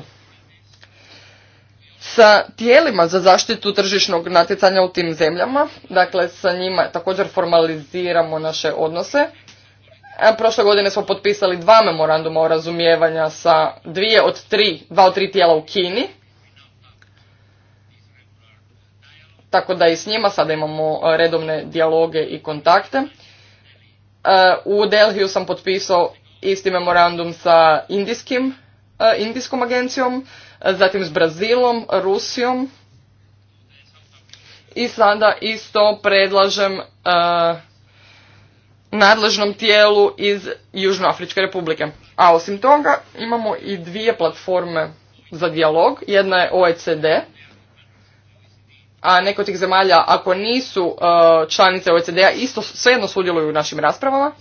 Sa tijelima za zaštitu tržišnog natjecanja u tim zemljama, dakle sa njima također formaliziramo naše odnose. E, prošle godine smo potpisali dva memoranduma o razumijevanja sa dvije od tri, dva od tri tijela u Kini, tako da i s njima sada imamo e, redovne dijaloge i kontakte. E, u Delhiju sam potpisao isti memorandum sa indijskim, e, indijskom agencijom, zatim s Brazilom, Rusijom i sada isto predlažem nadležnom tijelu iz Južnoafričke republike. A osim toga imamo i dvije platforme za dijalog. Jedna je OECD, a neke od tih zemalja ako nisu uh, članice OECD-a isto svejedno sudjeluju u našim raspravama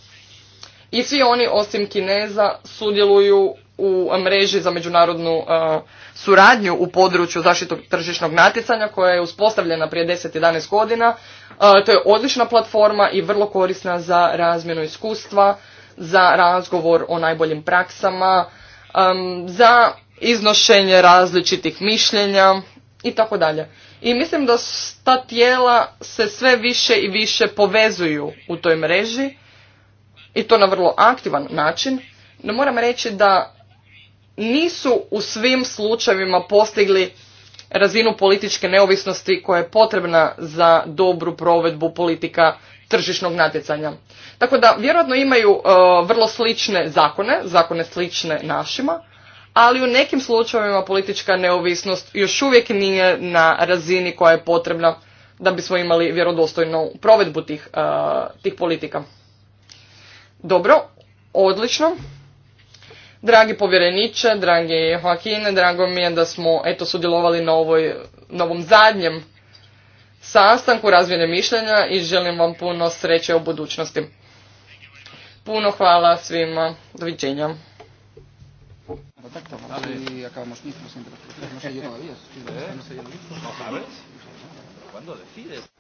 i svi oni osim Kineza sudjeluju u mreži za međunarodnu uh, suradnju u području zaštitu tržišnog natjecanja koja je uspostavljena prije 10-11 godina. Uh, to je odlična platforma i vrlo korisna za razmjenu iskustva, za razgovor o najboljim praksama, um, za iznošenje različitih mišljenja i tako dalje i mislim da ta tijela se sve više i više povezuju u toj mreži i to na vrlo aktivan način. No moram reći da nisu u svim slučajevima postigli razinu političke neovisnosti koja je potrebna za dobru provedbu politika tržišnog natjecanja. Tako da vjerojatno imaju e, vrlo slične zakone, zakone slične našima, ali u nekim slučajevima politička neovisnost još uvijek nije na razini koja je potrebna da bismo imali vjerodostojnu provedbu tih, tih politika. Dobro, odlično. Dragi povjereniče, dragi Joakine, drago mi je da smo eto sudjelovali na ovoj, na ovom zadnjem sastanku razmjene mišljenja i želim vam puno sreće u budućnosti. Puno hvala svima. Doviđenja. Perfecto, a ver si acabamos mismos. No sé yo todavía. No sé yo ¿Eh? ¿Cuándo decides?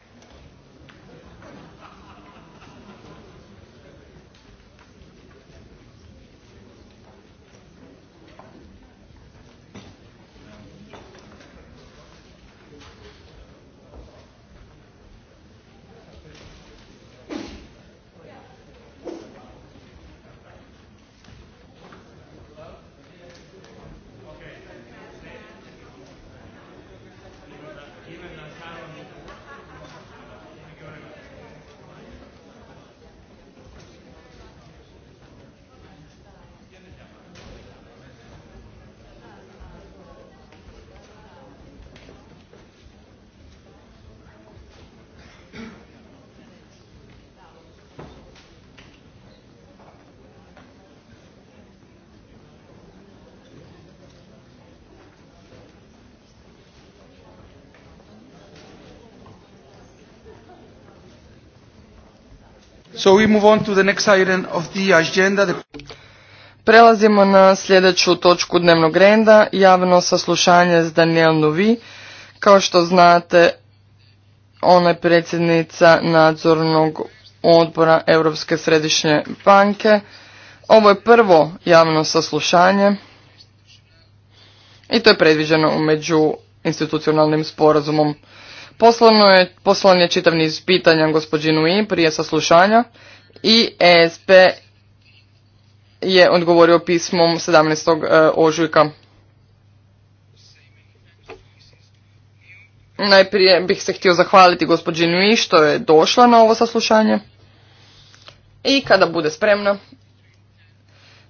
Prelazimo na sljedeću točku dnevnog reda. javno saslušanje s Daniel Novi. Kao što znate, ona je predsjednica nadzornog odbora Europske središnje banke. Ovo je prvo javno saslušanje i to je predviđeno među institucionalnim sporazumom. Poslano je, poslan je čitav niz pitanja gospođinu I prije saslušanja i ESP je odgovorio pismom 17. E, ožujka. Najprije bih se htio zahvaliti gospođi Nui što je došla na ovo saslušanje. I kada bude spremna,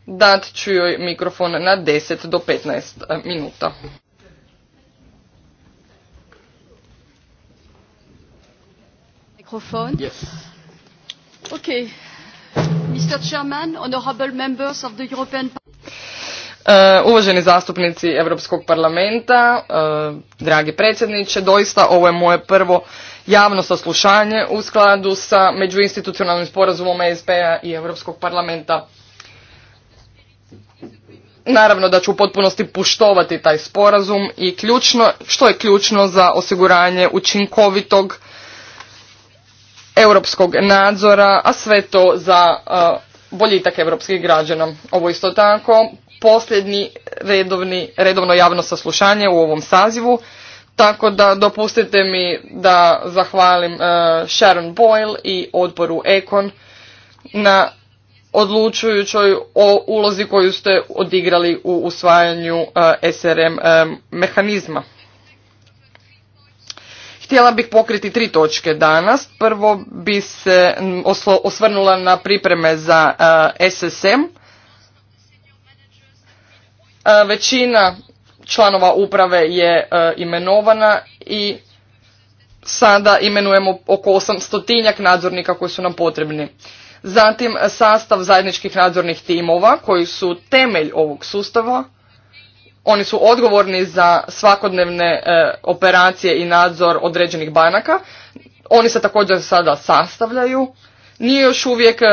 dat ću joj mikrofon na 10 do 15 e, minuta. microphone. E, uvaženi zastupnici Europskog parlamenta, e, dragi predsjedniče, doista ovo je moje prvo javno saslušanje u skladu sa međuinstitucionalnim sporazumom ESP-a i Europskog parlamenta. Naravno da ću u potpunosti puštovati taj sporazum i ključno, što je ključno za osiguranje učinkovitog europskog nadzora, a sve to za boljitak europskih građana. Ovo isto tako posljednji redovni, redovno javno saslušanje u ovom sazivu, tako da dopustite mi da zahvalim Sharon Boyle i odboru Econ na odlučujućoj o ulozi koju ste odigrali u usvajanju SRM mehanizma. Htjela bih pokriti tri točke danas. Prvo bi se osvrnula na pripreme za e, SSM. E, većina članova uprave je e, imenovana i sada imenujemo oko 800 nadzornika koji su nam potrebni. Zatim sastav zajedničkih nadzornih timova koji su temelj ovog sustava oni su odgovorni za svakodnevne e, operacije i nadzor određenih banaka. Oni se također sada sastavljaju. Nije još uvijek e,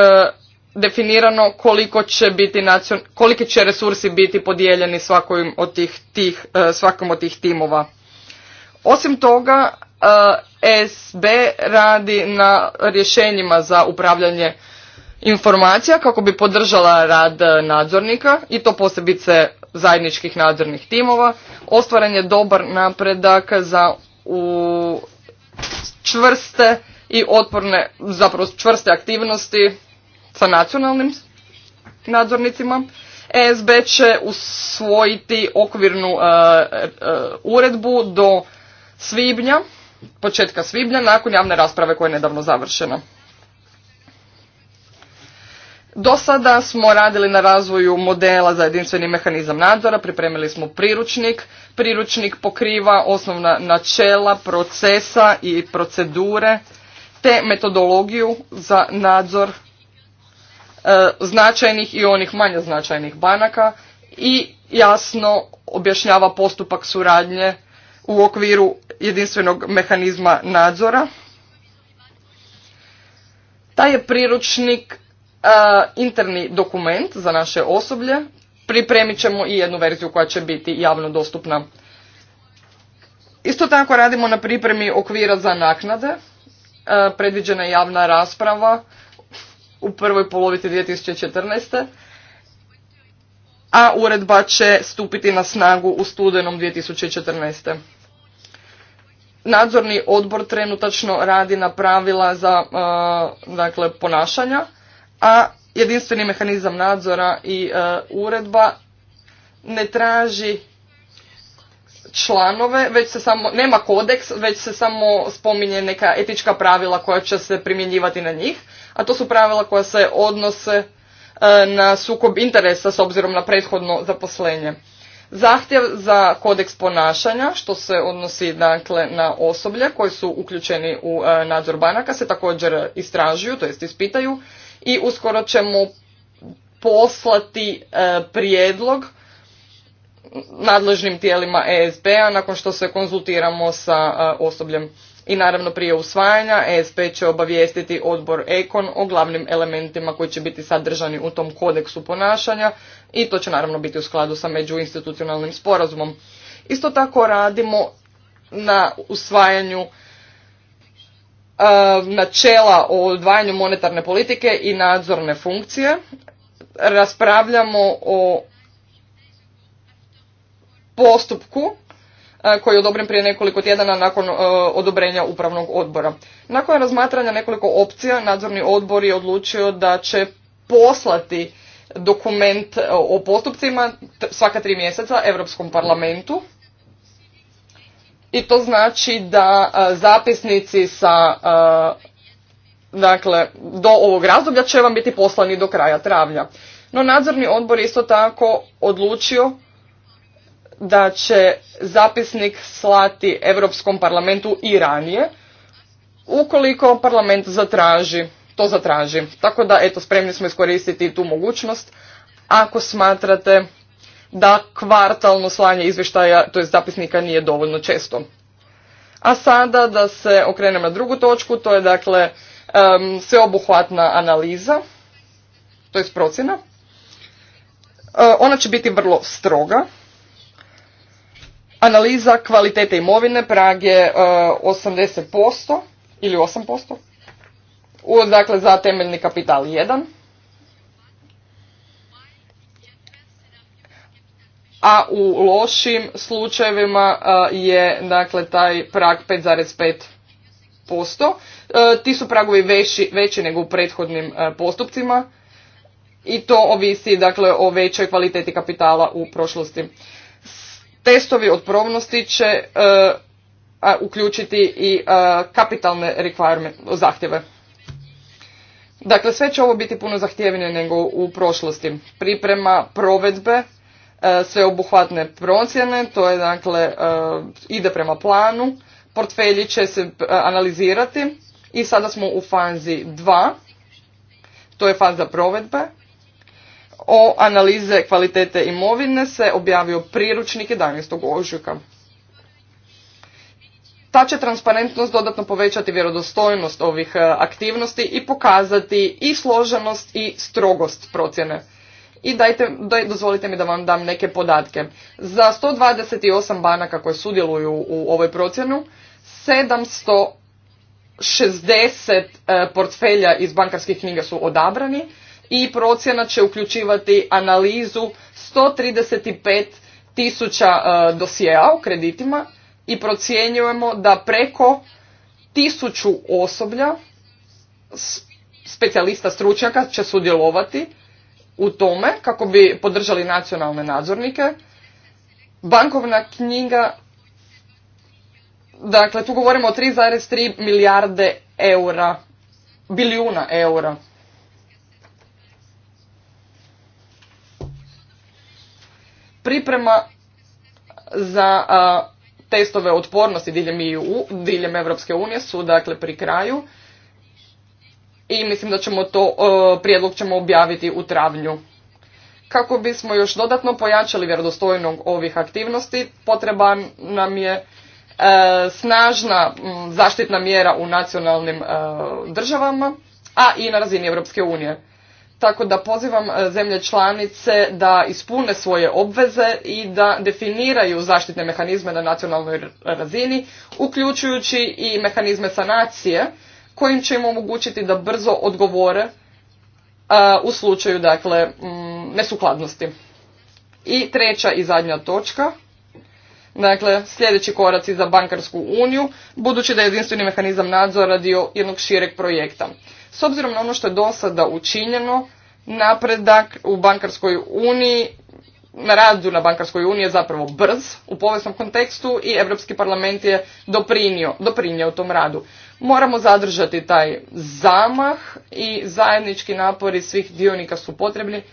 definirano koliko će biti nacion... koliki će resursi biti podijeljeni svakom od tih, tih, e, svakom od tih timova. Osim toga, SB radi na rješenjima za upravljanje informacija kako bi podržala rad nadzornika i to posebice zajedničkih nadzornih timova, ostvaren je dobar napredak za u čvrste i otporne, zapravo čvrste aktivnosti sa nacionalnim nadzornicima. ESB će usvojiti okvirnu e, e, uredbu do svibnja, početka svibnja, nakon javne rasprave koja je nedavno završena. Do sada smo radili na razvoju modela za jedinstveni mehanizam nadzora, pripremili smo priručnik. Priručnik pokriva osnovna načela, procesa i procedure te metodologiju za nadzor e, značajnih i onih manje značajnih banaka i jasno objašnjava postupak suradnje u okviru jedinstvenog mehanizma nadzora. Taj je priručnik interni dokument za naše osoblje. Pripremit ćemo i jednu verziju koja će biti javno dostupna. Isto tako radimo na pripremi okvira za naknade. Predviđena je javna rasprava u prvoj polovici 2014. A uredba će stupiti na snagu u studenom 2014. Nadzorni odbor trenutačno radi na pravila za dakle, ponašanja a jedinstveni mehanizam nadzora i e, uredba ne traži članove, već se samo, nema kodeks, već se samo spominje neka etička pravila koja će se primjenjivati na njih, a to su pravila koja se odnose e, na sukob interesa s obzirom na prethodno zaposlenje. Zahtjev za kodeks ponašanja, što se odnosi dakle, na osoblje koji su uključeni u e, nadzor banaka, se također istražuju, to jest ispitaju, i uskoro ćemo poslati e, prijedlog nadležnim tijelima esp a nakon što se konzultiramo sa e, osobljem. I naravno prije usvajanja ESP će obavijestiti odbor Ekon o glavnim elementima koji će biti sadržani u tom kodeksu ponašanja i to će naravno biti u skladu sa međuinstitucionalnim sporazumom. Isto tako radimo na usvajanju Eh, načela o odvajanju monetarne politike i nadzorne funkcije. Raspravljamo o postupku eh, koji je odobren prije nekoliko tjedana nakon eh, odobrenja upravnog odbora. Nakon razmatranja nekoliko opcija, nadzorni odbor je odlučio da će poslati dokument o postupcima svaka tri mjeseca Europskom parlamentu i to znači da e, zapisnici sa e, dakle do ovog razdoblja će vam biti poslani do kraja travnja. No nadzorni odbor je isto tako odlučio da će zapisnik slati Europskom parlamentu i ranije ukoliko parlament zatraži, to zatraži. Tako da eto spremni smo iskoristiti tu mogućnost ako smatrate da kvartalno slanje izvještaja, to je zapisnika, nije dovoljno često. A sada da se okrenem na drugu točku, to je dakle sveobuhvatna analiza, to je procjena. E, ona će biti vrlo stroga. Analiza kvalitete imovine, prag je 80% e, ili 8%. Dakle, za temeljni kapital 1%. a u lošim slučajevima e, je dakle taj prag 5,5%. E, ti su pragovi veći, veći nego u prethodnim e, postupcima i to ovisi dakle o većoj kvaliteti kapitala u prošlosti. Testovi otprovnosti će uključiti i kapitalne zahtjeve. Dakle, sve će ovo biti puno zahtjevnije nego u prošlosti. Priprema provedbe E, sveobuhvatne procjene, to je dakle, e, ide prema planu, portfelji će se e, analizirati i sada smo u fazi 2, to je faza provedbe. O analize kvalitete imovine se objavio priručnik 11. ožujka. Ta će transparentnost dodatno povećati vjerodostojnost ovih aktivnosti i pokazati i složenost i strogost procjene i dajte, daj, dozvolite mi da vam dam neke podatke. Za 128 banaka koje sudjeluju u ovoj procjenu, 760 e, portfelja iz bankarskih knjiga su odabrani i procjena će uključivati analizu 135 tisuća e, dosjea o kreditima i procjenjujemo da preko tisuću osoblja specijalista stručnjaka će sudjelovati u tome kako bi podržali nacionalne nadzornike. Bankovna knjiga, dakle tu govorimo o 3,3 milijarde eura, bilijuna eura. Priprema za testove otpornosti diljem, EU, diljem Evropske unije su dakle pri kraju i mislim da ćemo to, e, prijedlog ćemo objaviti u travnju. Kako bismo još dodatno pojačali vjerodostojnog ovih aktivnosti, potreban nam je e, snažna zaštitna mjera u nacionalnim e, državama, a i na razini Europske unije. Tako da pozivam zemlje članice da ispune svoje obveze i da definiraju zaštitne mehanizme na nacionalnoj razini, uključujući i mehanizme sanacije, kojim će im omogućiti da brzo odgovore e, u slučaju dakle mm, nesukladnosti. I treća i zadnja točka, dakle sljedeći koraci za bankarsku uniju, budući da je jedinstveni mehanizam nadzora dio jednog šireg projekta. S obzirom na ono što je do sada učinjeno, napredak u bankarskoj uniji, na radu na bankarskoj uniji je zapravo brz u povijesnom kontekstu i Europski parlament je doprinio, doprinio tom radu. Moramo zadržati taj zamah i zajednički napori svih dionika su potrebni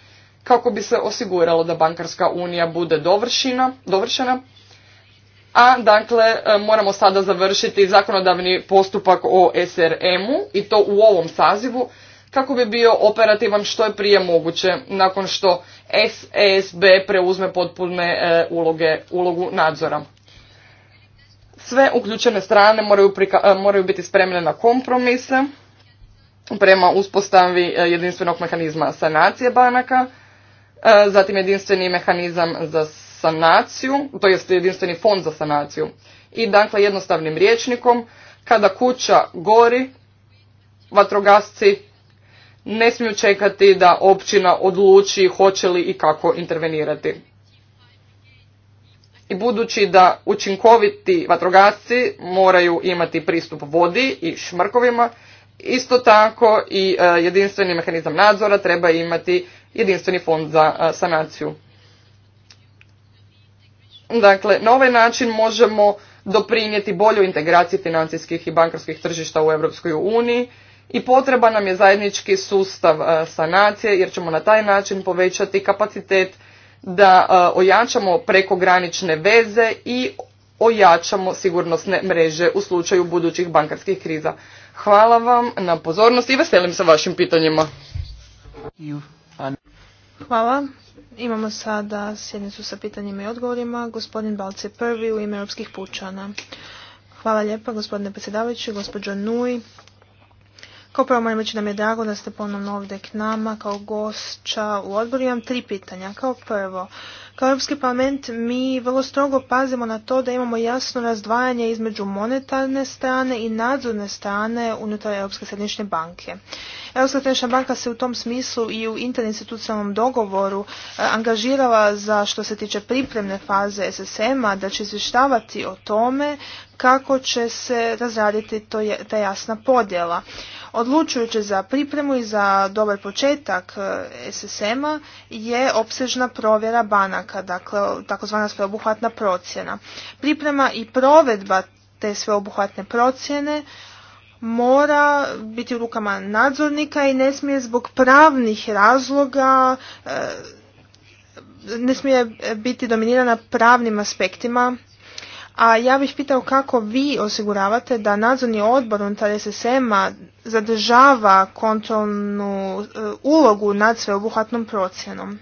kako bi se osiguralo da bankarska unija bude dovršina, dovršena. A dakle e, moramo sada završiti zakonodavni postupak o SRM-u i to u ovom sazivu kako bi bio operativan što je prije moguće nakon što SSB preuzme potpune e, uloge, ulogu nadzora. Sve uključene strane moraju, e, moraju biti spremne na kompromise prema uspostavi e, jedinstvenog mehanizma sanacije banaka, e, zatim jedinstveni mehanizam za sanaciju, to jest jedinstveni fond za sanaciju. I dakle jednostavnim rječnikom, kada kuća gori, vatrogasci ne smiju čekati da općina odluči hoće li i kako intervenirati i budući da učinkoviti vatrogasci moraju imati pristup vodi i šmrkovima, isto tako i e, jedinstveni mehanizam nadzora treba imati jedinstveni fond za e, sanaciju. Dakle, na ovaj način možemo doprinijeti boljoj integraciji financijskih i bankarskih tržišta u EU uniji i potreba nam je zajednički sustav e, sanacije jer ćemo na taj način povećati kapacitet da e, ojačamo prekogranične veze i ojačamo sigurnosne mreže u slučaju budućih bankarskih kriza. Hvala vam na pozornosti i veselim se vašim pitanjima. Hvala. Imamo sada sjednicu sa pitanjima i odgovorima. Gospodin Balce prvi u ime Europskih pučana. Hvala lijepa gospodine predsjedavajući, gospođo Nui. Kao prvo moram reći da mi je drago da ste ponovno ovdje k nama kao gošća u odboru. Imam tri pitanja. Kao prvo, kao Europski parlament mi vrlo strogo pazimo na to da imamo jasno razdvajanje između monetarne strane i nadzorne strane unutar Europske središnje banke. Europska središnja banka se u tom smislu i u interinstitucionalnom dogovoru e, angažirala za što se tiče pripremne faze SSM-a da će izvještavati o tome kako će se razraditi to je, ta jasna podjela. Odlučujuće za pripremu i za dobar početak e, SSM-a je opsežna provjera banaka, dakle takozvana sveobuhvatna procjena. Priprema i provedba te sveobuhvatne procjene mora biti u rukama nadzornika i ne smije zbog pravnih razloga e, ne smije biti dominirana pravnim aspektima a ja bih pitao kako vi osiguravate da nadzorni odbor unutar SSM-a zadržava kontrolnu e, ulogu nad sveobuhvatnom procjenom.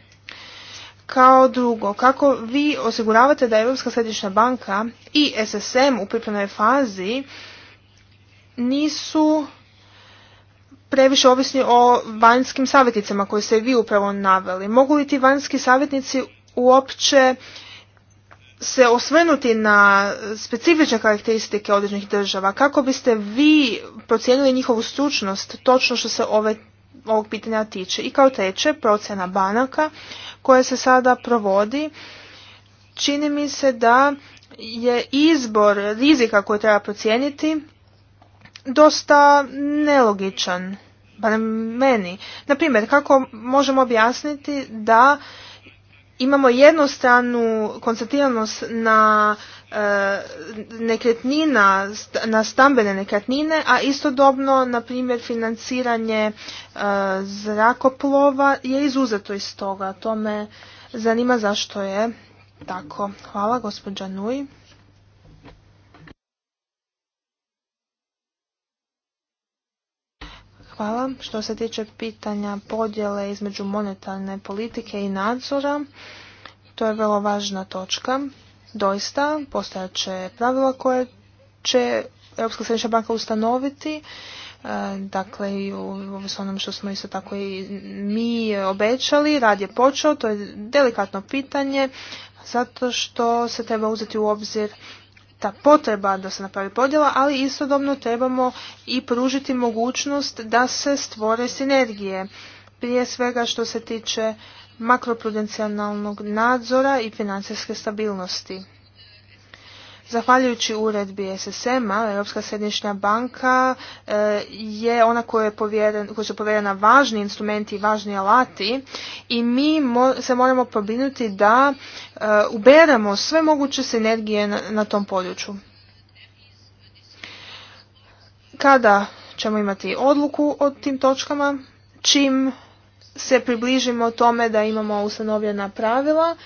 Kao drugo, kako vi osiguravate da Europska središnja banka i SSM u pripremnoj fazi nisu previše ovisni o vanjskim savjetnicama koje ste vi upravo naveli. Mogu li ti vanjski savjetnici uopće se osvrnuti na specifične karakteristike određenih država, kako biste vi procijenili njihovu stručnost točno što se ove, ovog pitanja tiče. I kao treće, procjena banaka koja se sada provodi. Čini mi se da je izbor rizika koje treba procijeniti dosta nelogičan, barem meni. Naprimjer, kako možemo objasniti da imamo jednostranu koncentriranost na e, nekretnina, na stambene nekretnine, a istodobno, na primjer, financiranje e, zrakoplova je izuzeto iz toga. To me zanima zašto je tako. Hvala, gospođa Nui. Hvala. Što se tiče pitanja podjele između monetarne politike i nadzora, to je vrlo važna točka. Doista, postojaće pravila koje će Europska središnja banka ustanoviti, e, dakle i u onom što smo isto tako i mi obećali, rad je počeo, to je delikatno pitanje, zato što se treba uzeti u obzir potreba da se napravi podjela, ali istodobno trebamo i pružiti mogućnost da se stvore sinergije. Prije svega što se tiče makroprudencijalnog nadzora i financijske stabilnosti. Zahvaljujući uredbi SSM-a, Europska središnja banka e, je ona koja su povjerena važni instrumenti i važni alati i mi se moramo pobrinuti da e, uberamo sve moguće sinergije na tom području. Kada ćemo imati odluku o tim točkama, čim se približimo tome da imamo ustanovljena pravila,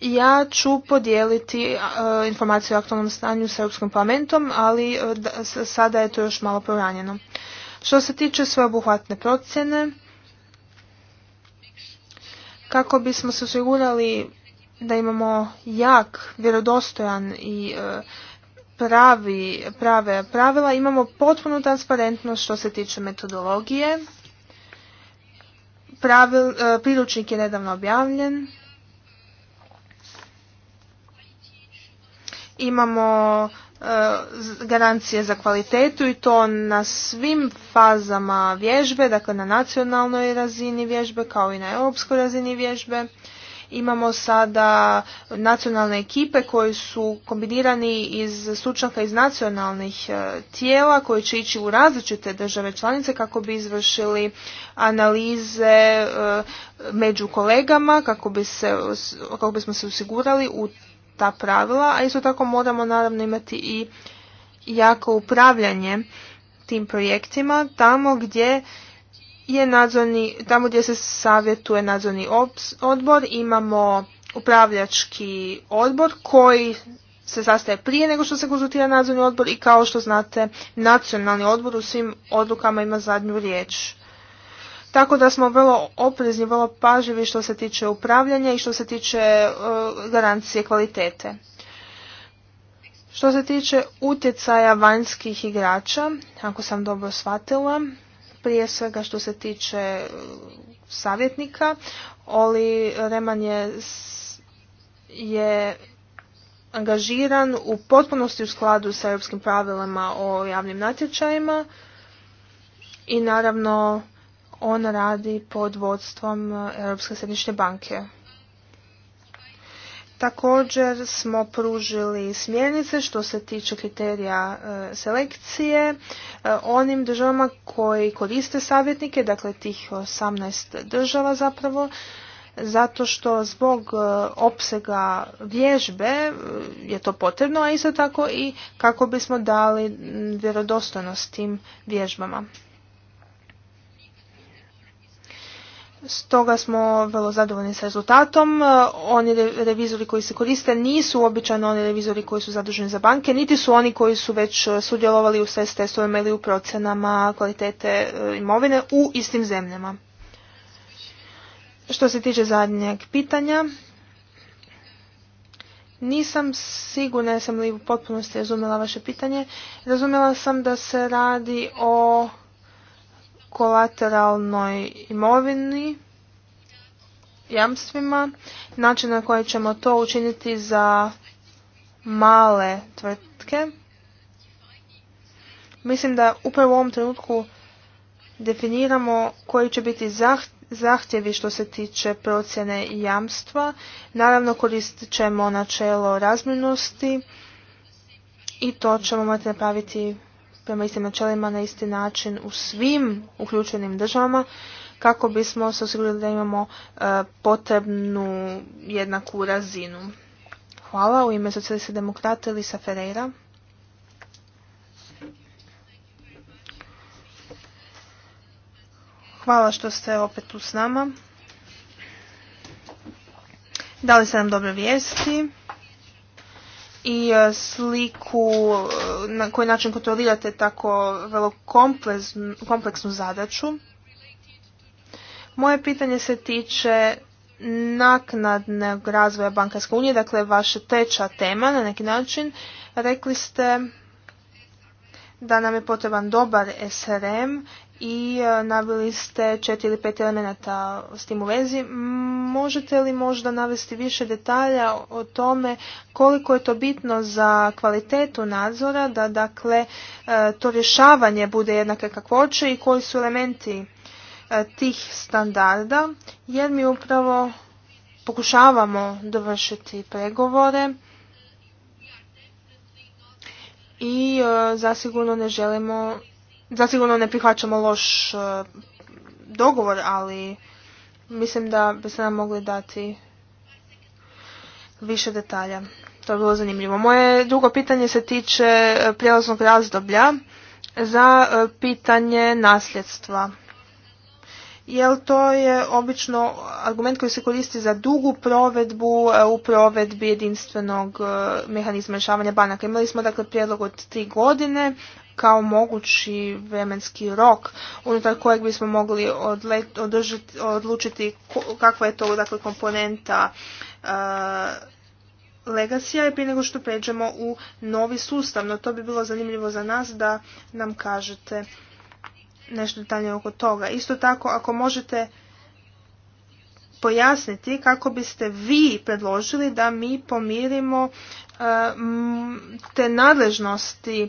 ja ću podijeliti e, informaciju o aktualnom stanju s Europskim parlamentom, ali e, sada je to još malo poranjeno. Što se tiče sveobuhvatne procjene, kako bismo se osigurali da imamo jak, vjerodostojan i e, pravi, prave pravila, imamo potpunu transparentnost što se tiče metodologije. Pravil, priručnik je nedavno objavljen imamo e, garancije za kvalitetu i to na svim fazama vježbe, dakle na nacionalnoj razini vježbe kao i na europskoj razini vježbe. Imamo sada nacionalne ekipe koji su kombinirani iz stručnjaka iz nacionalnih e, tijela koji će ići u različite države članice kako bi izvršili analize e, među kolegama kako, bi se, kako bismo se osigurali u ta pravila, a isto tako moramo naravno imati i jako upravljanje tim projektima tamo gdje je nadzorni, tamo gdje se savjetuje nadzorni odbor, imamo upravljački odbor koji se sastaje prije nego što se konzultira nadzorni odbor i kao što znate nacionalni odbor u svim odlukama ima zadnju riječ. Tako da smo vrlo oprezni, vrlo pažljivi što se tiče upravljanja i što se tiče e, garancije kvalitete. Što se tiče utjecaja vanjskih igrača, ako sam dobro shvatila, prije svega što se tiče e, savjetnika, Oli Reman je, je angažiran u potpunosti u skladu sa europskim pravilima o javnim natječajima i naravno on radi pod vodstvom e, Europske središnje banke. Također smo pružili smjernice što se tiče kriterija e, selekcije e, onim državama koji koriste savjetnike, dakle tih 18 država zapravo, zato što zbog opsega vježbe je to potrebno, a isto tako i kako bismo dali vjerodostojnost tim vježbama. Stoga smo vrlo zadovoljni sa rezultatom. E, oni revizori koji se koriste nisu običajno oni revizori koji su zaduženi za banke, niti su oni koji su već e, sudjelovali u sve testovima ili u procenama kvalitete e, imovine u istim zemljama. Što se tiče zadnjeg pitanja, nisam sigurna, jesam li u potpunosti razumjela vaše pitanje. Razumjela sam da se radi o kolateralnoj imovini, jamstvima, način na koji ćemo to učiniti za male tvrtke. Mislim da upravo u ovom trenutku definiramo koji će biti zahtjevi što se tiče procjene i jamstva. Naravno koristit ćemo načelo razmjernosti i to ćemo morati napraviti prema istim načelima na isti način u svim uključenim državama kako bismo se osigurali da imamo e, potrebnu jednaku razinu. Hvala u ime socijalista demokrata Elisa Ferreira. Hvala što ste opet tu s nama. Dali ste nam dobre vijesti i e, sliku e, na koji način kontrolirate tako vrlo kompleksnu zadaću. Moje pitanje se tiče naknadnog razvoja bankarske unije, dakle vaša treća tema na neki način. Rekli ste da nam je potreban dobar SRM i e, naveli ste četiri ili pet elemenata s tim u vezi. Možete li možda navesti više detalja o tome koliko je to bitno za kvalitetu nadzora, da dakle e, to rješavanje bude jednake kakvoće i koji su elementi e, tih standarda, jer mi upravo pokušavamo dovršiti pregovore i e, zasigurno ne želimo, zasigurno ne prihvaćamo loš e, dogovor, ali mislim da se nam mogli dati više detalja. To je bilo zanimljivo. Moje drugo pitanje se tiče prijelaznog razdoblja za e, pitanje nasljedstva jer to je obično argument koji se koristi za dugu provedbu e, u provedbi jedinstvenog e, mehanizma rješavanja banaka. Imali smo dakle prijedlog od tri godine kao mogući vremenski rok unutar kojeg bismo mogli odlučiti kakva je to dakle, komponenta e, legacija prije nego što pređemo u novi sustav. No to bi bilo zanimljivo za nas da nam kažete nešto detaljnije oko toga. Isto tako, ako možete pojasniti kako biste vi predložili da mi pomirimo e, te nadležnosti e,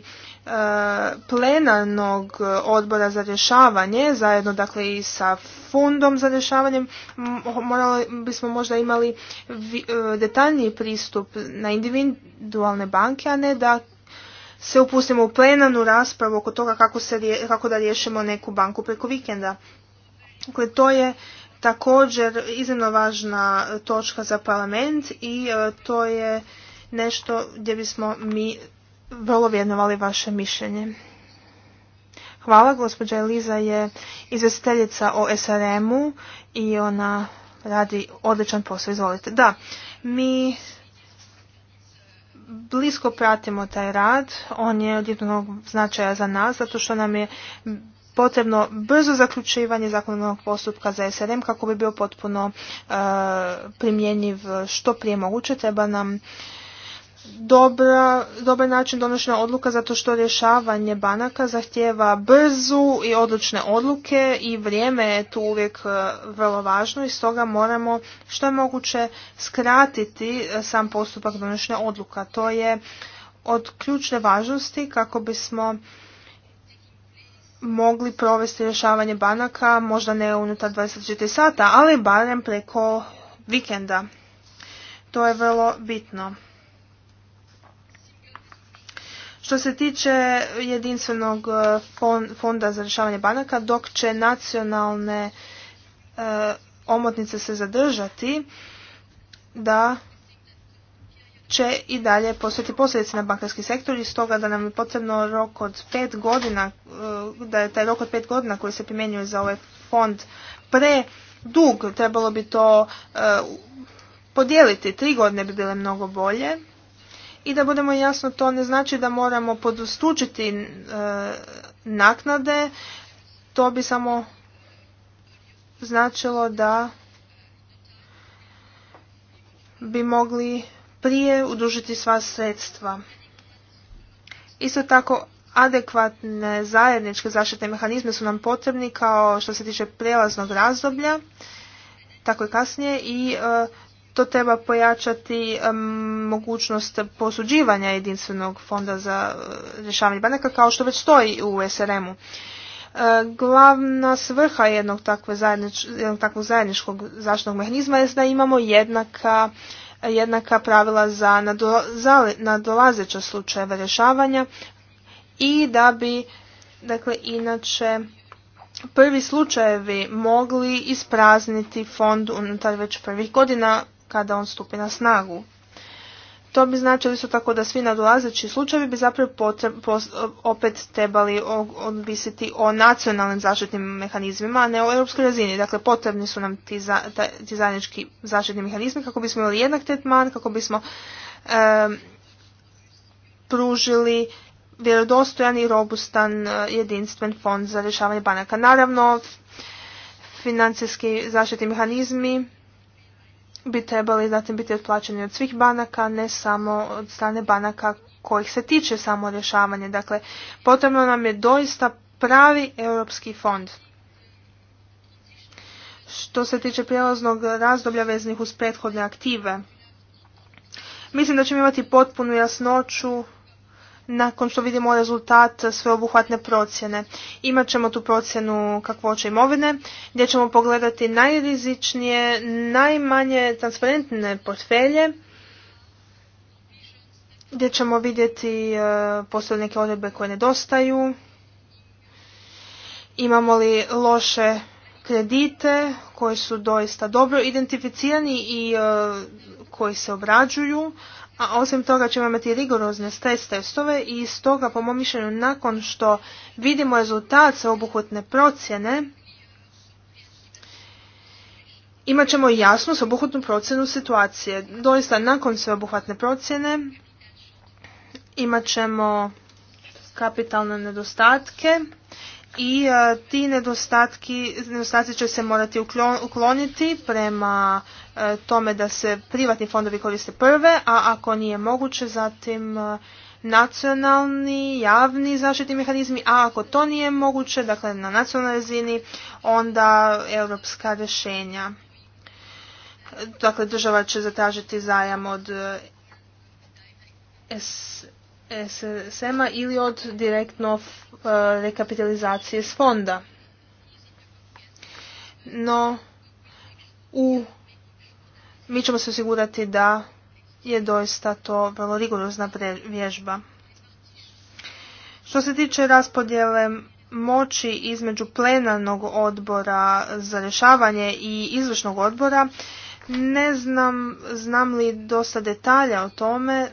plenarnog odbora za rješavanje, zajedno dakle i sa fundom za rješavanje, morali bismo možda imali e, detaljniji pristup na individualne banke, a ne da se upustimo u plenarnu raspravu oko toga kako, se, kako da riješimo neku banku preko vikenda. Dakle, to je također iznimno važna e, točka za parlament i e, to je nešto gdje bismo mi vrlo vjernovali vaše mišljenje. Hvala, gospođa Eliza je izvjestiteljica o SRM-u i ona radi odličan posao. Izvolite. Da, mi blisko pratimo taj rad, on je od jednog značaja za nas, zato što nam je potrebno brzo zaključivanje zakonodavnog postupka za SRM kako bi bio potpuno e, primjenjiv što prije moguće. Treba nam dobra, dobar način donošenja odluka zato što rješavanje banaka zahtjeva brzu i odlučne odluke i vrijeme je tu uvijek e, vrlo važno i stoga moramo što je moguće skratiti e, sam postupak donošenja odluka. To je od ključne važnosti kako bismo mogli provesti rješavanje banaka, možda ne unutar 24 sata, ali barem preko vikenda. To je vrlo bitno. Što se tiče jedinstvenog e, fonda za rješavanje banaka, dok će nacionalne e, omotnice se zadržati, da će i dalje postojati posljedice na bankarski sektor i stoga da nam je potrebno rok od pet godina, e, da je taj rok od pet godina koji se primjenjuje za ovaj fond pre dug, trebalo bi to podijeliti. Tri godine bi bile mnogo bolje i da budemo jasno, to ne znači da moramo podostučiti e, naknade, to bi samo značilo da bi mogli prije udužiti sva sredstva. Isto tako, adekvatne zajedničke zaštite mehanizme su nam potrebni kao što se tiče prelaznog razdoblja, tako i kasnije i e, to treba pojačati mogućnost posuđivanja jedinstvenog fonda za e, rješavanje banaka kao što već stoji u SRM-u. E, glavna svrha jednog, takvog zajedničkog zaštitnog mehanizma je da imamo jednaka, jednaka pravila za, nado, za nadolazeća rješavanja i da bi dakle inače prvi slučajevi mogli isprazniti fond unutar već prvih godina kada on stupi na snagu. To bi značilo isto tako da svi nadolazeći slučajevi bi zapravo opet trebali odvisiti o nacionalnim zaštitnim mehanizmima, a ne o europskoj razini. Dakle, potrebni su nam ti, za, zajednički zaštitni mehanizmi kako bismo imali jednak tretman, kako bismo e, pružili vjerodostojan i robustan e, jedinstven fond za rješavanje banaka. Naravno, financijski zaštitni mehanizmi bi trebali zatim biti otplaćeni od svih banaka, ne samo od strane banaka kojih se tiče samo rješavanje. Dakle, potrebno nam je doista pravi europski fond. Što se tiče prijelaznog razdoblja veznih uz prethodne aktive, mislim da ćemo imati potpunu jasnoću nakon što vidimo rezultat sveobuhvatne procjene. Imat ćemo tu procjenu kakvoće imovine gdje ćemo pogledati najrizičnije, najmanje transparentne portfelje gdje ćemo vidjeti e, postoje neke odredbe koje nedostaju, imamo li loše kredite koji su doista dobro identificirani i e, koji se obrađuju, a osim toga ćemo imati rigorozne stres testove i stoga po mom mišljenju nakon što vidimo rezultat sveobuhvatne procjene imat ćemo jasnu sveobuhvatnu procjenu situacije. Doista nakon sveobuhvatne procjene imat ćemo kapitalne nedostatke i e, ti nedostatki, će se morati ukloniti prema E, tome da se privatni fondovi koriste prve, a ako nije moguće zatim e, nacionalni, javni zaštitni mehanizmi, a ako to nije moguće, dakle na nacionalnoj razini, onda europska rješenja. Dakle, država će zatražiti zajam od e, SSM-a ili od direktno rekapitalizacije s fonda. No, u mi ćemo se osigurati da je doista to vrlo rigorozna vježba. Što se tiče raspodjele moći između plenarnog odbora za rješavanje i izvršnog odbora, ne znam, znam li dosta detalja o tome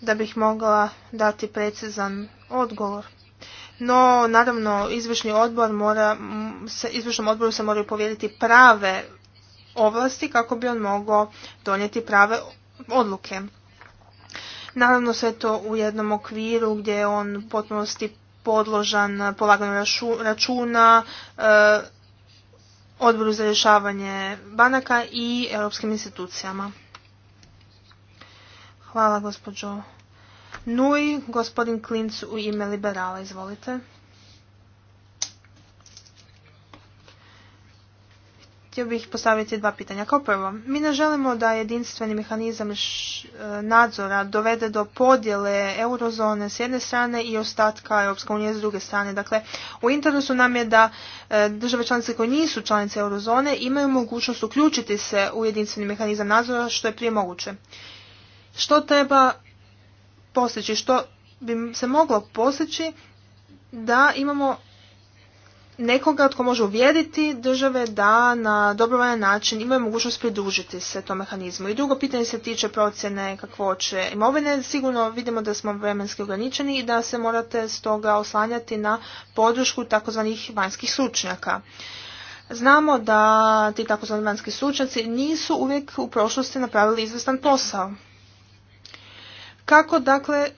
da bih mogla dati precizan odgovor. No, naravno, izvršni odbor mora, izvršnom odboru se moraju povjeriti prave ovlasti kako bi on mogao donijeti prave odluke. Naravno sve to u jednom okviru gdje je on u potpunosti podložan polaganju računa e, odboru za rješavanje banaka i europskim institucijama. Hvala gospođo Nui, gospodin Klinc u ime liberala, izvolite. Htio bih postaviti dva pitanja. Kao prvo, mi ne želimo da jedinstveni mehanizam e, nadzora dovede do podjele eurozone s jedne strane i ostatka EU unije s druge strane. Dakle, u interesu nam je da e, države članice koje nisu članice eurozone imaju mogućnost uključiti se u jedinstveni mehanizam nadzora što je prije moguće. Što treba postići? Što bi se moglo postići da imamo nekoga tko može uvjeriti države da na dobrovoljan način imaju mogućnost pridružiti se tom mehanizmu. I drugo pitanje se tiče procjene kakvoće imovine. Sigurno vidimo da smo vremenski ograničeni i da se morate stoga oslanjati na podršku takozvanih vanjskih slučnjaka. Znamo da ti takozvani vanjski slučnjaci nisu uvijek u prošlosti napravili izvestan posao. Kako dakle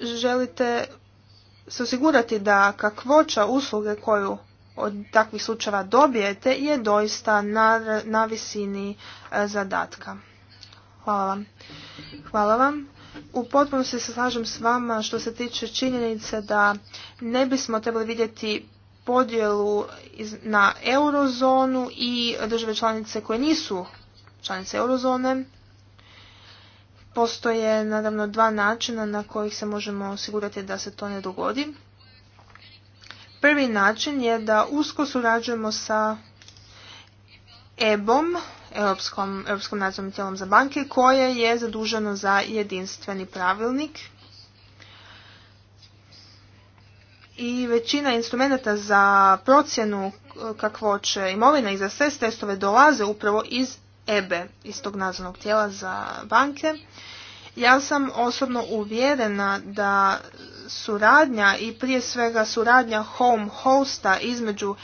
želite se osigurati da kakvoća usluge koju od takvih slučajeva dobijete je doista na, visini e, zadatka. Hvala vam. Hvala vam. U potpunosti se slažem s vama što se tiče činjenice da ne bismo trebali vidjeti podjelu na eurozonu i države članice koje nisu članice eurozone Postoje, naravno, dva načina na kojih se možemo osigurati da se to ne dogodi. Prvi način je da usko surađujemo sa EBOM, Europskom, Europskom nadzornim tijelom za banke, koje je zaduženo za jedinstveni pravilnik. I većina instrumenta za procjenu e, kakvoće imovina i za sve testove dolaze upravo iz EBE, istog nadzornog tijela za banke. Ja sam osobno uvjerena da suradnja i prije svega suradnja home hosta između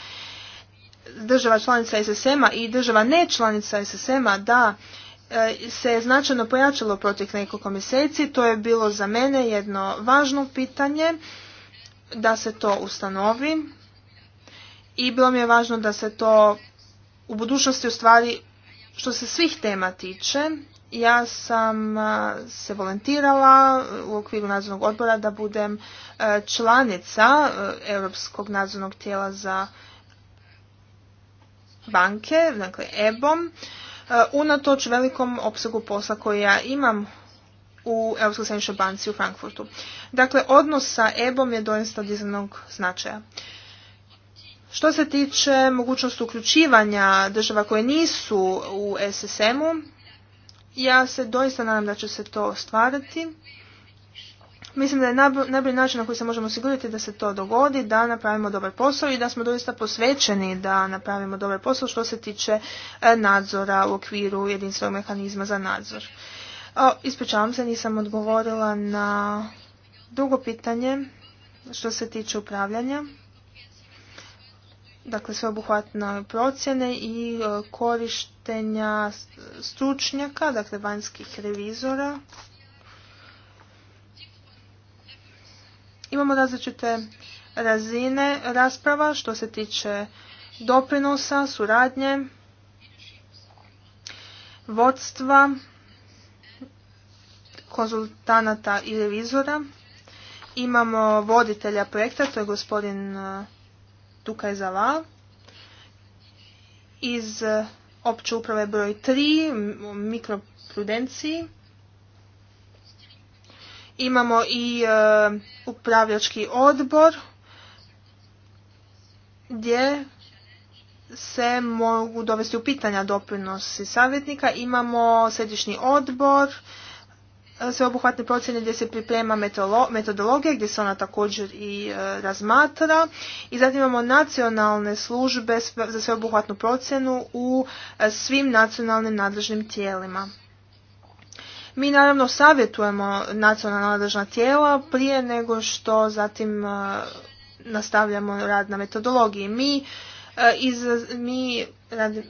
država članica SSM-a i država ne članica SSM-a da e, se značajno pojačalo protiv nekoliko mjeseci. To je bilo za mene jedno važno pitanje da se to ustanovi i bilo mi je važno da se to u budućnosti ostvari što se svih tema tiče, ja sam se volentirala u okviru nadzornog odbora da budem članica Europskog nadzornog tijela za banke, dakle EBOM, unatoč velikom opsegu posla koji ja imam u Europskoj središnjoj banci u Frankfurtu. Dakle, odnos sa EBOM je doista od značaja. Što se tiče mogućnosti uključivanja država koje nisu u SSM-u, ja se doista nadam da će se to ostvariti. Mislim da je najbolji način na koji se možemo osigurati da se to dogodi, da napravimo dobar posao i da smo doista posvećeni da napravimo dobar posao što se tiče e, nadzora u okviru jedinstvenog mehanizma za nadzor. Ispričavam se, nisam odgovorila na drugo pitanje što se tiče upravljanja dakle sveobuhvatne procjene i e, korištenja stručnjaka, dakle vanjskih revizora. Imamo različite razine rasprava što se tiče doprinosa, suradnje, vodstva, konzultanata i revizora. Imamo voditelja projekta, to je gospodin e, Tukaj zaval iz e, opće uprave broj 3 mikroprudenciji. Imamo i e, upravljački odbor gdje se mogu dovesti u pitanja doprinosi savjetnika. Imamo središnji odbor sveobuhvatne procjene gdje se priprema metodologija, gdje se ona također i e, razmatra. I zatim imamo nacionalne službe za sveobuhvatnu procjenu u e, svim nacionalnim nadležnim tijelima. Mi naravno savjetujemo nacionalna nadležna tijela prije nego što zatim e, nastavljamo rad na metodologiji. Mi mi,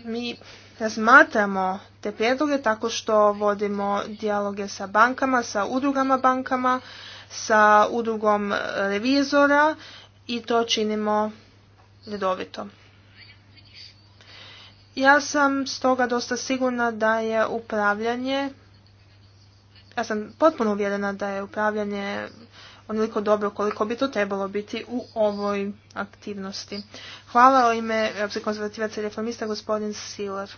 mi razmatramo te prijedloge tako što vodimo dijaloge sa bankama, sa udrugama bankama, sa udrugom revizora i to činimo redovito. Ja sam stoga dosta sigurna da je upravljanje, ja sam potpuno uvjerena da je upravljanje onoliko dobro koliko bi to trebalo biti u ovoj aktivnosti. Hvala o ime Europske konzervativaca i reformista gospodin Silar.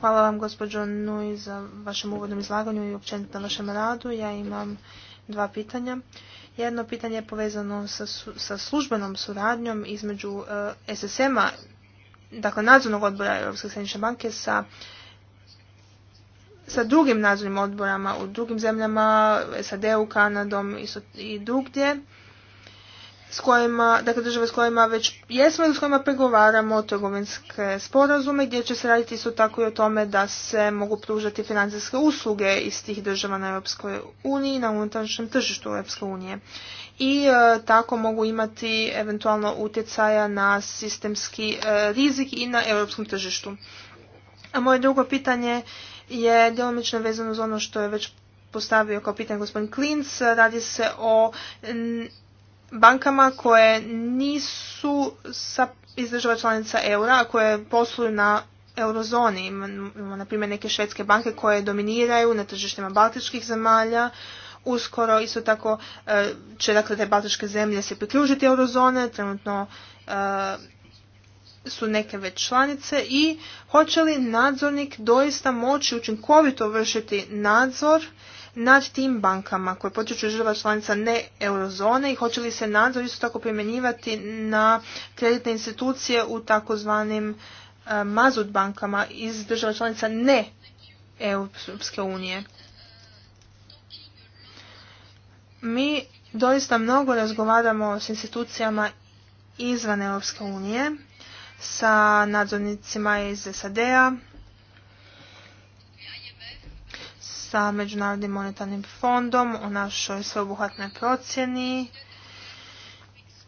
Hvala vam gospođo Nui za vašem uvodnom izlaganju i općenito na vašem radu. Ja imam dva pitanja. Jedno pitanje je povezano sa, službenom suradnjom između eh, SSM-a, dakle nadzornog odbora Europske središnje banke sa sa drugim nadzornim odborama u drugim zemljama, SAD-u, Kanadom i drugdje s kojima, dakle države s kojima već jesmo i s kojima pregovaramo trgovinske sporazume gdje će se raditi isto tako i o tome da se mogu pružati financijske usluge iz tih država na Europskoj uniji na unutrašnjem tržištu Europske unije. I e, tako mogu imati eventualno utjecaja na sistemski e, rizik i na europskom tržištu. A moje drugo pitanje je djelomično vezano za ono što je već postavio kao pitanje gospodin Klinc. Radi se o bankama koje nisu sa iz država članica eura, a koje posluju na eurozoni. Imamo, na primjer, neke švedske banke koje dominiraju na tržištima baltičkih zemalja. Uskoro isto tako e, će dakle, te baltičke zemlje se priključiti eurozone. Trenutno e, su neke već članice i hoće li nadzornik doista moći učinkovito vršiti nadzor nad tim bankama koje potječu država članica ne eurozone i hoće li se nadzor isto tako primjenjivati na kreditne institucije u takozvanim e, mazut bankama iz država članica ne Europske unije. Mi doista mnogo razgovaramo s institucijama izvan Europske unije, sa nadzornicima iz SAD-a, sa Međunarodnim monetarnim fondom o našoj sveobuhvatnoj procjeni.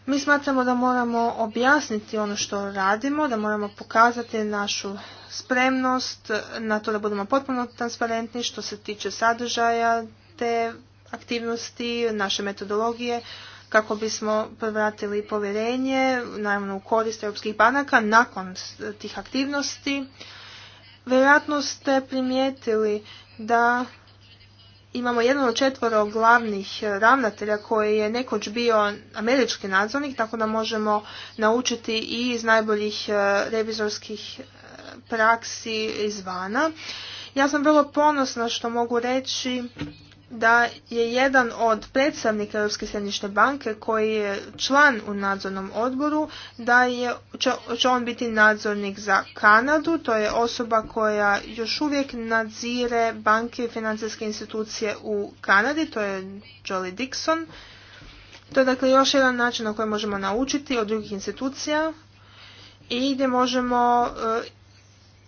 Mi smatramo da moramo objasniti ono što radimo, da moramo pokazati našu spremnost na to da budemo potpuno transparentni što se tiče sadržaja te aktivnosti, naše metodologije, kako bismo povratili povjerenje, naravno u korist europskih banaka nakon tih aktivnosti. Vjerojatno ste primijetili da imamo jedno od četvoro glavnih e, ravnatelja koji je nekoć bio američki nadzornik, tako da možemo naučiti i iz najboljih e, revizorskih e, praksi izvana. Ja sam vrlo ponosna što mogu reći da je jedan od predstavnika Europske središnje banke koji je član u nadzornom odboru, da je, će, on biti nadzornik za Kanadu, to je osoba koja još uvijek nadzire banke i financijske institucije u Kanadi, to je Jolly Dixon. To je dakle još jedan način na koji možemo naučiti od drugih institucija i gdje možemo e,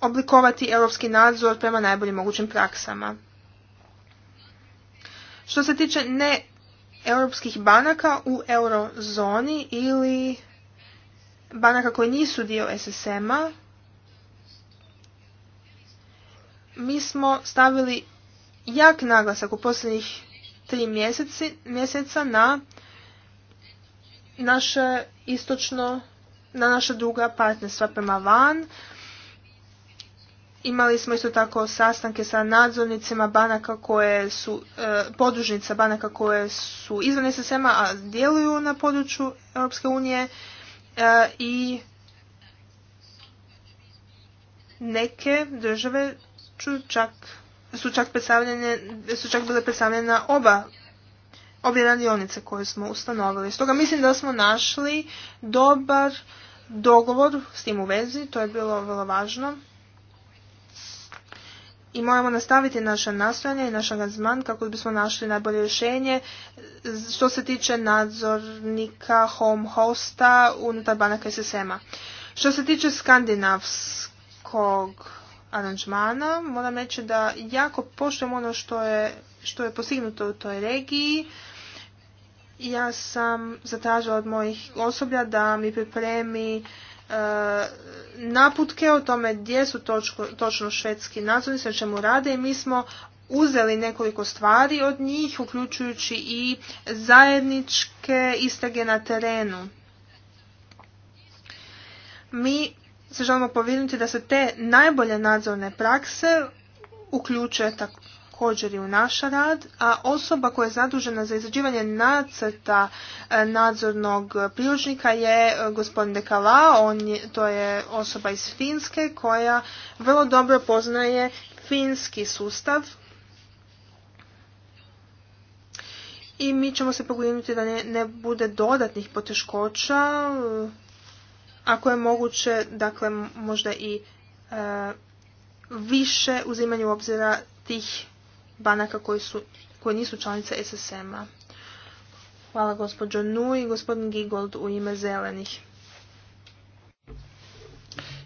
oblikovati europski nadzor prema najboljim mogućim praksama. Što se tiče ne europskih banaka u eurozoni ili banaka koje nisu dio SSM-a, mi smo stavili jak naglasak u posljednjih tri mjeseci, mjeseca na naše istočno, na naša druga partnerstva prema van, Imali smo isto tako sastanke sa nadzornicima banaka koje su, e, podružnica banaka koje su izvan SSM-a, a djeluju na području Europske unije e, i neke države su čak, su čak, predstavljene, su čak bile na oba obje radionice koje smo ustanovili. Stoga mislim da smo našli dobar dogovor s tim u vezi, to je bilo vrlo važno i moramo nastaviti naša nastojanja i naš angazman kako bismo našli najbolje rješenje što se tiče nadzornika home hosta unutar banaka SSM-a. Što se tiče skandinavskog aranžmana, moram reći da jako poštujem ono što je, što je postignuto u toj regiji. Ja sam zatražila od mojih osoblja da mi pripremi e, naputke o tome gdje su točno švedski nadzornici, na čemu rade i mi smo uzeli nekoliko stvari od njih, uključujući i zajedničke istrage na terenu. Mi se želimo povinuti da se te najbolje nadzorne prakse uključuje tako također i u naš rad, a osoba koja je zadužena za izrađivanje nacrta e, nadzornog priručnika je e, gospodin Dekala, on je, to je osoba iz Finske koja vrlo dobro poznaje finski sustav i mi ćemo se pogledati da ne, ne bude dodatnih poteškoća, e, ako je moguće, dakle možda i više uzimanje u obzira tih banaka koji su, koje nisu članice SSM-a. Hvala gospođo Nu gospodin Gigold u ime zelenih.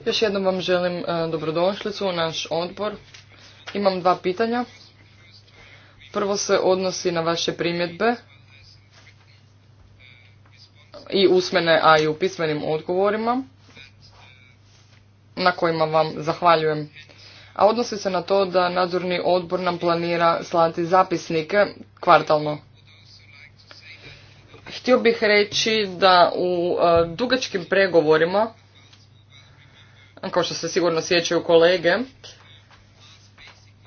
Još jednom vam želim e, dobrodošlicu u naš odbor. Imam dva pitanja. Prvo se odnosi na vaše primjedbe i usmene, a i u pismenim odgovorima na kojima vam zahvaljujem a odnosi se na to da nadzorni odbor nam planira slati zapisnike kvartalno. Htio bih reći da u e, dugačkim pregovorima, kao što se sigurno sjećaju kolege,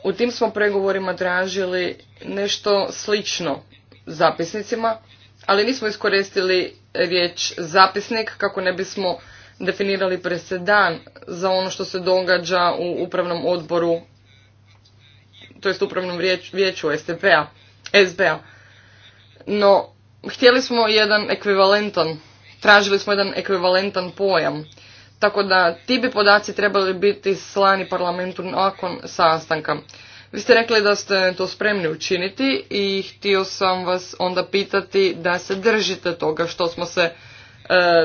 u tim smo pregovorima tražili nešto slično zapisnicima, ali nismo iskoristili riječ zapisnik kako ne bismo definirali presedan za ono što se događa u upravnom odboru, to jest upravnom vijeću STP-a, sb No, htjeli smo jedan ekvivalentan, tražili smo jedan ekvivalentan pojam. Tako da ti bi podaci trebali biti slani parlamentu nakon sastanka. Vi ste rekli da ste to spremni učiniti i htio sam vas onda pitati da se držite toga što smo se e,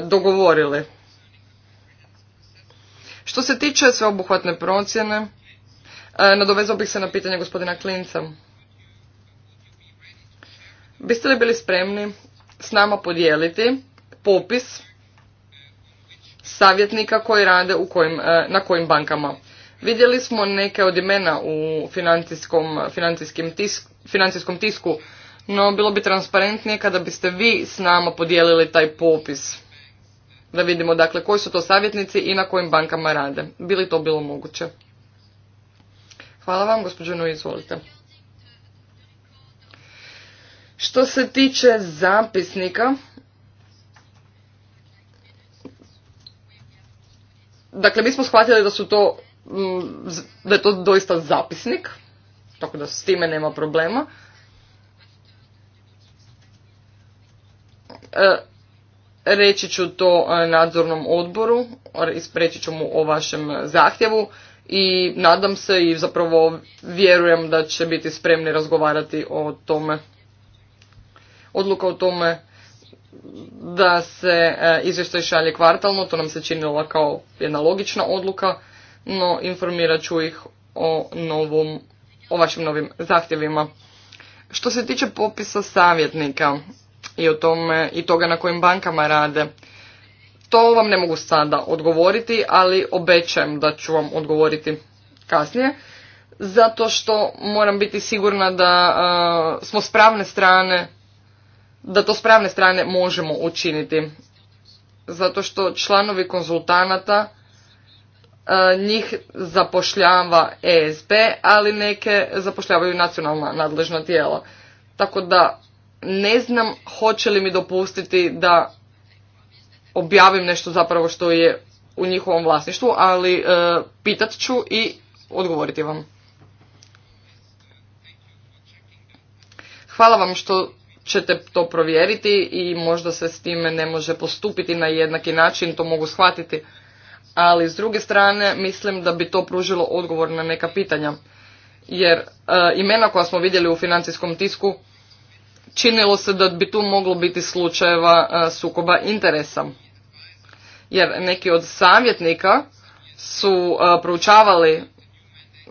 dogovorili. Što se tiče sveobuhvatne procjene, e, nadovezao bih se na pitanje gospodina Klinca. Biste li bili spremni s nama podijeliti popis savjetnika koji rade e, na kojim bankama? Vidjeli smo neke od imena u financijskom, financijskom tisku, no bilo bi transparentnije kada biste vi s nama podijelili taj popis da vidimo dakle koji su to savjetnici i na kojim bankama rade. Bili to bilo moguće? Hvala vam, gospođo izvolite. Što se tiče zapisnika, dakle mi smo shvatili da su to, mm, da je to doista zapisnik, tako da s time nema problema. E, reći ću to e, nadzornom odboru, ispreći ću mu o vašem zahtjevu i nadam se i zapravo vjerujem da će biti spremni razgovarati o tome. Odluka o tome da se e, izvještaj šalje kvartalno, to nam se činilo kao jedna logična odluka, no informirat ću ih o, novom, o vašim novim zahtjevima. Što se tiče popisa savjetnika, i o tome i toga na kojim bankama rade. To vam ne mogu sada odgovoriti, ali obećajem da ću vam odgovoriti kasnije, zato što moram biti sigurna da e, smo s pravne strane, da to s pravne strane možemo učiniti. Zato što članovi konzultanata e, njih zapošljava ESB, ali neke zapošljavaju nacionalna nadležna tijela. Tako da ne znam hoće li mi dopustiti da objavim nešto zapravo što je u njihovom vlasništvu, ali e, pitat ću i odgovoriti vam. Hvala vam što ćete to provjeriti i možda se s time ne može postupiti na jednaki način, to mogu shvatiti. Ali s druge strane mislim da bi to pružilo odgovor na neka pitanja. Jer e, imena koja smo vidjeli u financijskom tisku činilo se da bi tu moglo biti slučajeva e, sukoba interesa. Jer neki od savjetnika su e, proučavali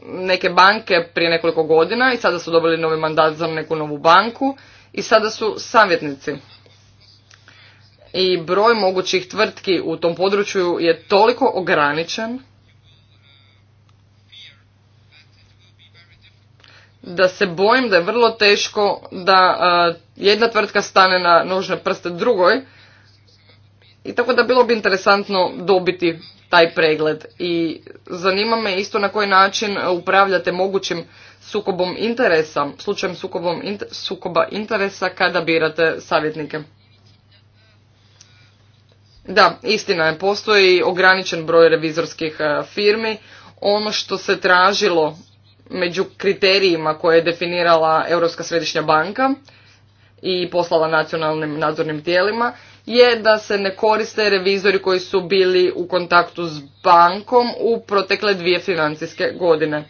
neke banke prije nekoliko godina i sada su dobili novi mandat za neku novu banku i sada su savjetnici. I broj mogućih tvrtki u tom području je toliko ograničen da se bojim da je vrlo teško da jedna tvrtka stane na nožne prste drugoj i tako da bilo bi interesantno dobiti taj pregled i zanima me isto na koji način upravljate mogućim sukobom interesa, slučajem sukobom sukoba interesa kada birate savjetnike. Da, istina je, postoji ograničen broj revizorskih firmi. Ono što se tražilo među kriterijima koje je definirala Europska središnja banka i poslala nacionalnim nadzornim tijelima je da se ne koriste revizori koji su bili u kontaktu s bankom u protekle dvije financijske godine.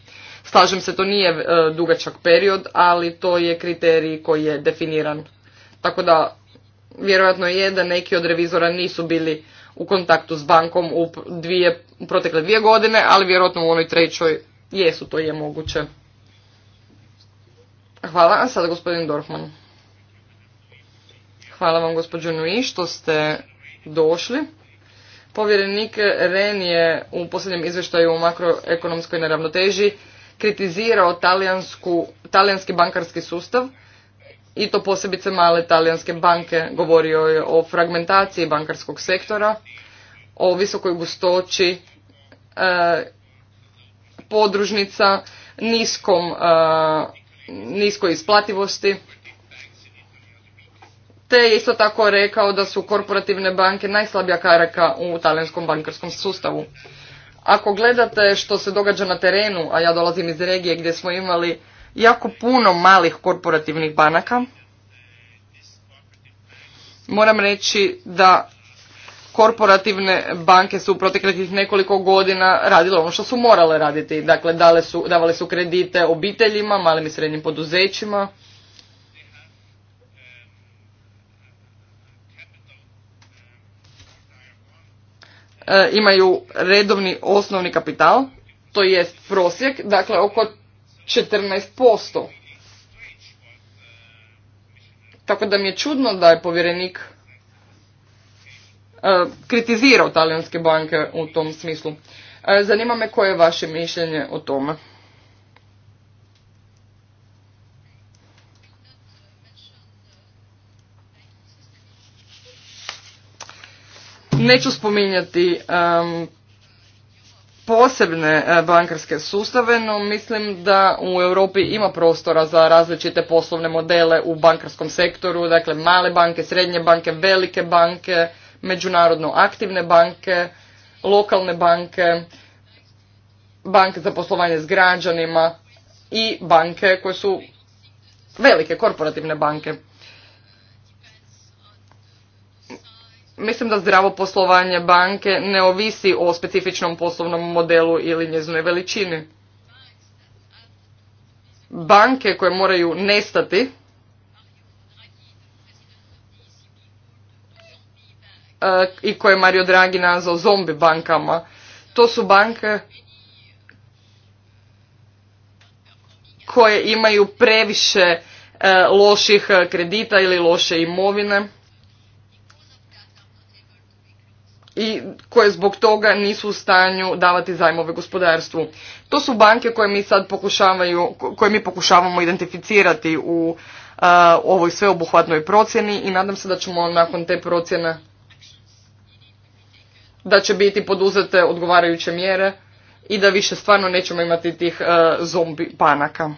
Slažem se, to nije e, dugačak period, ali to je kriterij koji je definiran. Tako da, vjerojatno je da neki od revizora nisu bili u kontaktu s bankom u dvije, u protekle dvije godine, ali vjerojatno u onoj trećoj Jesu, to je moguće. Hvala, vam sada gospodin Dorfman. Hvala vam gospođo Nui što ste došli. Povjerenik Ren je u posljednjem izvještaju o makroekonomskoj neravnoteži kritizirao talijanski bankarski sustav i to posebice male talijanske banke. Govorio je o fragmentaciji bankarskog sektora, o visokoj gustoći e, podružnica, niskom, e, niskoj isplativosti. Te je isto tako rekao da su korporativne banke najslabija karaka u talijanskom bankarskom sustavu. Ako gledate što se događa na terenu, a ja dolazim iz regije gdje smo imali jako puno malih korporativnih banaka, moram reći da korporativne banke su u proteklih nekoliko godina radile ono što su morale raditi. Dakle, dale su, davale su kredite obiteljima, malim i srednjim poduzećima. E, imaju redovni osnovni kapital, to jest prosjek, dakle oko 14%. Tako da mi je čudno da je povjerenik E, kritizirao talijanske banke u tom smislu. E, zanima me koje je vaše mišljenje o tome. Neću spominjati posebne e, bankarske sustave, no mislim da u Europi ima prostora za različite poslovne modele u bankarskom sektoru, dakle male banke, srednje banke, velike banke, međunarodno aktivne banke, lokalne banke, banke za poslovanje s građanima i banke koje su velike korporativne banke. Mislim da zdravo poslovanje banke ne ovisi o specifičnom poslovnom modelu ili njezinoj veličini. Banke koje moraju nestati Eh, i koje je Mario Draghi nazvao zombi bankama. To su banke koje imaju previše eh, loših eh, kredita ili loše imovine i koje zbog toga nisu u stanju davati zajmove gospodarstvu. To su banke koje mi sad pokušavaju, koje mi pokušavamo identificirati u ovoj sveobuhvatnoj procjeni i nadam se da ćemo nakon te procjene da će biti poduzete odgovarajuće mjere i da više stvarno nećemo imati tih e, zombi panaka.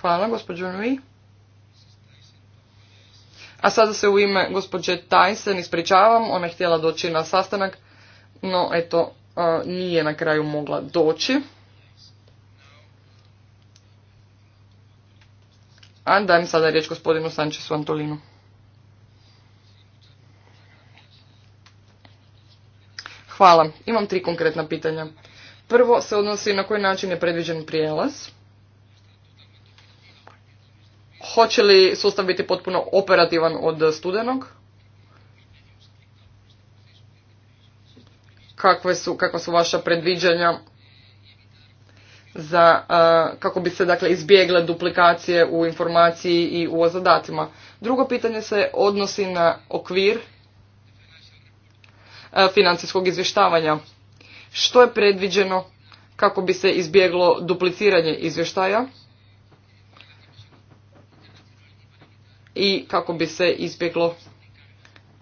Hvala, gospođo Nui. A sada se u ime gospođe Tyson ispričavam, ona je htjela doći na sastanak, no eto, e, nije na kraju mogla doći. A dajem sada riječ gospodinu Sančesu Antolinu. Hvala. Imam tri konkretna pitanja. Prvo se odnosi na koji način je predviđen prijelaz. Hoće li sustav biti potpuno operativan od studenog? Kakve su, kakva su vaša predviđanja za, kako bi se dakle izbjegle duplikacije u informaciji i u zadatima? Drugo pitanje se odnosi na okvir E, financijskog izvještavanja. Što je predviđeno kako bi se izbjeglo dupliciranje izvještaja i kako bi se izbjeglo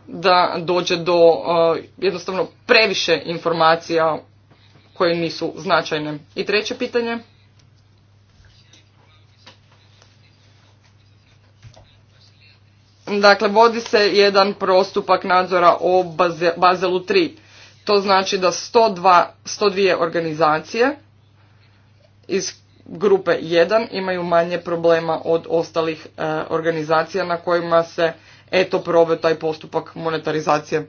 da dođe do e, jednostavno previše informacija koje nisu značajne. I treće pitanje Dakle, vodi se jedan prostupak nadzora o Bazelu 3. To znači da 102, 102 organizacije iz grupe 1 imaju manje problema od ostalih e, organizacija na kojima se eto probe taj postupak monetarizacije.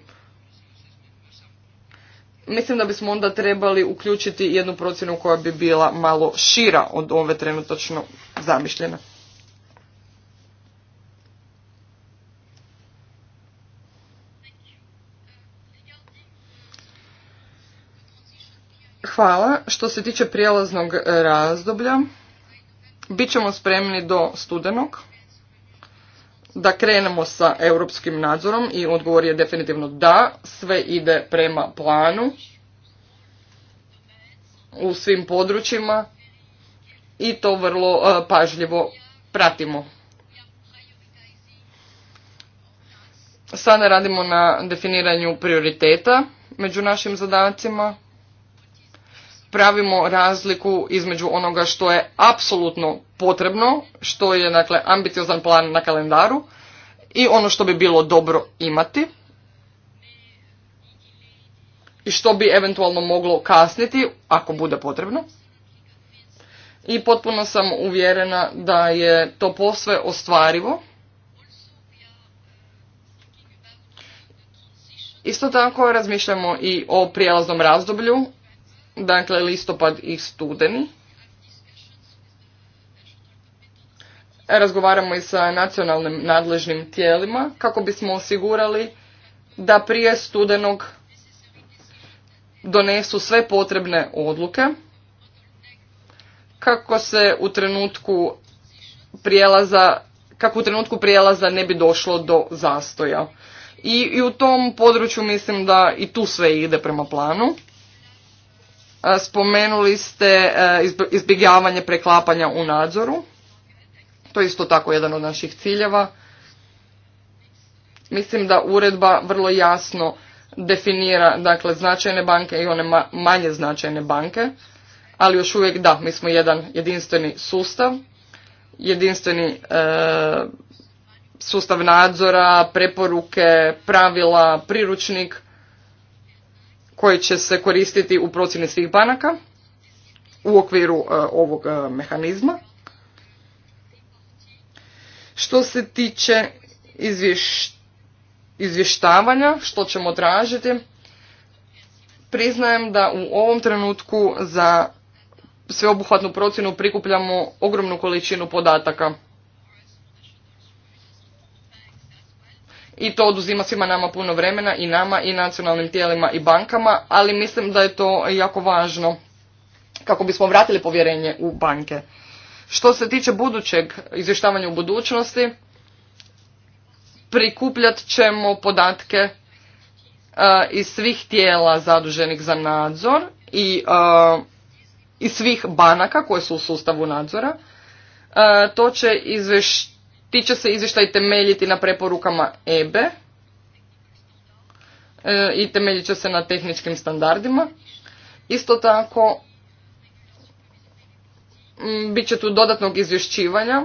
Mislim da bismo onda trebali uključiti jednu procjenu koja bi bila malo šira od ove trenutačno zamišljene. Hvala. Što se tiče prijelaznog e, razdoblja, bit ćemo spremni do studenog da krenemo sa europskim nadzorom i odgovor je definitivno da, sve ide prema planu u svim područjima i to vrlo e, pažljivo pratimo. Sada radimo na definiranju prioriteta među našim zadacima pravimo razliku između onoga što je apsolutno potrebno, što je dakle ambiciozan plan na kalendaru i ono što bi bilo dobro imati i što bi eventualno moglo kasniti ako bude potrebno. I potpuno sam uvjerena da je to posve ostvarivo. Isto tako razmišljamo i o prijelaznom razdoblju dakle listopad i studeni. Razgovaramo i sa nacionalnim nadležnim tijelima kako bismo osigurali da prije studenog donesu sve potrebne odluke kako se u trenutku prijelaza, kako u trenutku prijelaza ne bi došlo do zastoja. I, i u tom području mislim da i tu sve ide prema planu. E, spomenuli ste e, izbjegavanje preklapanja u nadzoru. To je isto tako jedan od naših ciljeva. Mislim da uredba vrlo jasno definira dakle, značajne banke i one manje značajne banke, ali još uvijek da, mi smo jedan jedinstveni sustav, jedinstveni e, sustav nadzora, preporuke, pravila, priručnik koje će se koristiti u procjeni svih banaka u okviru e, ovog e, mehanizma. Što se tiče izvještavanja, što ćemo tražiti, priznajem da u ovom trenutku za sveobuhvatnu procjenu prikupljamo ogromnu količinu podataka. i to oduzima svima nama puno vremena i nama i nacionalnim tijelima i bankama, ali mislim da je to jako važno kako bismo vratili povjerenje u banke. Što se tiče budućeg izvještavanja u budućnosti, prikupljat ćemo podatke e, iz svih tijela zaduženih za nadzor i e, svih banaka koje su u sustavu nadzora. E, to će izvještavanje ti će se izvještaj temeljiti na preporukama EBE e, e, i temeljit će se na tehničkim standardima. Isto tako, bit će tu dodatnog izvješćivanja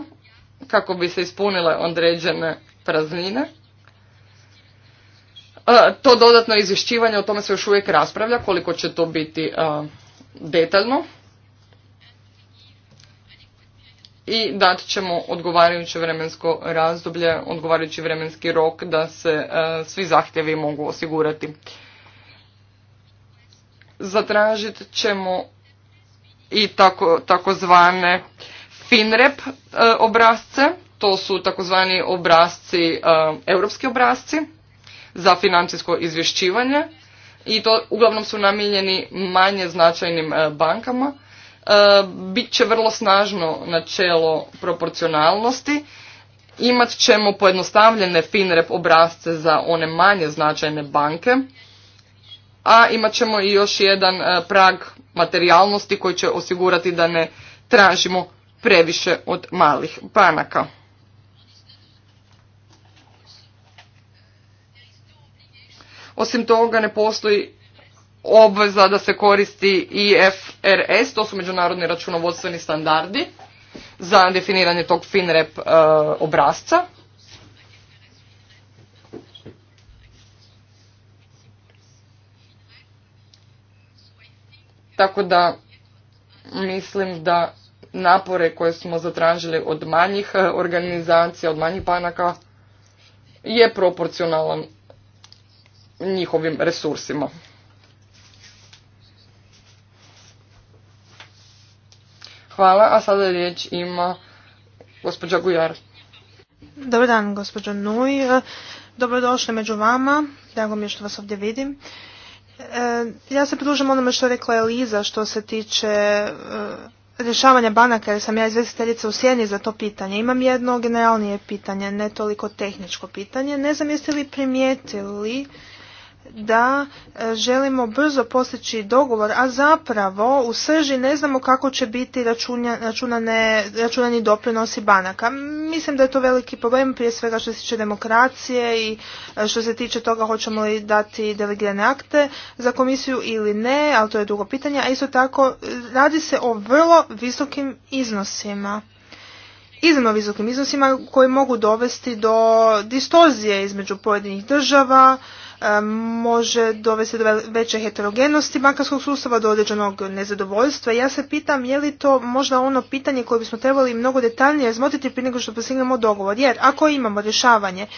kako bi se ispunile određene praznine. E, to dodatno izvješćivanje, o tome se još uvijek raspravlja koliko će to biti detaljno i dat ćemo odgovarajuće vremensko razdoblje, odgovarajući vremenski rok da se e, svi zahtjevi mogu osigurati. Zatražit ćemo i tako, takozvane FINREP e, obrazce, to su takozvani obrazci, e, europski obrazci za financijsko izvješćivanje i to uglavnom su namijenjeni manje značajnim bankama E, bit će vrlo snažno načelo proporcionalnosti. Imat ćemo pojednostavljene FINREP obrazce za one manje značajne banke, a imat ćemo i još jedan e, prag materijalnosti koji će osigurati da ne tražimo previše od malih banaka. Osim toga ne postoji obveza da se koristi IFRS, to su međunarodni računovodstveni standardi za definiranje tog FINREP e, obrazca. Tako da mislim da napore koje smo zatražili od manjih e, organizacija, od manjih banaka je proporcionalan njihovim resursima. Hvala, a sada riječ ima gospođa Gujar. Dobar dan, gospođo Nuj. E, dobrodošli među vama. Drago mi je što vas ovdje vidim. E, ja se pridružujem onome što je rekla Eliza što se tiče e, rješavanja banaka, jer sam ja izvestiteljica u sjeni za to pitanje. Imam jedno generalnije pitanje, ne toliko tehničko pitanje. Ne znam jeste li primijetili da e, želimo brzo postići dogovor, a zapravo u srži ne znamo kako će biti računane, računani doprinosi banaka. Mislim da je to veliki problem prije svega što se tiče demokracije i e, što se tiče toga hoćemo li dati delegirane akte za komisiju ili ne, ali to je drugo pitanje, a isto tako e, radi se o vrlo visokim iznosima iznimno visokim iznosima koji mogu dovesti do distorzije između pojedinih država, E, može dovesti do veće heterogenosti bankarskog sustava, do određenog nezadovoljstva. Ja se pitam je li to možda ono pitanje koje bismo trebali mnogo detaljnije razmotiti prije nego što postignemo dogovor. Jer ako imamo rješavanje e,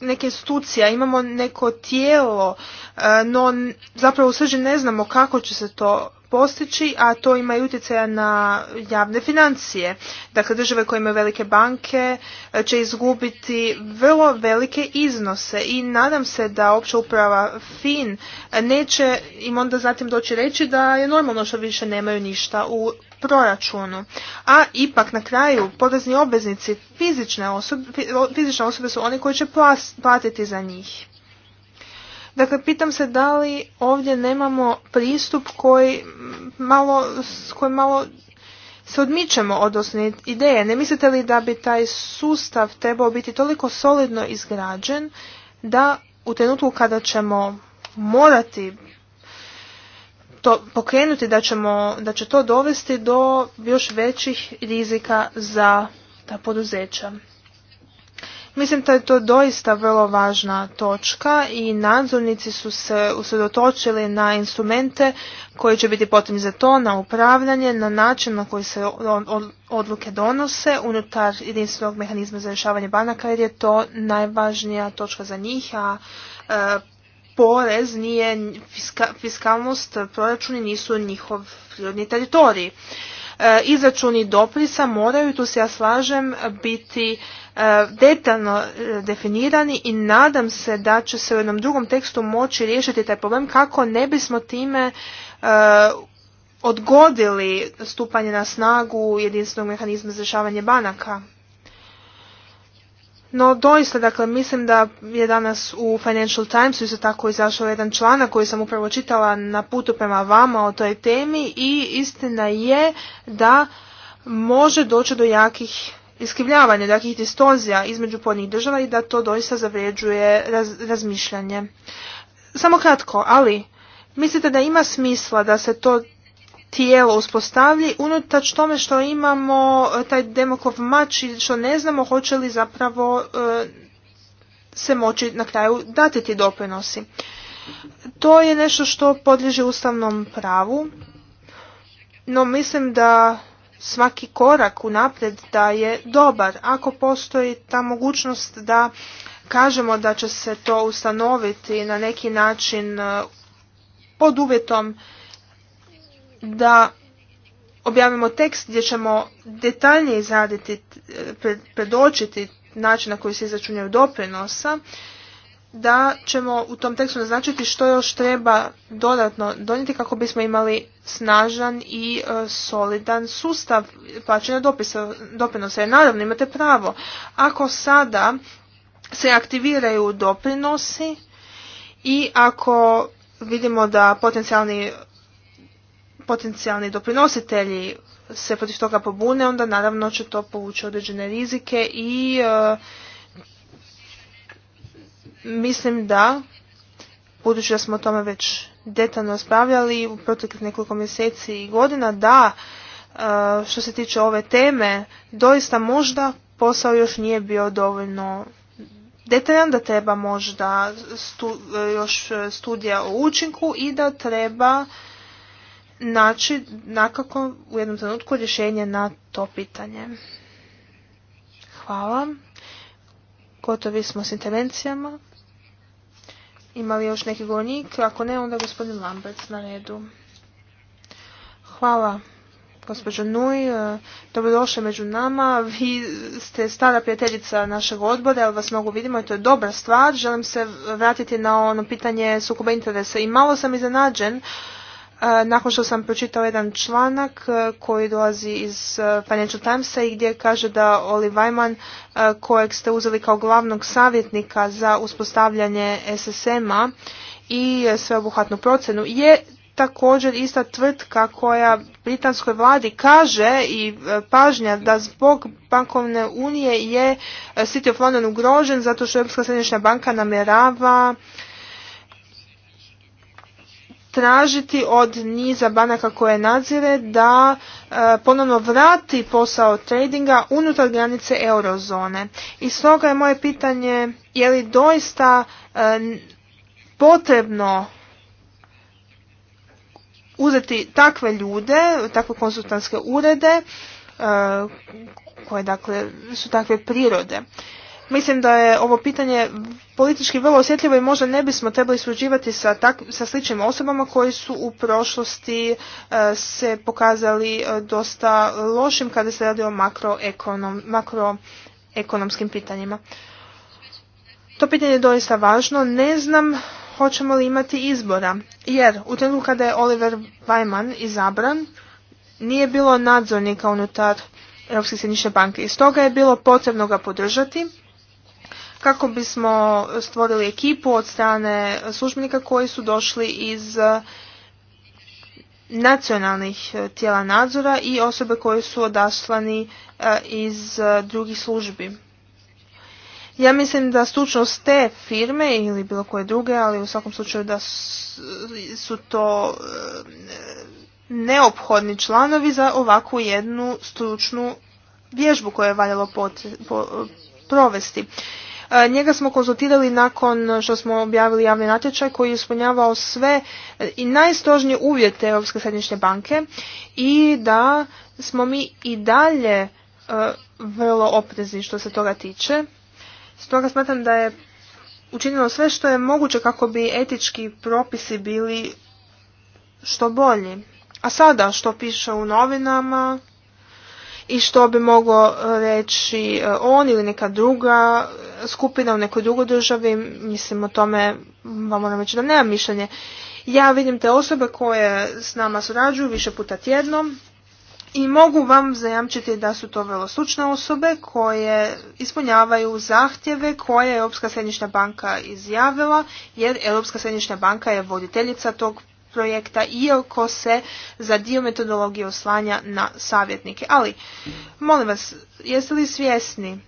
neke institucija, imamo neko tijelo, e, no zapravo u srži ne znamo kako će se to postići, a to ima i utjecaja na javne financije. Dakle, države koje imaju velike banke e, će izgubiti vrlo velike iznose i nadam se da opća uprava FIN e, neće im onda zatim doći reći da je normalno što više nemaju ništa u proračunu. A ipak na kraju porezni obveznici, fizične osobe, fizične osobe su oni koji će platiti za njih. Dakle, pitam se da li ovdje nemamo pristup koji malo, koji malo se odmičemo od ideje. Ne mislite li da bi taj sustav trebao biti toliko solidno izgrađen da u trenutku kada ćemo morati to pokrenuti, da, ćemo, da će to dovesti do još većih rizika za ta poduzeća. Mislim da je to doista vrlo važna točka i nadzornici su se usredotočili na instrumente koji će biti potrebni za to, na upravljanje, na način na koji se odluke donose unutar jedinstvenog mehanizma za rješavanje banaka jer je to najvažnija točka za njih, a e, porez nije, fiskalnost, proračuni nisu njihov prirodni teritorij. E, izračuni doprisa moraju, tu se ja slažem, biti e, detaljno e, definirani i nadam se da će se u jednom drugom tekstu moći riješiti taj problem kako ne bismo time odgodili stupanje na snagu jedinstvenog mehanizma za rješavanje banaka no doista, dakle, mislim da je danas u Financial Timesu isto tako izašao jedan članak koji sam upravo čitala na putu prema vama o toj temi i istina je da može doći do jakih iskrivljavanja, jakih distozija između podnih država i da to doista zavređuje razmišljanje. Samo kratko, ali mislite da ima smisla da se to tijelo uspostavlji unutač tome što imamo e, taj demokov mač i što ne znamo hoće li zapravo e, se moći na kraju dati ti doprinosi. To je nešto što podliježe ustavnom pravu, no mislim da svaki korak unaprijed da je dobar ako postoji ta mogućnost da kažemo da će se to ustanoviti na neki način e, pod uvjetom da objavimo tekst gdje ćemo detaljnije izraditi, predočiti način na koji se izračunjaju doprinosa, da ćemo u tom tekstu naznačiti što još treba dodatno donijeti kako bismo imali snažan i e, solidan sustav plaćanja dopisa, doprinosa. Jer naravno imate pravo, ako sada se aktiviraju doprinosi i ako vidimo da potencijalni potencijalni doprinositelji se protiv toga pobune, onda naravno će to povući određene rizike i e, mislim da, budući da smo o tome već detaljno raspravljali u proteklih nekoliko mjeseci i godina, da e, što se tiče ove teme, doista možda posao još nije bio dovoljno detaljan, da treba možda e, još studija o učinku i da treba naći nakako u jednom trenutku rješenje na to pitanje. Hvala. Gotovi smo s intervencijama. Ima li još neki govornik? Ako ne, onda gospodin Lambec na redu. Hvala. Gospođo Nuj, e, dobrodošli među nama. Vi ste stara prijateljica našeg odbora, ali vas mnogo vidimo i to je dobra stvar. Želim se vratiti na ono pitanje sukoba interesa i malo sam iznenađen nakon što sam pročitao jedan članak e, koji dolazi iz e, Financial Timesa i gdje kaže da Oli Weiman e, kojeg ste uzeli kao glavnog savjetnika za uspostavljanje SSM-a i sveobuhvatnu procenu, je također ista tvrtka koja britanskoj vladi kaže i pažnja da zbog bankovne unije je City of London ugrožen zato što Europska središnja banka namjerava tražiti od niza banaka koje nadzire da e, ponovno vrati posao tradinga unutar granice eurozone. I stoga je moje pitanje je li doista e, potrebno uzeti takve ljude, takve konsultanske urede e, koje dakle su takve prirode. Mislim da je ovo pitanje politički vrlo osjetljivo i možda ne bismo trebali surađivati sa, sa sličnim osobama koji su u prošlosti e, se pokazali e, dosta lošim kada se radi o makroekonomskim pitanjima. To pitanje je doista važno. Ne znam hoćemo li imati izbora, jer u trenutku kada je Oliver Weiman izabran, nije bilo nadzornika unutar Europske središnje banke i stoga je bilo potrebno ga podržati kako bismo stvorili ekipu od strane službenika koji su došli iz e, nacionalnih e, tijela nadzora i osobe koje su odaslani e, iz drugih službi. Ja mislim da stručnost te firme ili bilo koje druge, ali u svakom slučaju da su to neophodni članovi za ovakvu jednu stručnu vježbu koju je valjalo provesti. E, njega smo konzultirali nakon što smo objavili javni natječaj koji je ispunjavao sve i najstožnije uvjete Europske središnje banke i da smo mi i dalje e, vrlo oprezni što se toga tiče. Stoga smatram da je učinilo sve što je moguće kako bi etički propisi bili što bolji. A sada što piše u novinama, i što bi moglo e, reći e, on ili neka druga e, skupina u nekoj drugoj državi, mislim o tome vam moram reći da nemam mišljenje. Ja vidim te osobe koje s nama surađuju više puta tjedno i mogu vam zajamčiti da su to vrlo stručne osobe koje ispunjavaju zahtjeve koje je Europska središnja banka izjavila jer Europska središnja banka je voditeljica tog projekta, iako se za dio metodologije oslanja na savjetnike. Ali, molim vas, jeste li svjesni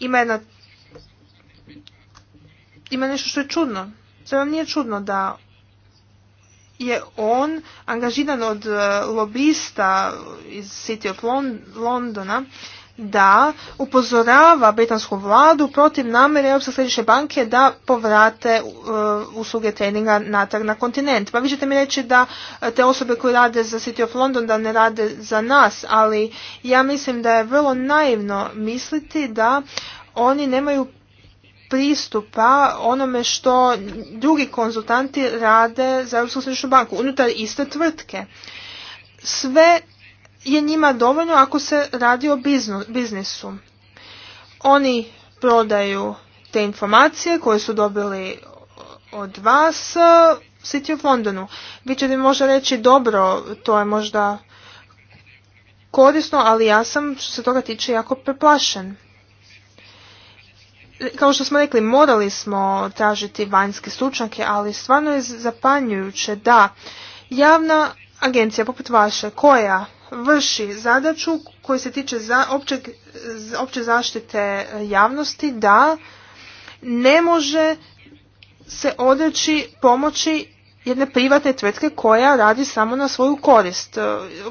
ima jedna nešto što je čudno. Zar vam nije čudno da je on angažiran od eh, lobista iz City of Londona da upozorava britansku vladu protiv namere Europske središnje banke da povrate e, usluge treninga natrag na kontinent. Pa vi ćete mi reći da te osobe koje rade za City of London da ne rade za nas, ali ja mislim da je vrlo naivno misliti da oni nemaju pristupa onome što drugi konzultanti rade za Europsku središnju banku unutar iste tvrtke. Sve je njima dovoljno ako se radi o biznisu. Oni prodaju te informacije koje su dobili od vas e, City of Londonu. Vi ćete možda reći dobro, to je možda korisno, ali ja sam što se toga tiče jako preplašen. E, kao što smo rekli, morali smo tražiti vanjske stručnjake, ali stvarno je zapanjujuće da javna agencija poput vaše koja vrši zadaću koji se tiče opće zaštite javnosti da ne može se odreći pomoći jedne privatne tvrtke koja radi samo na svoju korist. E,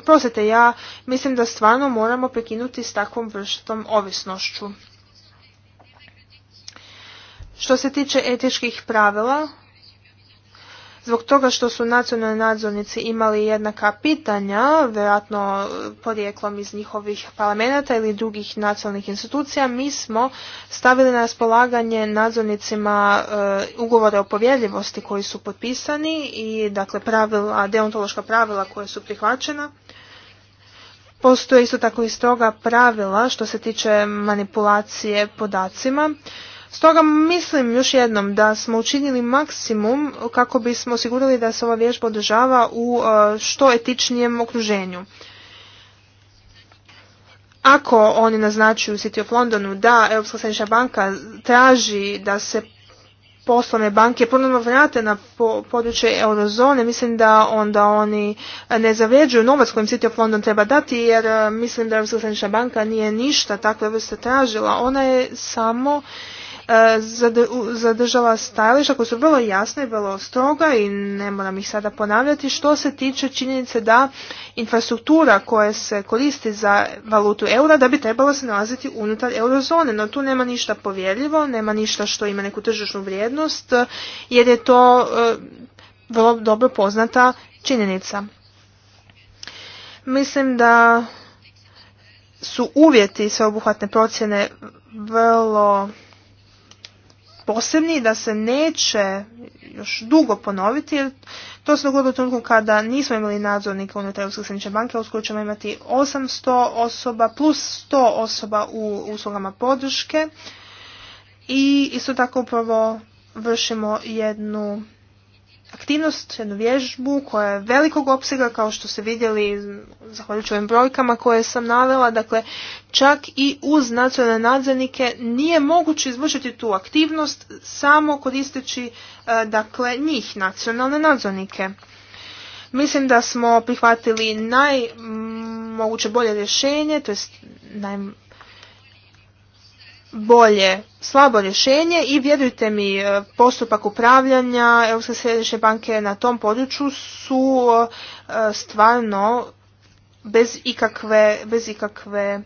Prostite, ja mislim da stvarno moramo prekinuti s takvom vrštom ovisnošću. Što se tiče etičkih pravila, zbog toga što su nacionalni nadzornici imali jednaka pitanja, vjerojatno porijeklom iz njihovih parlamenta ili drugih nacionalnih institucija, mi smo stavili na raspolaganje nadzornicima e, ugovore o povjerljivosti koji su potpisani i dakle pravila, deontološka pravila koja su prihvaćena. Postoje isto tako i stroga pravila što se tiče manipulacije podacima Stoga mislim još jednom da smo učinili maksimum kako bismo osigurali da se ova vježba održava u uh, što etičnijem okruženju. Ako oni naznačuju City of Londonu da Europska središnja banka traži da se poslovne banke ponovno vrate na područje eurozone, mislim da onda oni ne zavređuju novac kojim City of London treba dati, jer uh, mislim da Europska središnja banka nije ništa takve vrste tražila. Ona je samo E, zadržala stajališta koja su vrlo jasne i vrlo stroga i ne moram ih sada ponavljati što se tiče činjenice da infrastruktura koja se koristi za valutu eura da bi trebala se nalaziti unutar eurozone, no tu nema ništa povjerljivo, nema ništa što ima neku tržišnu vrijednost jer je to e, vrlo dobro poznata činjenica. Mislim da su uvjeti sveobuhvatne procjene vrlo posebni, da se neće još dugo ponoviti, jer to se dogodilo u trenutku kada nismo imali nadzornika unutar Europske središnje banke, uskoro ćemo imati 800 osoba plus 100 osoba u uslugama podrške i isto tako upravo vršimo jednu aktivnost, jednu vježbu koja je velikog opsega kao što ste vidjeli zahvaljujući ovim brojkama koje sam navela, dakle čak i uz nacionalne nadzornike nije moguće izvršiti tu aktivnost samo koristeći e, dakle njih, nacionalne nadzornike. Mislim da smo prihvatili najmoguće bolje rješenje, to jest bolje slabo rješenje i vjerujte mi e, postupak upravljanja Europske središnje banke na tom području su e, stvarno bez ikakve bez ikakve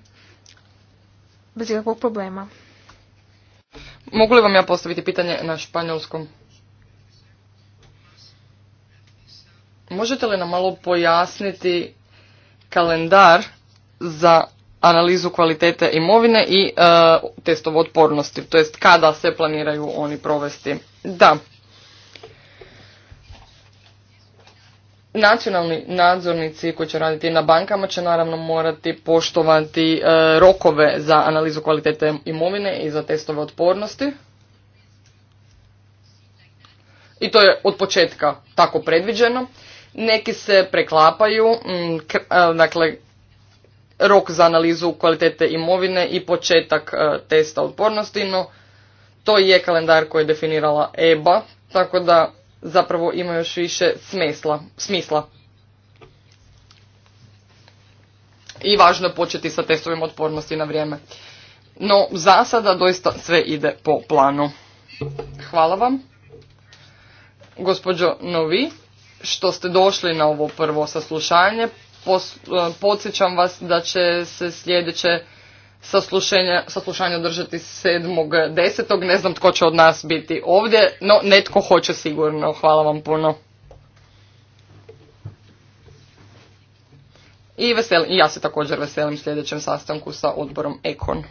bez ikakvog problema. Mogu li vam ja postaviti pitanje na španjolskom? Možete li nam malo pojasniti kalendar za analizu kvalitete imovine i e, testov otpornosti, to jest kada se planiraju oni provesti. Da, nacionalni nadzornici koji će raditi na bankama će naravno morati poštovati e, rokove za analizu kvalitete imovine i za testove otpornosti i to je od početka tako predviđeno neki se preklapaju e, dakle rok za analizu kvalitete imovine i početak e, testa otpornosti, no to je kalendar koji je definirala EBA, tako da zapravo ima još više smisla. smisla. I važno je početi sa testovima otpornosti na vrijeme. No, za sada doista sve ide po planu. Hvala vam, gospođo Novi, što ste došli na ovo prvo saslušanje. E, podsjećam vas da će se sljedeće saslušanje održati 7.10. Ne znam tko će od nas biti ovdje, no netko hoće sigurno. Hvala vam puno. I, ja se također veselim sljedećem sastanku sa odborom Ekon.